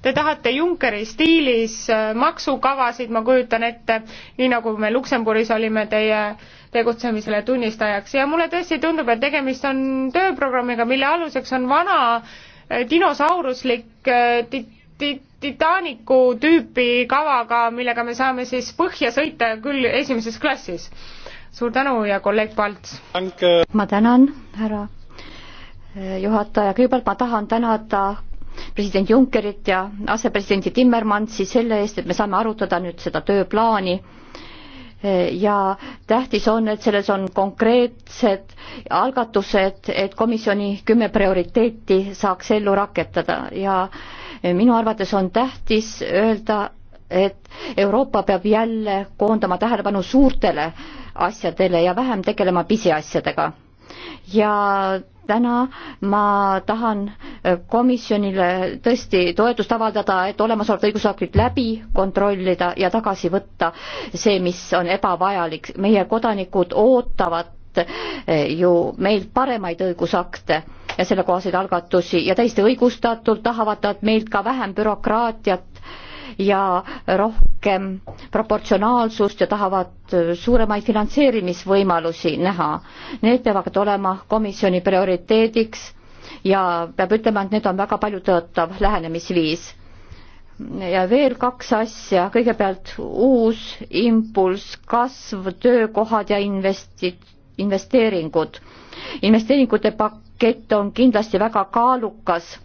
Te tahate Junckeri stiilis äh, maksukavasid, ma kujutan ette, nii nagu me Luksemburgis olime teie tegutsemisele tunnistajaks ja mulle tõesti tundub, et tegemist on tööprogrammiga, mille aluseks on vana äh, dinosauruslik tit-, äh, tit, Titanicu tüüpi kavaga, millega me saame siis põhja sõita küll esimeses klassis. suur tänu ja kolleeg Palts! ma tänan, härra juhataja, kõigepealt ma tahan tänada president Junckerit ja asepresidenti Timmermansi selle eest, et me saame arutada nüüd seda tööplaani ja tähtis on, et selles on konkreetsed algatused, et komisjoni kümme prioriteeti saaks ellu rakendada ja minu arvates on tähtis öelda, et Euroopa peab jälle koondama tähelepanu suurtele asjadele ja vähem tegelema pisiasjadega ja täna ma tahan äh, komisjonile tõesti toetust avaldada, et olemasolevad õigusaktid läbi kontrollida ja tagasi võtta see, mis on ebavajalik. meie kodanikud ootavad äh, ju meilt paremaid õigusakte ja sellekohaseid algatusi ja täiesti õigustatult tahavad nad meilt ka vähem bürokraatiat ja rohkem proportsionaalsust ja tahavad äh, suuremaid finantseerimisvõimalusi näha. Need peavad olema komisjoni prioriteediks ja peab ütlema, et need on väga paljutõotav lähenemisviis. ja veel kaks asja, kõigepealt uus impulss, kasv, töökohad ja investi-, investeeringud. investeeringute pakett on kindlasti väga kaalukas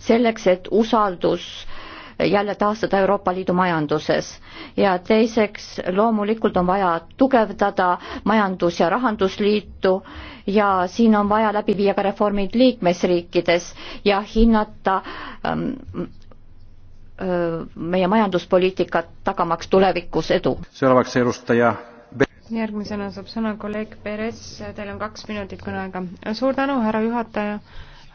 selleks, et usaldus äh, jälle taastada Euroopa Liidu majanduses. ja teiseks, loomulikult on vaja tugevdada majandus- ja rahandusliitu ja siin on vaja läbi viia ka reformid liikmesriikides ja hinnata ähm, äh, meie majanduspoliitikat, tagamaks tulevikus edu. seuraavaks edustaja järgmisena saab sõna kolleeg Perez, teil on kaks minutit kõneaega. suur tänu, härra juhataja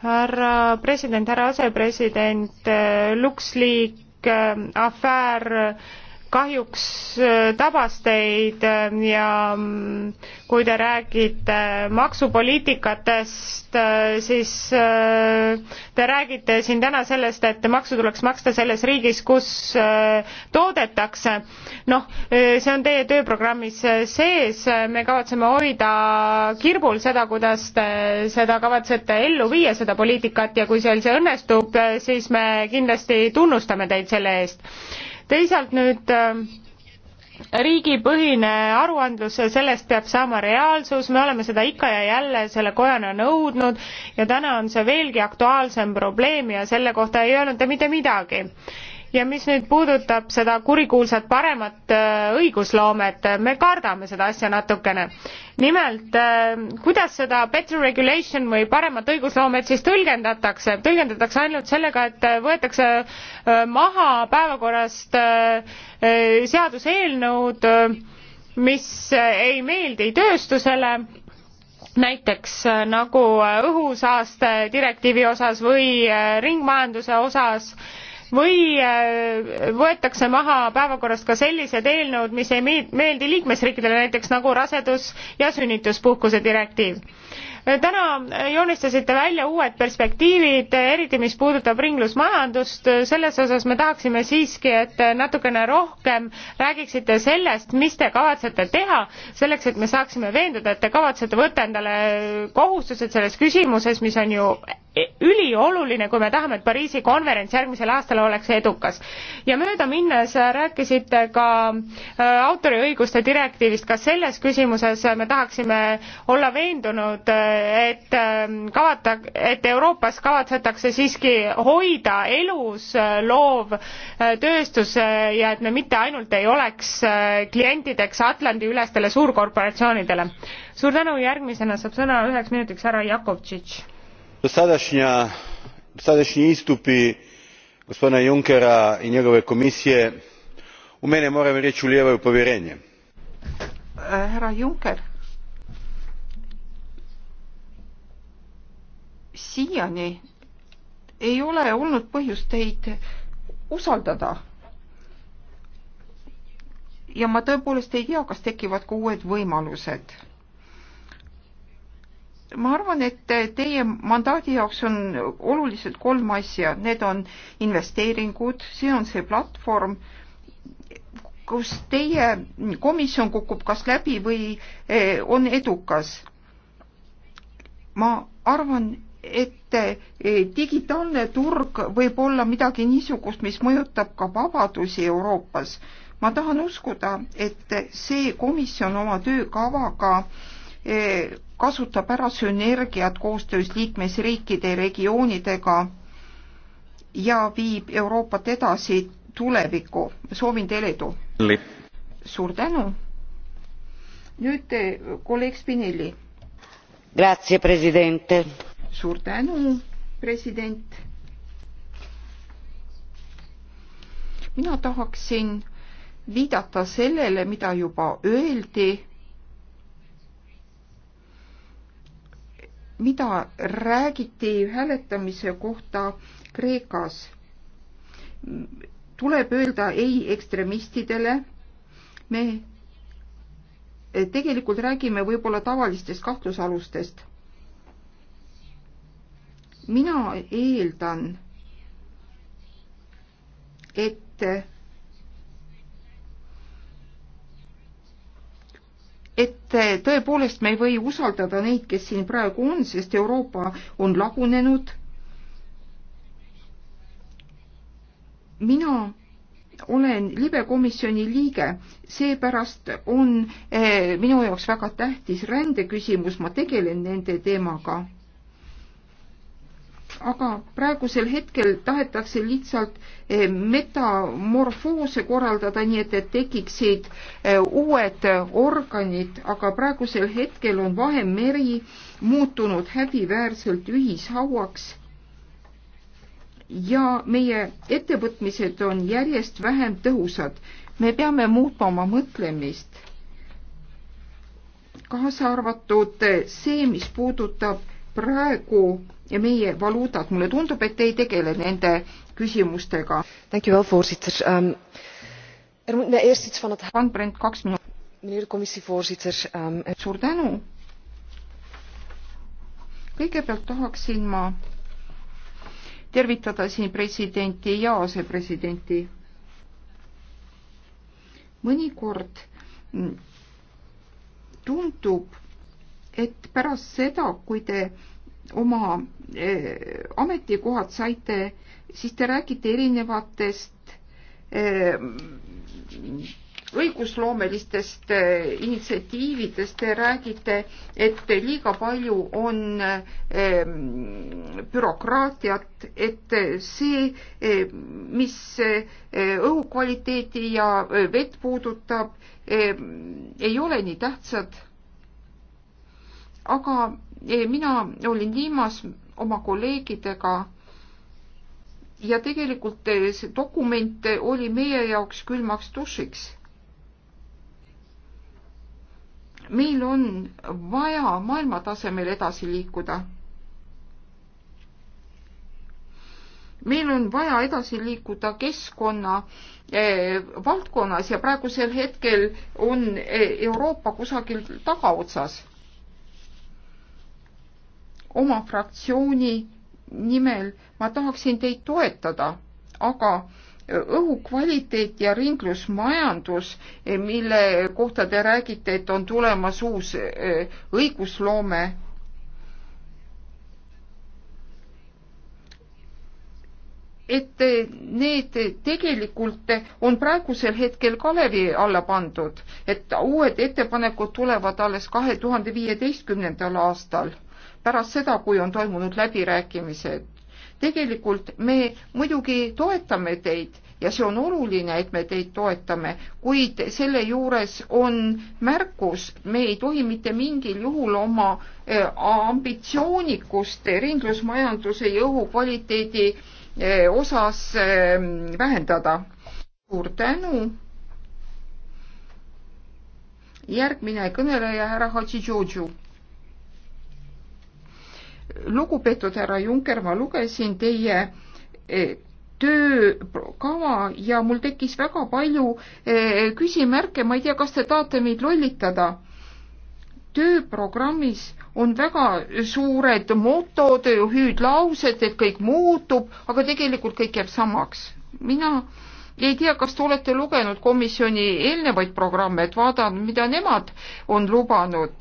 härra president, härra asepresident, eh, LuxLeak, eh, afäär, kahjuks äh, tabas teid ähm, ja mm, kui te räägite maksupoliitikatest, äh, siis äh, te räägite siin täna sellest, et maksu tuleks maksta selles riigis, kus toodetakse. noh, see on teie tööprogrammis sees, me kavatseme hoida kirbul seda, kuidas te seda kavatsete ellu viia, seda poliitikat, ja kui seal see õnnestub, siis me kindlasti tunnustame teid selle eest teisalt nüüd ähm, riigipõhine aruandlus, sellest peab saama reaalsus, me oleme seda ikka ja jälle selle kojana nõudnud ja täna on see veelgi aktuaalsem probleem ja selle kohta ei öelnud te mitte midagi ja mis nüüd puudutab seda kurikuulsat paremat äh, õigusloomet, äh, me kardame seda asja natukene. nimelt, äh, kuidas seda better regulation või paremat õigusloomet siis tõlgendatakse, tõlgendatakse ainult sellega, et võetakse maha päevakorrast seaduseelnõud, mis ei meeldi tööstusele näiteks nagu õhusaaste direktiivi osas või ringmajanduse osas või äh, võetakse maha päevakorrast ka sellised eelnõud, mis ei meeldi liikmesriikidele, näiteks nagu rasedus- ja sünnituspuhkuse direktiiv. täna joonistasite välja uued perspektiivid, eriti mis puudutab ringlusmajandust, selles osas me tahaksime siiski, et natukene rohkem räägiksite sellest, mis te kavatsete teha, selleks et me saaksime veenduda, et te kavatsete võtta endale kohustused selles küsimuses, mis on ju E, ülioluline, kui me tahame, et Pariisi konverents järgmisel aastal oleks edukas. ja möödaminnes äh, rääkisite ka äh, autoriõiguste direktiivist, kas selles küsimuses me tahaksime olla veendunud, äh, et kavata, et Euroopas kavatsetakse siiski hoida elus loov tööstus ja et me mitte ainult ei oleks klientideks Atlandi-ülestele suurkorporatsioonidele? suur tänu, järgmisena saab sõna üheks minutiks härra Jakovtšitš dosadašnji istupi gospodina junckera i njegove komisije u mene moram reći ulijevaju povjerenje. siiani ei ole olnud põhjust teid usaldada ja ma tõepoolest ei tea kas tekivad ka uued võimalused ma arvan, et teie mandaadi jaoks on oluliselt kolm asja, need on investeeringud, see on see platvorm, kus teie komisjon kukub kas läbi või eh, on edukas. ma arvan, et eh, digitaalne turg võib olla midagi niisugust, mis mõjutab ka vabadusi Euroopas. ma tahan uskuda, et see komisjon oma töökavaga eh, kasutab ära sünergiat koostöös liikmesriikide ja regioonidega ja viib Euroopat edasi tulevikku. soovin teile edu. suur tänu. nüüd eh, kolleeg Spinelli. Grazie, president. suur tänu, president. mina tahaksin viidata sellele, mida juba öeldi mida räägiti hääletamise kohta Kreekas. tuleb öelda ei ekstremistidele. me tegelikult räägime võib-olla tavalistest kahtlusalustest. mina eeldan, et et tõepoolest me ei või usaldada neid, kes siin praegu on, sest Euroopa on lagunenud. mina olen libekomisjoni liige, seepärast on eh, minu jaoks väga tähtis rändeküsimus, ma tegelen nende teemaga aga praegusel hetkel tahetakse lihtsalt eh, metamorfoose korraldada, nii et, et tekiksid eh, uued organid, aga praegusel hetkel on Vahemeri muutunud häbiväärselt ühishauaks. ja meie ettevõtmised on järjest vähem tõhusad. me peame muutma oma mõtlemist, kaasa arvatud eh, see, mis puudutab praegu ja meie valuutat, mulle tundub, et ei tegele nende küsimustega. Ehm, er van Brent, kaks minutit. Ehm, er- suur tänu. kõigepealt tahaksin ma tervitada siin presidenti ja asepresidenti. mõnikord tundub, et pärast seda, kui te oma Äh, ametikohad saite, siis te räägite erinevatest äh, õigusloomelistest äh, initsiatiividest te räägite, et liiga palju on bürokraatiat, et see, mis õhukvaliteeti ja vett puudutab, ei ole nii tähtsad. aga mina olin Liimas oma kolleegidega ja tegelikult see dokument oli meie jaoks külmaks dušiks. meil on vaja maailma tasemel edasi liikuda. meil on vaja edasi liikuda keskkonna eh, valdkonnas ja praegusel hetkel on eh, Euroopa kusagil tagaotsas oma fraktsiooni nimel ma tahaksin teid toetada, aga õhukvaliteet ja ringlusmajandus, eh, mille kohta te räägite, et on tulemas uus eh, õigusloome, et eh, need tegelikult on praegusel hetkel kalevi alla pandud, et uued ettepanekud tulevad alles kahe tuhande viieteistkümnendal aastal pärast seda, kui on toimunud läbirääkimised. tegelikult me muidugi toetame teid ja see on oluline, et me teid toetame, kuid selle juures on märkus, me ei tohi mitte mingil juhul oma eh, ambitsioonikust ringlusmajanduse ja õhukvaliteedi eh, osas eh, vähendada. suur tänu. järgmine kõneleja, härra Hadži Džodžu lugupeetud härra Juncker, ma lugesin teie e, töökava ja mul tekkis väga palju e, küsimärke, ma ei tea, kas te tahate meid lollitada. tööprogrammis on väga suured motod, hüüdlaused, et kõik muutub, aga tegelikult kõik jääb samaks. mina ei tea, kas te olete lugenud komisjoni eelnevaid programme, et vaadanud, mida nemad on lubanud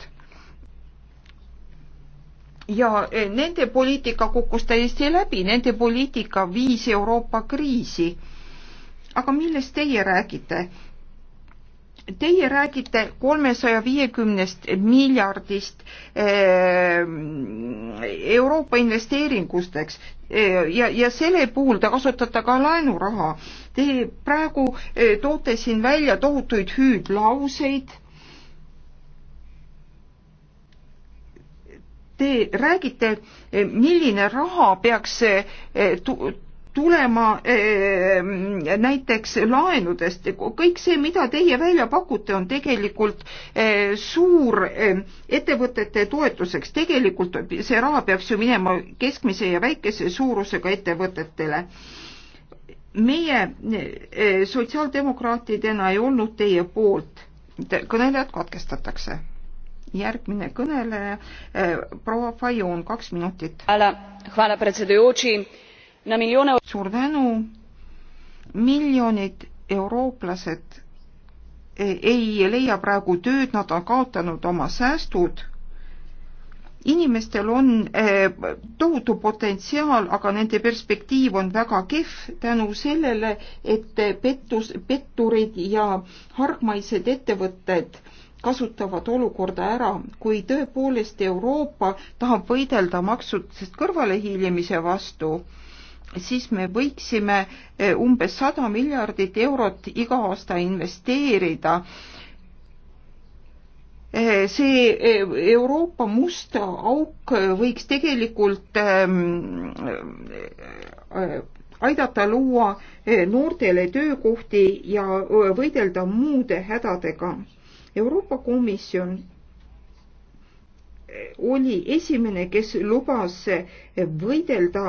ja eh, nende poliitika kukkus täiesti läbi, nende poliitika viis Euroopa kriisi. aga millest teie räägite? Teie räägite kolmesaja viiekümnest miljardist eh, Euroopa investeeringusteks eh, ja, ja selle puhul te kasutate ka laenuraha. Te praegu toote siin välja tohutuid hüüdlauseid te räägite, eh, milline raha peaks eh, tulema eh, näiteks laenudest, kõik see, mida teie välja pakute, on tegelikult suur ettevõtete toetuseks, tegelikult see raha peaks ju minema keskmise ja väikese suurusega ettevõtetele meie sotsiaaldemokraatidena ei olnud teie poolt, kõnelejad katkestatakse järgmine kõneleja eh, proua Fajon, kaks minutit. suur tänu. miljonid eurooplased eh, ei leia praegu tööd, nad on kaotanud oma säästud. inimestel on eh, tohutu potentsiaal, aga nende perspektiiv on väga kehv tänu sellele, et pettus, petturid ja hargmaised ettevõtted kasutavad olukorda ära. kui tõepoolest Euroopa tahab võidelda maksudest kõrvalehiilimise vastu, siis me võiksime eh, umbes sada miljardit eurot iga aasta investeerida eh, see eh, Euroopa must auk võiks tegelikult ehm, aidata luua noortele töökohti ja võidelda muude hädadega Euroopa Komisjon oli esimene, kes lubas võidelda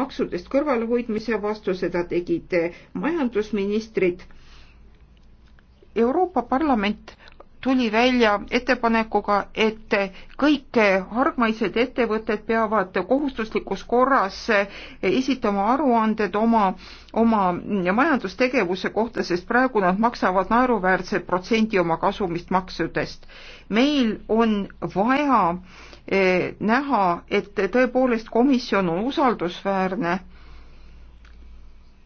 maksudest kõrvalehoidmise vastu, seda tegid majandusministrid. Euroopa Parlament tuli välja ettepanekuga, et kõik hargmaised ettevõtted peavad kohustuslikus korras esitama aruanded oma, oma majandustegevuse kohta, sest praegu nad maksavad naeruväärse protsendi oma kasumist maksudest. meil on vaja eh, näha, et tõepoolest komisjon on usaldusväärne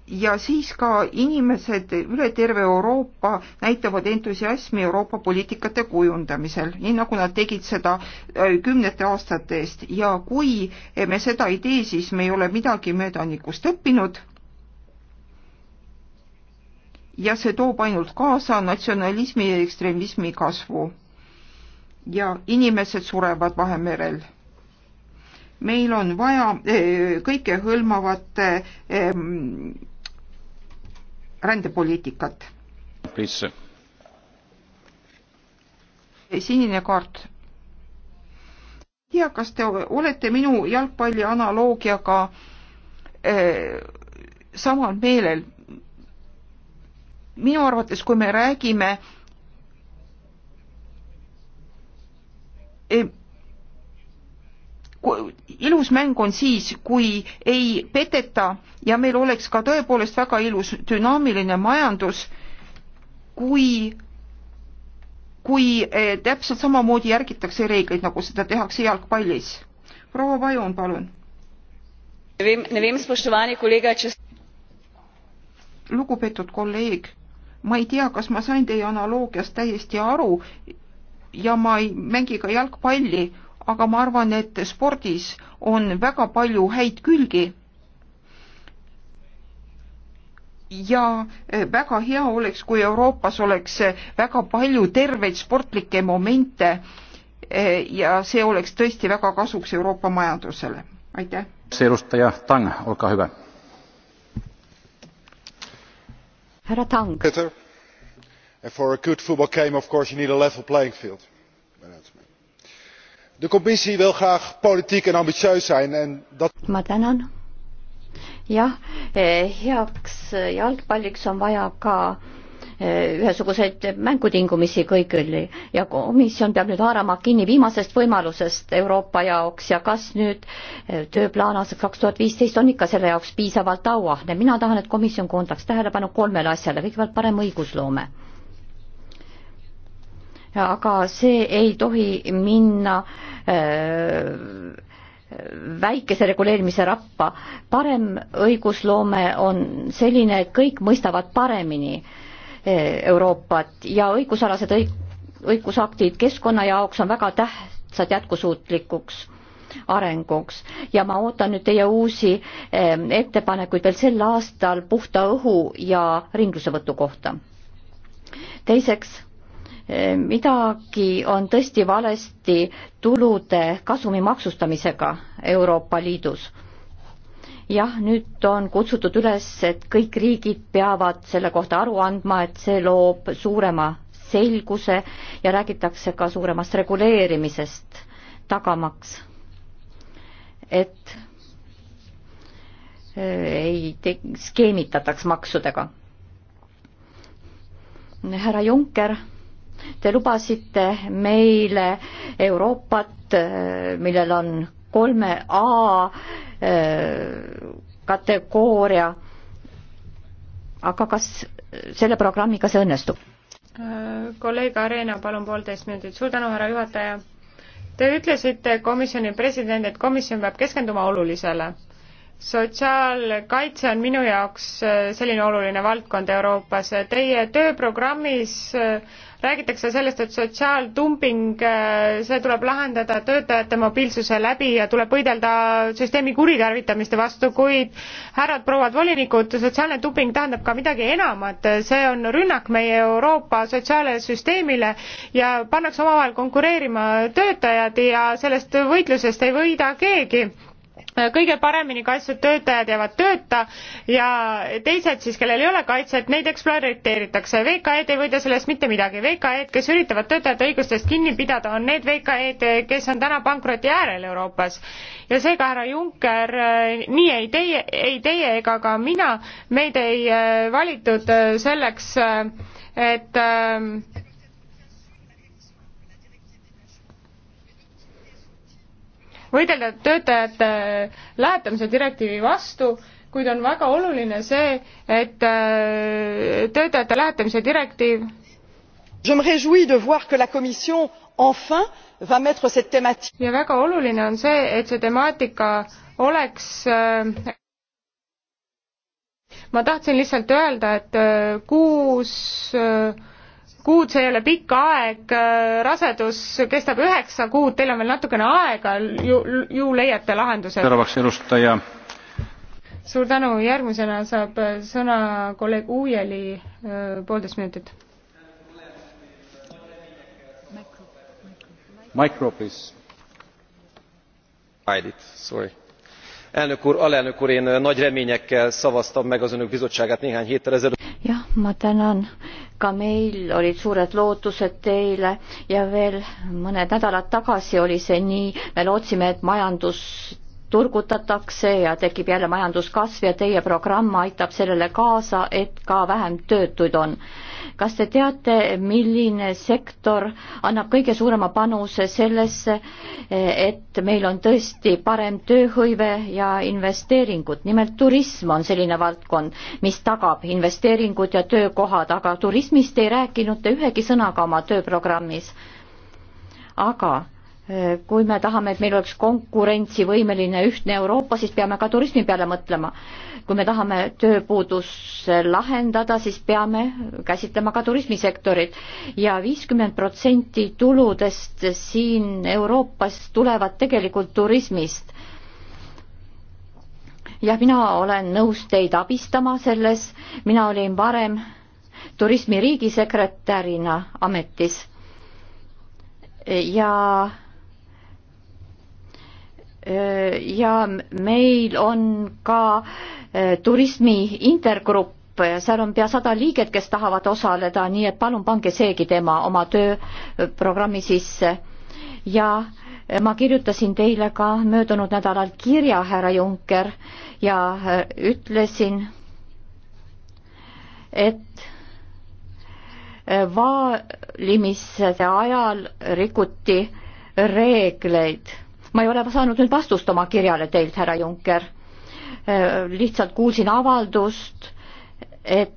ja siis ka inimesed üle terve Euroopa näitavad entusiasmi Euroopa poliitikate kujundamisel, nii nagu nad tegid seda äh, kümnete aastate eest ja kui me seda ei tee, siis me ei ole midagi möödanikust õppinud. ja see toob ainult kaasa natsionalismi ja ekstremismi kasvu. ja inimesed surevad Vahemerel meil on vaja äh, kõikehõlmavat rändepoliitikat. sinine kaart. tea, kas te olete minu jalgpalli analoogiaga äh, eh, samal meelel? minu arvates, kui me räägime äh, ilus mäng on siis, kui ei peteta ja meil oleks ka tõepoolest väga ilus dünaamiline majandus, kui, kui eh, täpselt samamoodi järgitakse reegleid, nagu seda tehakse jalgpallis. proua Pajun, palun. lugupeetud kolleeg, ma ei tea, kas ma sain teie analoogiast täiesti aru ja ma ei mängi ka jalgpalli aga ma arvan, et spordis on väga palju häid külgi. ja eh, väga hea oleks, kui Euroopas oleks eh, väga palju terveid sportlikke momente eh, ja see oleks tõesti väga kasuks Euroopa majandusele. aitäh. edustaja Tang, olge hüve. härra Tang. For a good football game of course you need a level playing field de commissie wil graag politiek en ambitieus zijn en dat. ma tänan jah eh, heaks eh, jalgpalliks on vaja ka eh, ühesuguseid mängutingimusi kõigile ja komisjon peab nüüd haarama kinni viimasest võimalusest Euroopa jaoks ja kas nüüd tööplaan aastaks kaks tuhat viisteist on ikka selle jaoks piisavalt auahne. mina tahan, et komisjon koondaks tähelepanu kolmele asjale, kõigepealt parem õigusloome aga see ei tohi minna äh, väikese reguleerimise rappa. parem õigusloome on selline, et kõik mõistavad paremini äh, Euroopat ja õigusalased õig-, õigusaktid keskkonna jaoks on väga tähtsad jätkusuutlikuks arenguks ja ma ootan nüüd teie uusi ähm, ettepanekuid veel sel aastal puhta õhu ja ringlusevõtu kohta. teiseks midagi on tõesti valesti tulude kasumi maksustamisega Euroopa Liidus. jah, nüüd on kutsutud üles, et kõik riigid peavad selle kohta aru andma, et see loob suurema selguse ja räägitakse ka suuremast reguleerimisest, tagamaks, et äh, ei te-, skeemitataks maksudega. härra Juncker Te lubasite meile Euroopat, äh, millel on kolme A äh, kategooria. aga kas selle programmiga see õnnestub? Äh, kolleeg Arena, palun poolteist minutit. suur tänu, härra juhataja. Te ütlesite komisjoni president, et komisjon peab keskenduma olulisele sotsiaalkaitse on minu jaoks selline oluline valdkond Euroopas. Teie tööprogrammis räägitakse sellest, et sotsiaaltumping, äh, see tuleb lahendada töötajate mobiilsuse läbi ja tuleb võidelda süsteemi kuritarvitamiste vastu, kuid härrad-prouad volinikud, sotsiaalne dumping tähendab ka midagi enamat, see on rünnak meie Euroopa sotsiaalsüsteemile ja pannakse omavahel konkureerima töötajad ja sellest võitlusest ei võida keegi Äh, kõige paremini kaitstud töötajad jäävad tööta ja teised siis, kellel ei ole kaitset, neid ekspluateeritakse. VKE-d ei võida sellest mitte midagi. VKE-d, kes üritavad töötajate õigustest kinni pidada, on need VKE-d, kes on täna pankroti äärel Euroopas. ja seega, härra Juncker, äh, nii ei teie, ei teie ega ka mina, meid ei äh, valitud selleks, et äh, võidelda töötajate lähetamise direktiivi vastu, kuid on väga oluline see, et äh, töötajate lähetamise direktiiv je me réjouis de voir que la commission enfin va mettre cette thématique ja väga oluline on see et see temaatika oleks äh, ma tahtsin lihtsalt öelda et äh, kuus kuud, see ei ole pikk aeg, rasedus kestab üheksa kuud, teil on veel natukene aega, ju, ju leiate lahenduse. teravaks elustaja. suur tänu, järgmisena saab sõna kolleeg Uujeli, poolteist minutit. Micro, please. Sorry elnök úr alelnök úr én nagy reményekkel szavaztam meg az önök bizottságát néhány héttel ezelőtt. jah ma tänan ka meil olid suured lootused teile ja veel mõned nädalad tagasi oli see nii, me lootsime, et majandus turgutatakse ja tekib jälle majanduskasv ja teie programm aitab sellele kaasa, et ka vähem töötuid on kas te teate, milline sektor annab kõige suurema panuse sellesse, et meil on tõesti parem tööhõive ja investeeringud? nimelt turism on selline valdkond, mis tagab investeeringud ja töökohad, aga turismist ei rääkinud te ühegi sõnaga oma tööprogrammis. aga kui me tahame, et meil oleks konkurentsivõimeline ühtne Euroopa, siis peame ka turismi peale mõtlema. kui me tahame tööpuudus lahendada, siis peame käsitlema ka turismisektorit ja viiskümmend protsenti tuludest siin Euroopas tulevad tegelikult turismist. jah, mina olen nõus teid abistama selles, mina olin varem turismi riigisekretärina ametis ja ja meil on ka e, turismi intergrupp, seal on pea sada liiget, kes tahavad osaleda, nii et palun pange seegi tema oma tööprogrammi sisse. ja e, ma kirjutasin teile ka möödunud nädalal kirja, härra Junker, ja e, ütlesin, et vaalimise ajal rikuti reegleid ma ei ole saanud nüüd vastust oma kirjale teilt, härra Juncker. Äh, lihtsalt kuulsin avaldust, et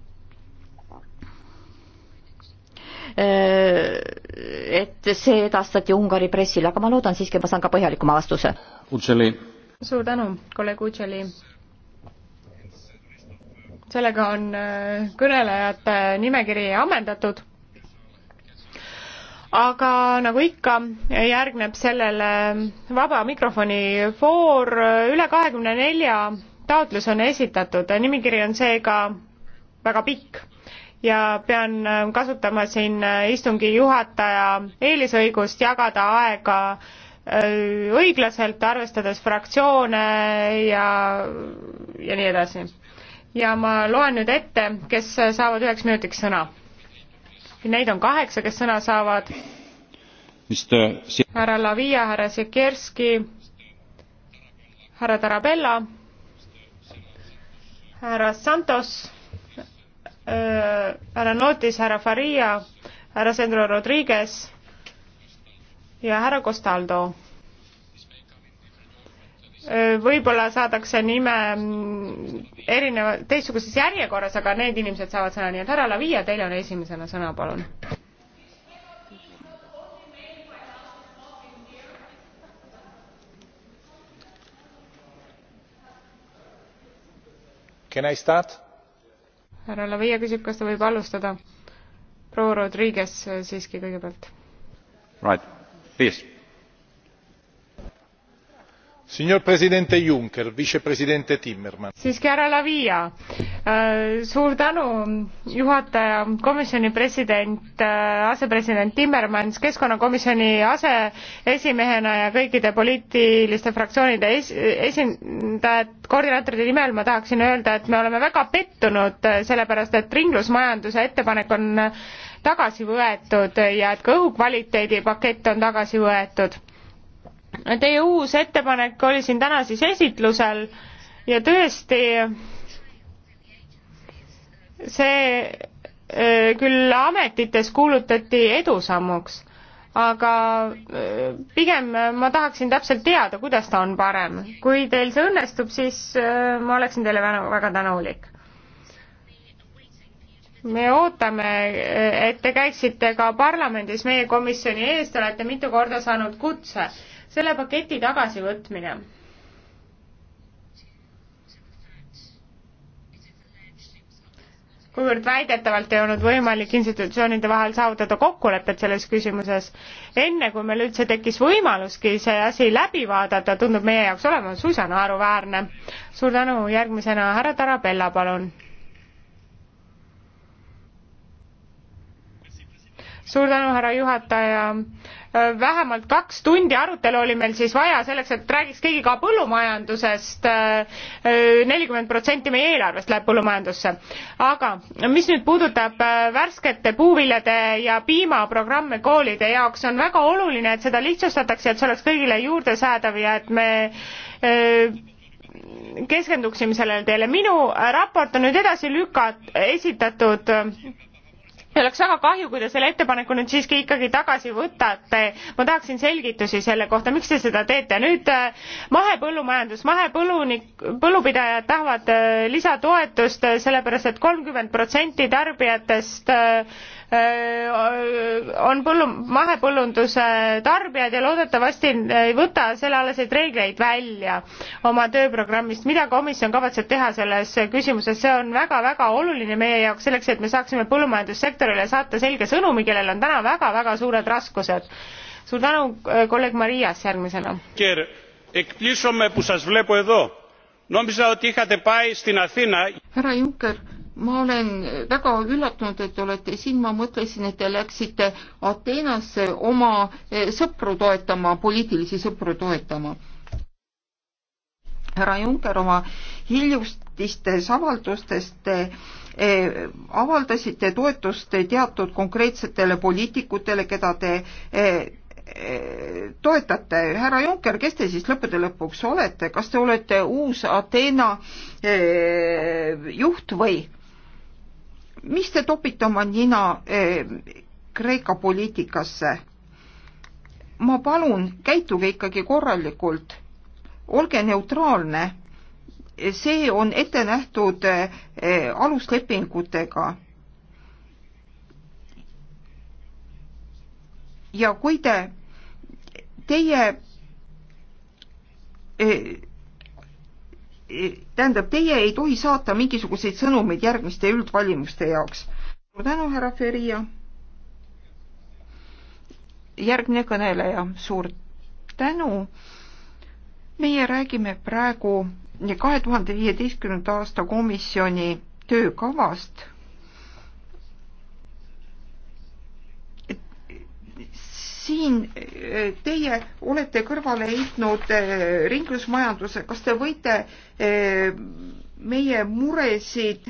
äh, et see edastati Ungari pressile, aga ma loodan siiski, et ma saan ka põhjalikuma vastuse. suur tänu, kolleeg Udželi sellega on äh, kõnelejate nimekiri ammendatud aga nagu ikka, järgneb sellele vaba mikrofoni voor, üle kahekümne nelja taotlus on esitatud, nimekiri on seega väga pikk ja pean ähm, kasutama siin äh, istungi juhataja eelisõigust jagada aega äh, õiglaselt, arvestades fraktsioone ja, ja nii edasi. ja ma loen nüüd ette, kes saavad üheks minutiks sõna Neid on kaheksa, kes sõna saavad. härra Lavia, härra Sikerski, härra Tarabella, härra Santos, äh, härra Nootis, härra Faria, härra Sandro Rodriguez ja härra Costaldo Äh, võib-olla saadakse nime mm, erineva, teistsuguses järjekorras, aga need inimesed saavad sõna, nii et härra Lavia, teil on esimesena sõna, palun. härra Lavia küsib, kas ta võib alustada. proua Rodriguez äh, siiski kõigepealt. Right, please signor presidente juncker vicepresident timmermans siiski härra la via äh, suur tänu juhataja komisjoni president äh, asepresident timmermans keskkonnakomisjoni aseesimehena ja kõikide poliitiliste fraktsioonide es- esindajad koordinaatorite nimel ma tahaksin öelda et me oleme väga pettunud äh, sellepärast et ringlusmajanduse ettepanek on tagasi võetud ja et ka õhukvaliteedi pakett on tagasi võetud Teie uus ettepanek oli siin täna siis esitlusel ja tõesti see e, küll ametites kuulutati edusammuks, aga e, pigem ma tahaksin täpselt teada, kuidas ta on parem. kui teil see õnnestub, siis e, ma oleksin teile väga, väga tänulik me ootame, et te käiksite ka parlamendis meie komisjoni ees, te olete mitu korda saanud kutse selle paketi tagasivõtmine. kuivõrd väidetavalt ei olnud võimalik institutsioonide vahel saavutada kokkulepet selles küsimuses, enne kui meil üldse tekkis võimaluski see asi läbi vaadata, tundub meie jaoks olema suisa naeruväärne. suur tänu, järgmisena härra Tarabella, palun suur tänu, härra juhataja. Äh, vähemalt kaks tundi arutelu oli meil siis vaja selleks, et räägiks keegi ka põllumajandusest. Äh, äh, nelikümmend protsenti meie eelarvest läheb põllumajandusse. aga mis nüüd puudutab värskete puuviljade ja piimaprogramme koolide jaoks, on väga oluline, et seda lihtsustatakse, et see oleks kõigile juurdesäädav ja et me keskenduksime sellele teele. minu raport on nüüd edasi lükat-, esitatud ja oleks väga kahju, kui te selle ettepaneku nüüd siiski ikkagi tagasi võtate. ma tahaksin selgitusi selle kohta, miks te seda teete. nüüd äh, mahepõllumajandus, mahepõllunik, põllupidajad tahavad äh, lisatoetust, äh, sellepärast et kolmkümmend protsenti tarbijatest Äh, on põllu, mahepõllunduse tarbijad ja loodetavasti ei võta sellealaseid reegleid välja oma tööprogrammist. mida komisjon kavatseb teha selles küsimuses, see on väga-väga oluline meie jaoks selleks, et me saaksime põllumajandussektorile saata selge sõnumi, kellel on täna väga-väga suured raskused. suur tänu, äh, kolleeg Marias järgmisena. härra Juncker ma olen väga üllatunud, et te olete siin, ma mõtlesin, et te läksite Ateenasse oma eh, sõpru toetama, poliitilisi sõpru toetama. härra Juncker oma hiljutistest avaldustest eh, avaldasite toetust teatud konkreetsetele poliitikutele, keda te eh, toetate, härra Juncker, kes te siis lõppude lõpuks olete, kas te olete uus Ateena juht või? mis te topite oma nina eh, Kreeka poliitikasse? ma palun, käituge ikkagi korralikult, olge neutraalne. see on ette nähtud eh, aluslepingutega. ja kui te, teie eh, tähendab, teie ei tohi saata mingisuguseid sõnumeid järgmiste üldvalimiste jaoks. suur tänu, härra Feria. järgmine kõneleja, suur tänu. meie räägime praegu kahe tuhande viieteistkümnenda aasta komisjoni töökavast siin äh, teie olete kõrvale heitnud äh, ringlusmajanduse, kas te võite äh, meie muresid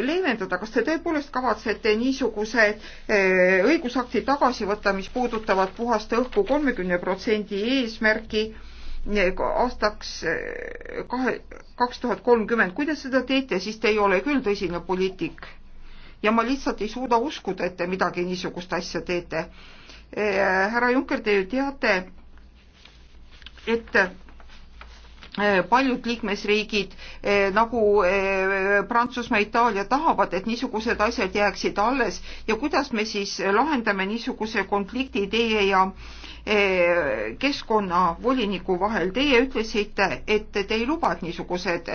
leevendada, kas te tõepoolest kavatsete niisuguse õigusakti tagasi võtta, mis puudutavad puhast õhku kolmekümne protsendi eesmärki aastaks kahe, kaks tuhat kolmkümmend, kui te seda teete, siis te ei ole küll tõsine poliitik. ja ma lihtsalt ei suuda uskuda, et te midagi niisugust asja teete Eh, härra Juncker, te ju teate, et eh, paljud liikmesriigid eh, nagu Prantsusmaa, Itaalia tahavad, et niisugused asjad jääksid alles ja kuidas me siis lahendame niisuguse konflikti teie ja keskkonnavoliniku vahel. Teie ütlesite, et te ei luba, et niisugused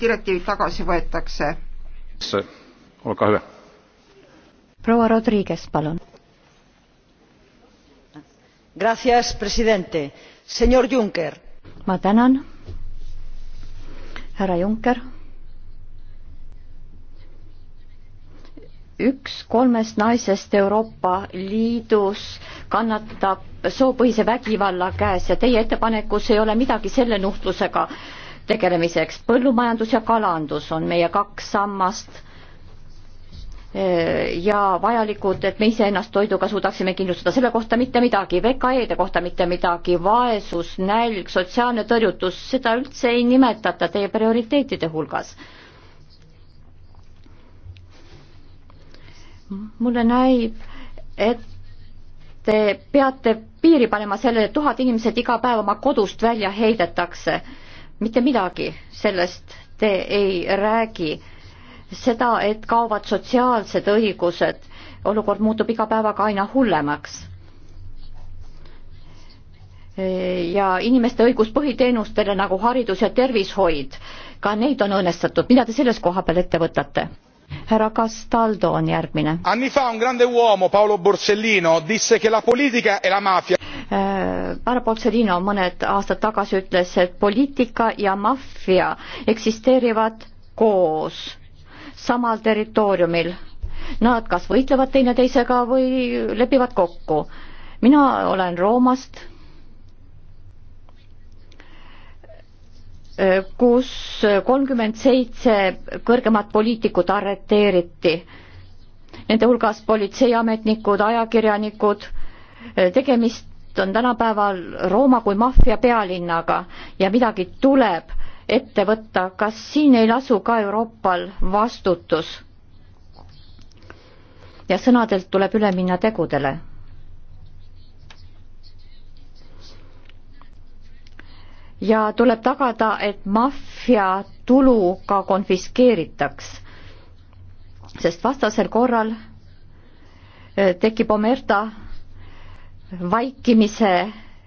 direktiivid tagasi võetakse. olge hea. proua Rodriguez, palun señor presidente señor juncker ma tänan härra juncker üks kolmest naisest euroopa liidus kannatab soopõhise vägivalla käes ja teie ettepanekus ei ole midagi selle nuhtlusega tegelemiseks põllumajandus ja kalandus on meie kaks sammast ja vajalikud, et me iseennast toiduga suudaksime kindlustada, selle kohta mitte midagi, VKE-de kohta mitte midagi, vaesus, nälg, sotsiaalne tõrjutus, seda üldse ei nimetata teie prioriteetide hulgas. mulle näib, et te peate piiri panema sellele, et tuhat inimesed iga päev oma kodust välja heidetakse. mitte midagi sellest te ei räägi seda, et kaovad sotsiaalsed õigused, olukord muutub iga päevaga aina hullemaks. ja inimeste õigus põhiteenustele nagu haridus ja tervishoid, ka neid on õõnestatud, mida te selles koha peal ette võtate? härra Castaldo on järgmine. Anni fa un grande uomo Paolo Borsellino disse che la politica e la mafia Barbara äh, Borsellino mõned aastad tagasi ütles, et poliitika ja maffia eksisteerivad koos samal territooriumil. Nad kas võitlevad teineteisega või lepivad kokku. mina olen Roomast, kus kolmkümmend seitse kõrgemat poliitikut arreteeriti. Nende hulgas politseiametnikud, ajakirjanikud, tegemist on tänapäeval Rooma kui maffia pealinnaga ja midagi tuleb ette võtta, kas siin ei lasu ka Euroopal vastutus? ja sõnadelt tuleb üle minna tegudele. ja tuleb tagada, et maffia tulu ka konfiskeeritaks, sest vastasel korral eh, tekib omerta vaikimise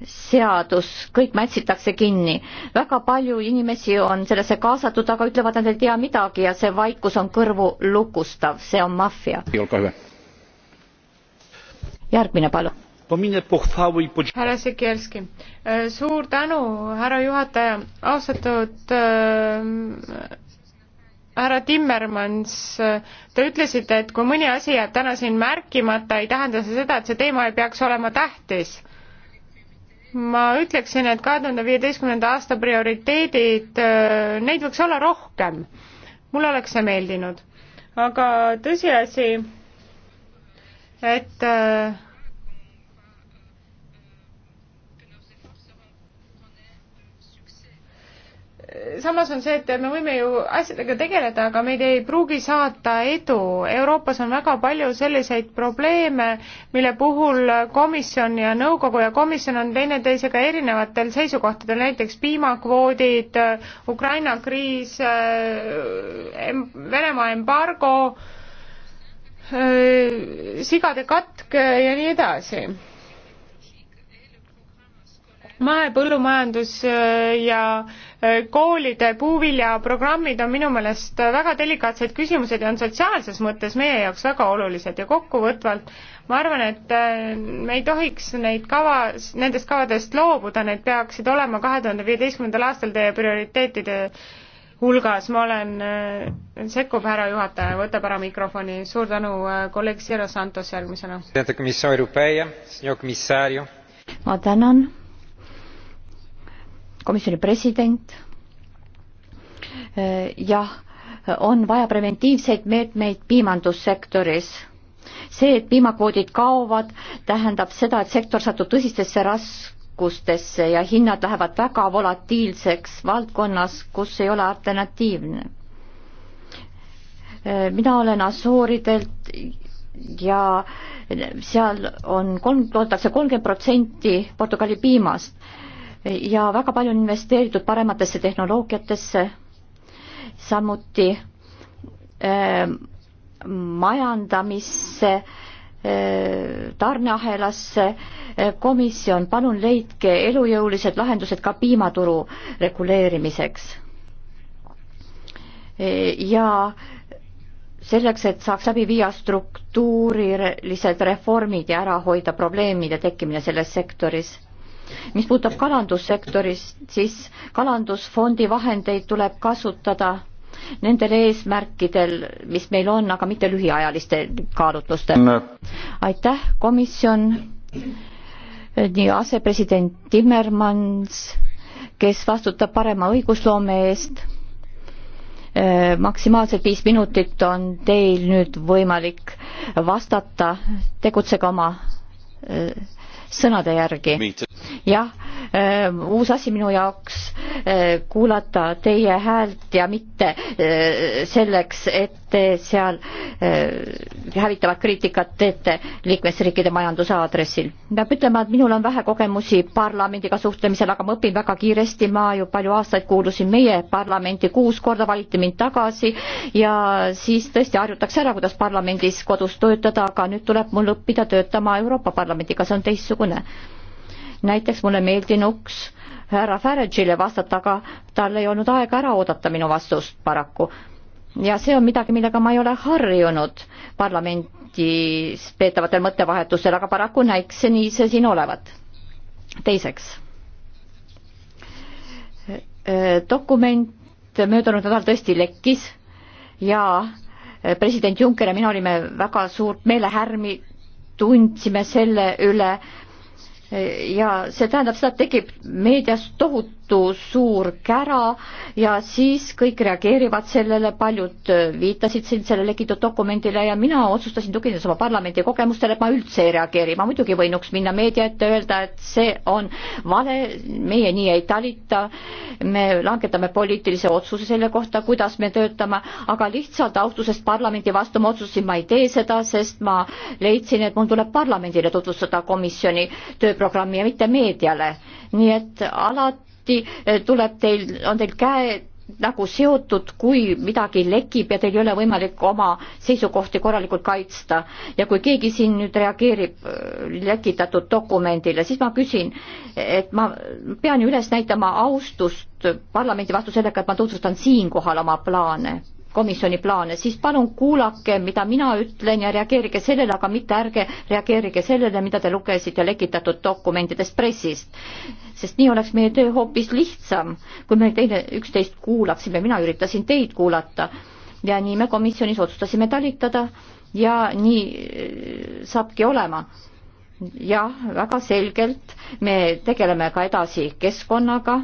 seadus, kõik mätsitakse kinni. väga palju inimesi on sellesse kaasatud, aga ütlevad, nad ei tea midagi ja see vaikus on kõrvulukustav, see on maffia. järgmine, palun pominę pochwały i podziękowania. härra Siekierski, äh, suur tänu, härra juhataja, austatud äh, härra Timmermans, äh, te ütlesite, et kui mõni asi jääb täna siin märkimata, ei tähenda see seda, et see teema ei peaks olema tähtis ma ütleksin, et kahe tuhande viieteistkümnenda aasta prioriteedid, äh, neid võiks olla rohkem. mulle oleks see meeldinud. aga tõsiasi, et äh, samas on see, et me võime ju asjadega tegeleda, aga meid ei pruugi saata edu. Euroopas on väga palju selliseid probleeme, mille puhul komisjon ja nõukogu ja komisjon on teineteisega erinevatel seisukohtadel, näiteks piimakvoodid, Ukraina kriis, eh, Venemaa embargo, eh, sigade katk ja nii edasi mahepõllumajandus äh, ja äh, koolide puuviljaprogrammid on minu meelest väga delikaatsed küsimused ja on sotsiaalses mõttes meie jaoks väga olulised ja kokkuvõtvalt ma arvan, et äh, me ei tohiks neid kava, nendest kavadest loobuda, need peaksid olema kahe tuhande viieteistkümnendal aastal teie prioriteetide hulgas, ma olen, sekkub härra juhataja, võtab ära mikrofoni, suur tänu, kolleeg Siro Santos järgmisena. ma tänan komisjoni president. jah, on vaja preventiivseid meetmeid piimandussektoris. see, et piimakvoodid kaovad, tähendab seda, et sektor satub tõsistesse raskustesse ja hinnad lähevad väga volatiilseks valdkonnas, kus ei ole alternatiivne. mina olen Assuuridelt ja seal on kolm, toodetakse kolmkümmend protsenti Portugali piimast ja väga palju on investeeritud parematesse tehnoloogiatesse, samuti äh, majandamisse äh,, tarneahelasse. Äh, komisjon, palun leidke elujõulised lahendused ka piimaturu reguleerimiseks. Äh, ja selleks, et saaks läbi viia struktuurilised reformid ja ära hoida probleemide tekkimine selles sektoris mis puudutab kalandussektorist, siis kalandusfondi vahendeid tuleb kasutada nendel eesmärkidel, mis meil on, aga mitte lühiajaliste kaalutlustel no.. aitäh, komisjon, nii asepresident Timmermans, kes vastutab parema õigusloome eest äh, maksimaalselt viis minutit on teil nüüd võimalik vastata, tegutsege oma äh, sõnade järgi. jah, ähm, uus asi minu jaoks äh, kuulata teie häält ja mitte äh, selleks, et te seal äh, hävitavat kriitikat teete liikmesriikide majanduse aadressil. peab ütlema, et minul on vähe kogemusi parlamendiga suhtlemisel, aga ma õpin väga kiiresti, ma ju palju aastaid kuulusin meie parlamenti, kuus korda valiti mind tagasi ja siis tõesti harjutakse ära, kuidas parlamendis kodus töötada, aga nüüd tuleb mul õppida töötama Euroopa Parlamendiga, see on teistsugune teistsugune. näiteks mulle meeldinuks härra Farage'ile vastata, aga tal ei olnud aega ära oodata minu vastust paraku. ja see on midagi, millega ma ei ole harjunud parlamendis peetavatel mõttevahetustel, aga paraku näiks see nii see siin olevat. teiseks, dokument möödunud nädal tõesti lekkis ja president Juncker ja mina olime väga suurt meelehärmi, tundsime selle üle, ja see tähendab seda, et tekib meedias tohutu tohutu suur kära ja siis kõik reageerivad sellele, paljud äh, viitasid siin sellele Kido dokumendile ja mina otsustasin, tuginedes oma parlamendi kogemustele, et ma üldse ei reageeri, ma muidugi võinuks minna meedia ette, öelda, et see on vale, meie nii ei talita, me langetame poliitilise otsuse selle kohta, kuidas me töötame, aga lihtsalt austusest parlamendi vastu ma otsustasin, ma ei tee seda, sest ma leidsin, et mul tuleb parlamendile tutvustada komisjoni tööprogrammi ja mitte meediale. nii et alati tõesti eh, tuleb teil, on teil käed nagu seotud, kui midagi lekib ja teil ei ole võimalik oma seisukohti korralikult kaitsta. ja kui keegi siin nüüd reageerib eh, lekitatud dokumendile, siis ma küsin, et ma pean ju üles näitama austust parlamendi vastu sellega, et ma tutvustan siinkohal oma plaane komisjoni plaane, siis palun kuulake, mida mina ütlen ja reageerige sellele, aga mitte ärge reageerige sellele, mida te lugesite lekitatud dokumentidest pressist. sest nii oleks meie töö hoopis lihtsam, kui me teine, üksteist kuulaksime, mina üritasin teid kuulata ja nii me komisjonis otsustasime talitada ja nii äh, saabki olema jah, väga selgelt me tegeleme ka edasi keskkonnaga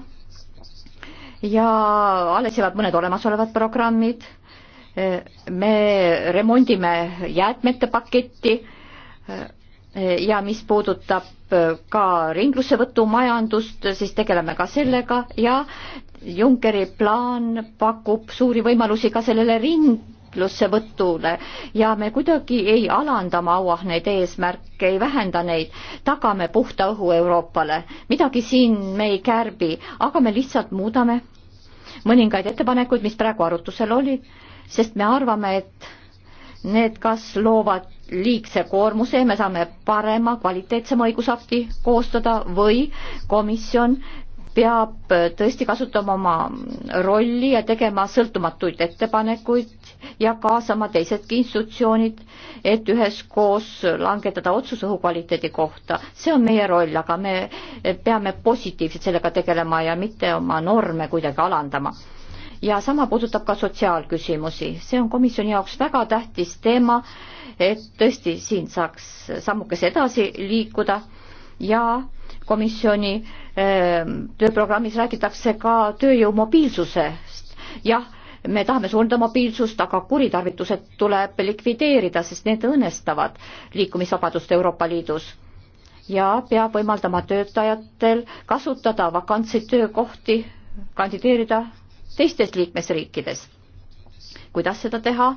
ja alles jäävad mõned olemasolevad programmid. me remondime jäätmete paketti ja mis puudutab ka ringlussevõtumajandust, siis tegeleme ka sellega ja Junckeri plaan pakub suuri võimalusi ka sellele ringlussevõtule ja me kuidagi ei alanda oma auahneid eesmärke, ei vähenda neid, tagame puhta õhu Euroopale. midagi siin me ei kärbi, aga me lihtsalt muudame mõningaid ettepanekuid, mis praegu arutusel olid, sest me arvame, et need kas loovad liigse koormuse, me saame parema, kvaliteetsema õigusakti koostada või komisjon peab tõesti kasutama oma rolli ja tegema sõltumatuid ettepanekuid ja kaasama teisedki institutsioonid, et üheskoos langetada otsus õhukvaliteedi kohta. see on meie roll, aga me peame positiivselt sellega tegelema ja mitte oma norme kuidagi alandama ja sama puudutab ka sotsiaalküsimusi, see on komisjoni jaoks väga tähtis teema, et tõesti siin saaks sammukese edasi liikuda ja komisjoni ehm, tööprogrammis räägitakse ka tööjõu mobiilsusest. jah, me tahame suurendada mobiilsust, aga kuritarvitused tuleb likvideerida, sest need õõnestavad liikumisvabadust Euroopa Liidus ja peab võimaldama töötajatel kasutada vakantseid töökohti, kandideerida teistes liikmesriikides. kuidas seda teha?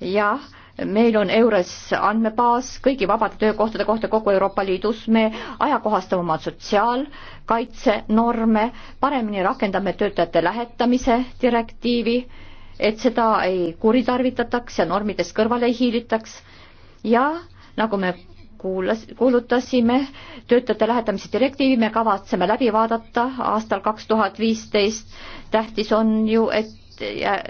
jah meil on EURES andmebaas kõigi vabade töökohtade kohta kogu Euroopa Liidus, me ajakohastame oma sotsiaalkaitsenorme, paremini rakendame töötajate lähetamise direktiivi, et seda ei kuritarvitataks ja normidest kõrvale ei hiilitaks ja nagu me kuulas, kuulutasime töötajate lähetamise direktiivi, me kavatseme läbi vaadata aastal kaks tuhat viisteist. tähtis on ju, et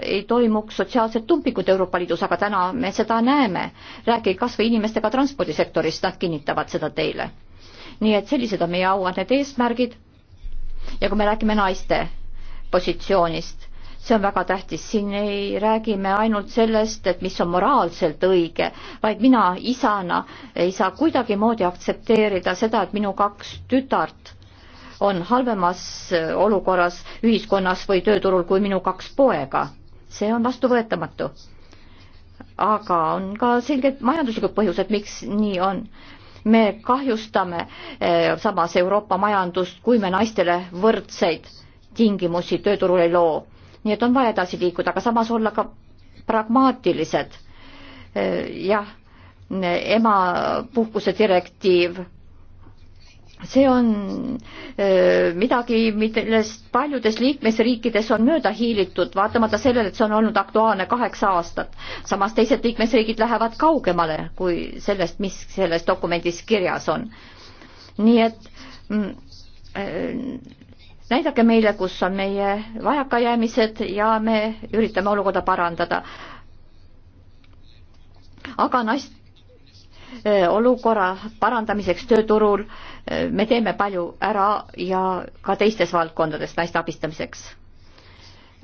ei toimuks sotsiaalsed tumpikud Euroopa Liidus, aga täna me seda näeme. rääkige kas või inimestega transpordisektorist, nad kinnitavad seda teile. nii et sellised on meie auad, need eesmärgid. ja kui me räägime naiste positsioonist, see on väga tähtis, siin ei räägi me ainult sellest, et mis on moraalselt õige, vaid mina isana ei saa kuidagimoodi aktsepteerida seda, et minu kaks tütart on halvemas äh, olukorras ühiskonnas või tööturul kui minu kaks poega. see on vastuvõetamatu. aga on ka selged majanduslikud põhjused, miks nii on me kahjustame äh, samas Euroopa majandust, kui me naistele võrdseid tingimusi tööturul ei loo. nii et on vaja edasi liikuda, aga samas olla ka pragmaatilised. Äh, jah, emapuhkuse direktiiv see on äh, midagi, millest paljudes liikmesriikides on mööda hiilitud, vaatamata sellele, et see on olnud aktuaalne kaheksa aastat. samas teised liikmesriigid lähevad kaugemale kui sellest, mis selles dokumendis kirjas on. nii et mm, äh, näidake meile, kus on meie vajakajäämised ja me üritame olukorda parandada. aga naist Eh, olukorra parandamiseks tööturul. Eh, me teeme palju ära ja ka teistes valdkondades naiste abistamiseks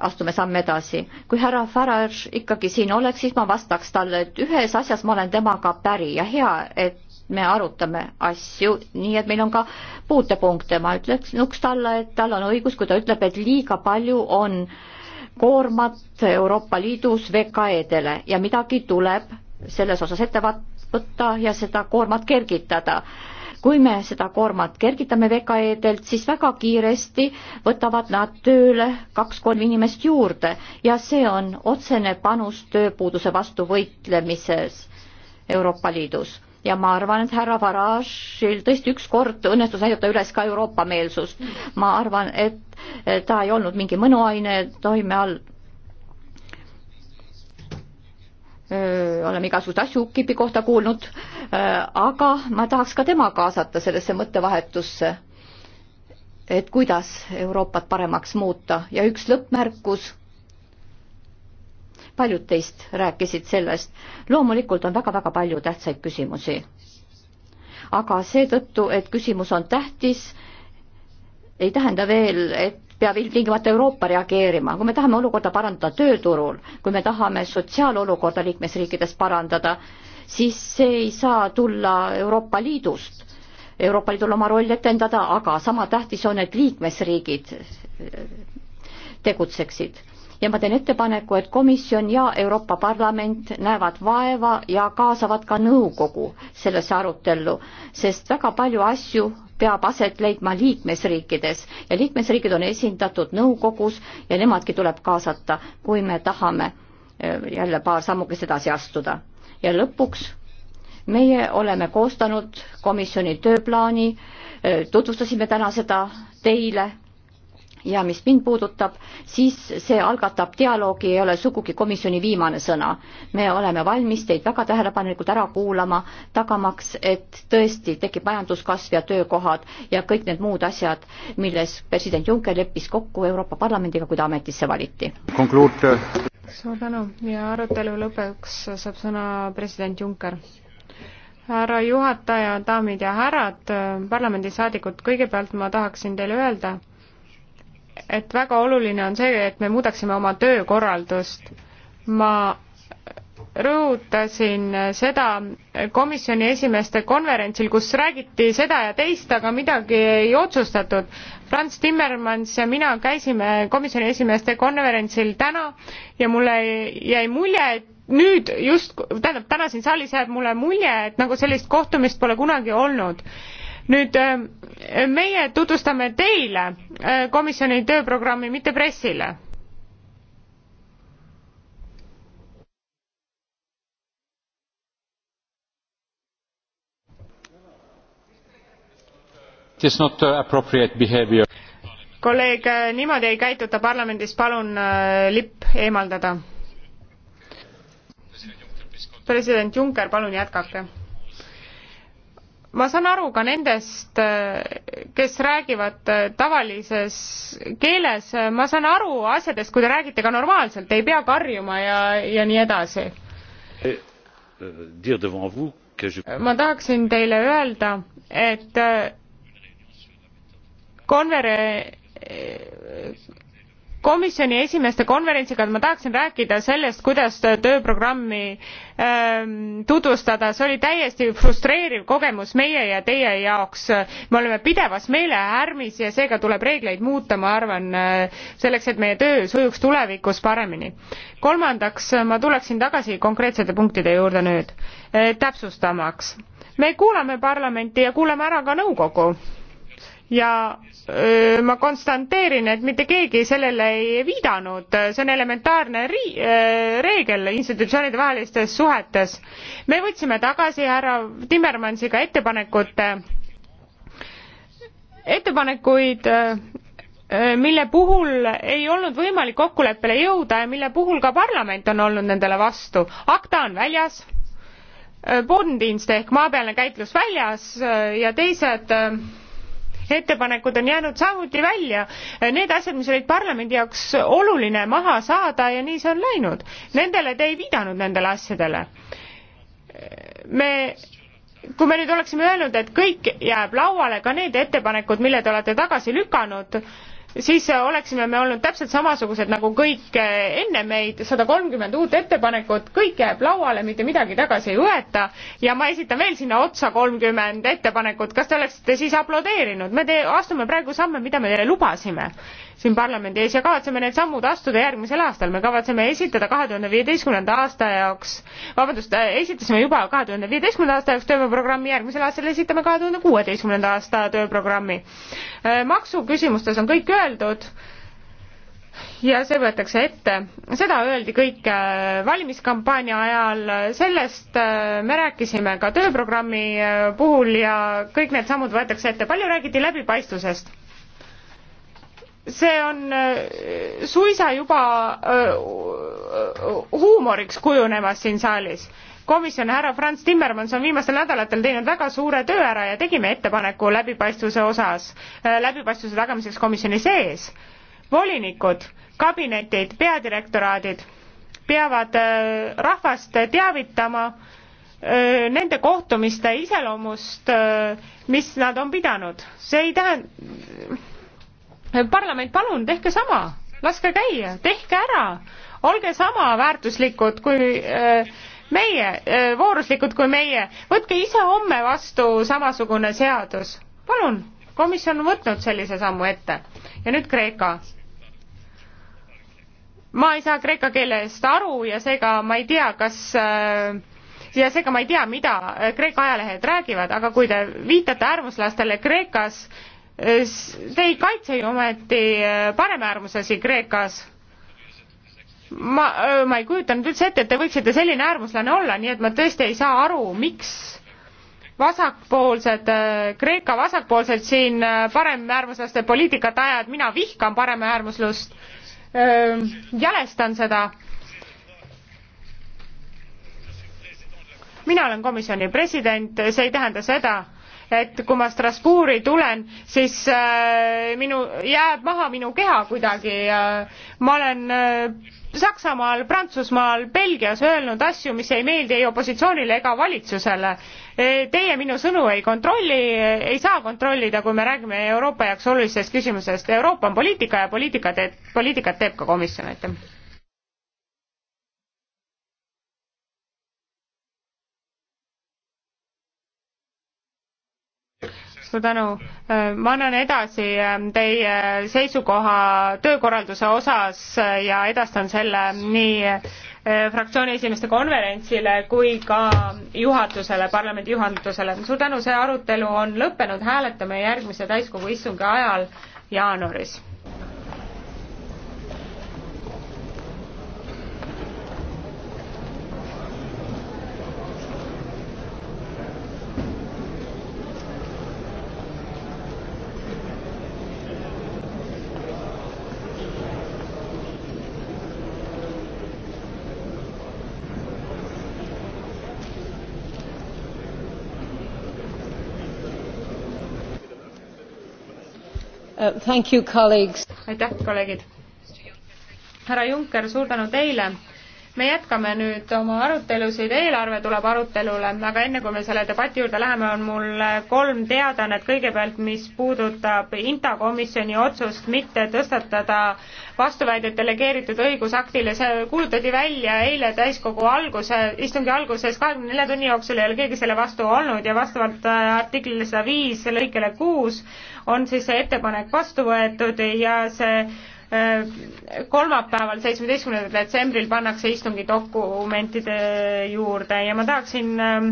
astume samme edasi. kui härra Farage ikkagi siin oleks, siis ma vastaks talle, et ühes asjas ma olen temaga päri ja hea, et me arutame asju, nii et meil on ka puutepunkte, ma ütleks nuks talle, et tal on õigus, kui ta ütleb, et liiga palju on koormat Euroopa Liidus VKE-dele ja midagi tuleb selles osas ette võtta võtta ja seda koormat kergitada. kui me seda koormat kergitame VKE-delt, siis väga kiiresti võtavad nad tööle kaks-kolm inimest juurde ja see on otsene panus tööpuuduse vastu võitlemises Euroopa Liidus ja ma arvan, et härra Farage'il tõesti ükskord õnnestus näidata üles ka Euroopa meelsust. ma arvan, et ta ei olnud mingi mõnuaine toime all oleme igasuguseid asju Ukipi kohta kuulnud, aga ma tahaks ka tema kaasata sellesse mõttevahetusse, et kuidas Euroopat paremaks muuta ja üks lõppmärkus, paljud teist rääkisid sellest, loomulikult on väga-väga palju tähtsaid küsimusi. aga seetõttu, et küsimus on tähtis, ei tähenda veel, et peab ilmtingimata Euroopa reageerima, kui me tahame olukorda parandada tööturul, kui me tahame sotsiaalolukorda liikmesriikides parandada, siis see ei saa tulla Euroopa Liidust. Euroopa Liidul oma roll etendada, aga sama tähtis on, et liikmesriigid äh, tegutseksid ja ma teen ettepaneku, et komisjon ja Euroopa Parlament näevad vaeva ja kaasavad ka nõukogu sellesse arutellu, sest väga palju asju peab aset leidma liikmesriikides ja liikmesriigid on esindatud nõukogus ja nemadki tuleb kaasata, kui me tahame eh, jälle paar sammukest edasi astuda. ja lõpuks meie oleme koostanud komisjoni tööplaani, eh, tutvustasime täna seda teile ja mis mind puudutab, siis see algatab dialoogi, ei ole sugugi komisjoni viimane sõna. me oleme valmis teid väga tähelepanelikult ära kuulama, tagamaks, et tõesti tekib majanduskasv ja töökohad ja kõik need muud asjad, milles president Juncker leppis kokku Euroopa Parlamendiga, kui ta ametisse valiti. suur tänu ja arutelu lõpuks saab sõna president Juncker härra juhataja, daamid ja härrad, parlamendisaadikud, kõigepealt ma tahaksin teile öelda, et väga oluline on see, et me muudaksime oma töökorraldust. ma rõhutasin seda komisjoni esimeeste konverentsil, kus räägiti seda ja teist, aga midagi ei otsustatud. Franz Timmermans ja mina käisime komisjoni esimeeste konverentsil täna ja mulle jäi mulje, et nüüd just, tähendab, täna siin saalis jääb mulle mulje, et nagu sellist kohtumist pole kunagi olnud nüüd äh, meie tutvustame teile äh, komisjoni tööprogrammi, mitte pressile. Uh, kolleeg, äh, niimoodi ei käituta parlamendis, palun lipp eemaldada. president Juncker, palun jätkake ma saan aru ka nendest, kes räägivad äh, tavalises keeles, ma saan aru asjadest, kui te räägite ka normaalselt, ei pea karjuma ja, ja nii edasi. Euh, ma tahaksin teile öelda, et äh, konvere-, komisjoni esimeeste konverentsiga ma tahaksin rääkida sellest kuidas tööprogrammi ähm, tutvustada see oli täiesti frustreeriv kogemus meie ja teie jaoks me oleme pidevas meeleäärmis ja seega tuleb reegleid muuta ma arvan äh, selleks et meie töö sujuks tulevikus paremini kolmandaks ma tuleksin tagasi konkreetsete punktide juurde nüüd äh, täpsustamaks me kuulame parlamenti ja kuulame ära ka nõukogu ja ma konstanteerin, et mitte keegi sellele ei viidanud, see on elementaarne ri-, reegel institutsioonide vahelistes suhetes. me võtsime tagasi härra Timmermansiga ettepanekute, ettepanekuid, mille puhul ei olnud võimalik kokkuleppele jõuda ja mille puhul ka parlament on olnud nendele vastu. akta on väljas, Bondinst ehk maapealne käitlus väljas ja teised ettepanekud on jäänud samuti välja. Need asjad, mis olid parlamendi jaoks oluline maha saada ja nii see on läinud. Nendele te ei viidanud, nendele asjadele. me kui me nüüd oleksime öelnud, et kõik jääb lauale, ka need ettepanekud, mille te olete tagasi lükanud, siis äh, oleksime me olnud täpselt samasugused nagu kõik äh, enne meid, sada kolmkümmend uut ettepanekut, kõik jääb lauale, mitte midagi tagasi ei võeta ja ma esitan veel sinna otsa kolmkümmend ettepanekut, kas te oleksite siis aplodeerinud, me tee-, astume praegu samme, mida me teile lubasime siin parlamendi ees ja kavatseme need sammud astuda järgmisel aastal. me kavatseme esitada kahe tuhande viieteistkümnenda aasta jaoks, vabandust, esitasime juba kahe tuhande viieteistkümnenda aasta jaoks tööprogrammi, järgmisel aastal esitame kahe tuhande kuueteistkümnenda aasta tööprogrammi. Äh, maksuküsimustes on kõik öeldud ja see võetakse ette. seda öeldi kõik äh, valimiskampaania ajal, sellest äh, me rääkisime ka tööprogrammi puhul ja kõik need sammud võetakse ette. palju räägiti läbipaistvusest see on äh, suisa juba äh, huumoriks kujunemas siin saalis. komisjon härra Franz Timmermans on viimastel nädalatel teinud väga suure töö ära ja tegime ettepaneku läbipaistvuse osas, äh, läbipaistvuse tagamiseks komisjoni sees. volinikud, kabinetid, peadirektoraadid peavad rahvast teavitama nende kohtumiste iseloomust, mis nad on pidanud. see ei tähenda parlament, palun tehke sama, laske käia, tehke ära, olge sama väärtuslikud kui äh, meie, äh, vooruslikud kui meie, võtke ise homme vastu samasugune seadus. palun, komisjon on võtnud sellise sammu ette. ja nüüd Kreeka. ma ei saa kreeka keelest aru ja seega ma ei tea, kas äh, ja seega ma ei tea, mida äh, Kreeka ajalehed räägivad, aga kui te viitate äärmuslastele Kreekas, Äh, te ei kaitse ju ometi äh, paremäärmuslasi Kreekas ma, äh, ma ei kujutanud üldse ette, et te võiksite selline äärmuslane olla, nii et ma tõesti ei saa aru, miks vasakpoolsed, Kreeka vasakpoolsed siin paremäärmuslaste poliitikat ajavad, mina vihkan paremäärmuslust, jälestan seda. mina olen komisjoni president, see ei tähenda seda, et kui ma Strasbourgi tulen, siis äh, minu, jääb maha minu keha kuidagi ja ma olen äh, Saksamaal, Prantsusmaal, Belgias öelnud asju, mis ei meeldi ei opositsioonile ega valitsusele. E, teie minu sõnu ei kontrolli, ei saa kontrollida, kui me räägime Euroopa jaoks olulisest küsimusest. Euroopa on poliitika ja poliitika teeb, poliitikat teeb ka komisjon, aitäh. suur tänu. ma annan edasi ähm, teie äh, seisukoha töökorralduse osas äh, ja edastan selle nii äh, fraktsiooni esimeeste konverentsile kui ka juhatusele, parlamendi juhatusele. suur tänu, see arutelu on lõppenud, hääletame järgmise täiskogu istungi ajal jaanuaris. Uh, aitäh, kolleegid! härra Juncker, suur tänu teile me jätkame nüüd oma arutelusid, eelarve tuleb arutelule, aga enne kui me selle debati juurde läheme, on mul kolm teadaannet, kõigepealt mis puudutab INTA komisjoni otsust mitte tõstatada vastuväidet delegeeritud õigusaktile, see kuulutati välja eile täiskogu alguse, istungi alguses, kahekümne nelja tunni jooksul ei ole keegi selle vastu olnud ja vastavalt äh, artiklile sada viis lõikele kuus on siis see ettepanek vastu võetud ja see kolmapäeval, seitsmeteistkümnendal detsembril pannakse istungi dokumentide juurde ja ma tahaksin ähm,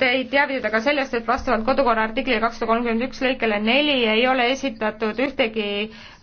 teid teavitada ka sellest, et vastavalt kodukorra artiklile kakssada kolmkümmend üks lõikele neli ei ole esitatud ühtegi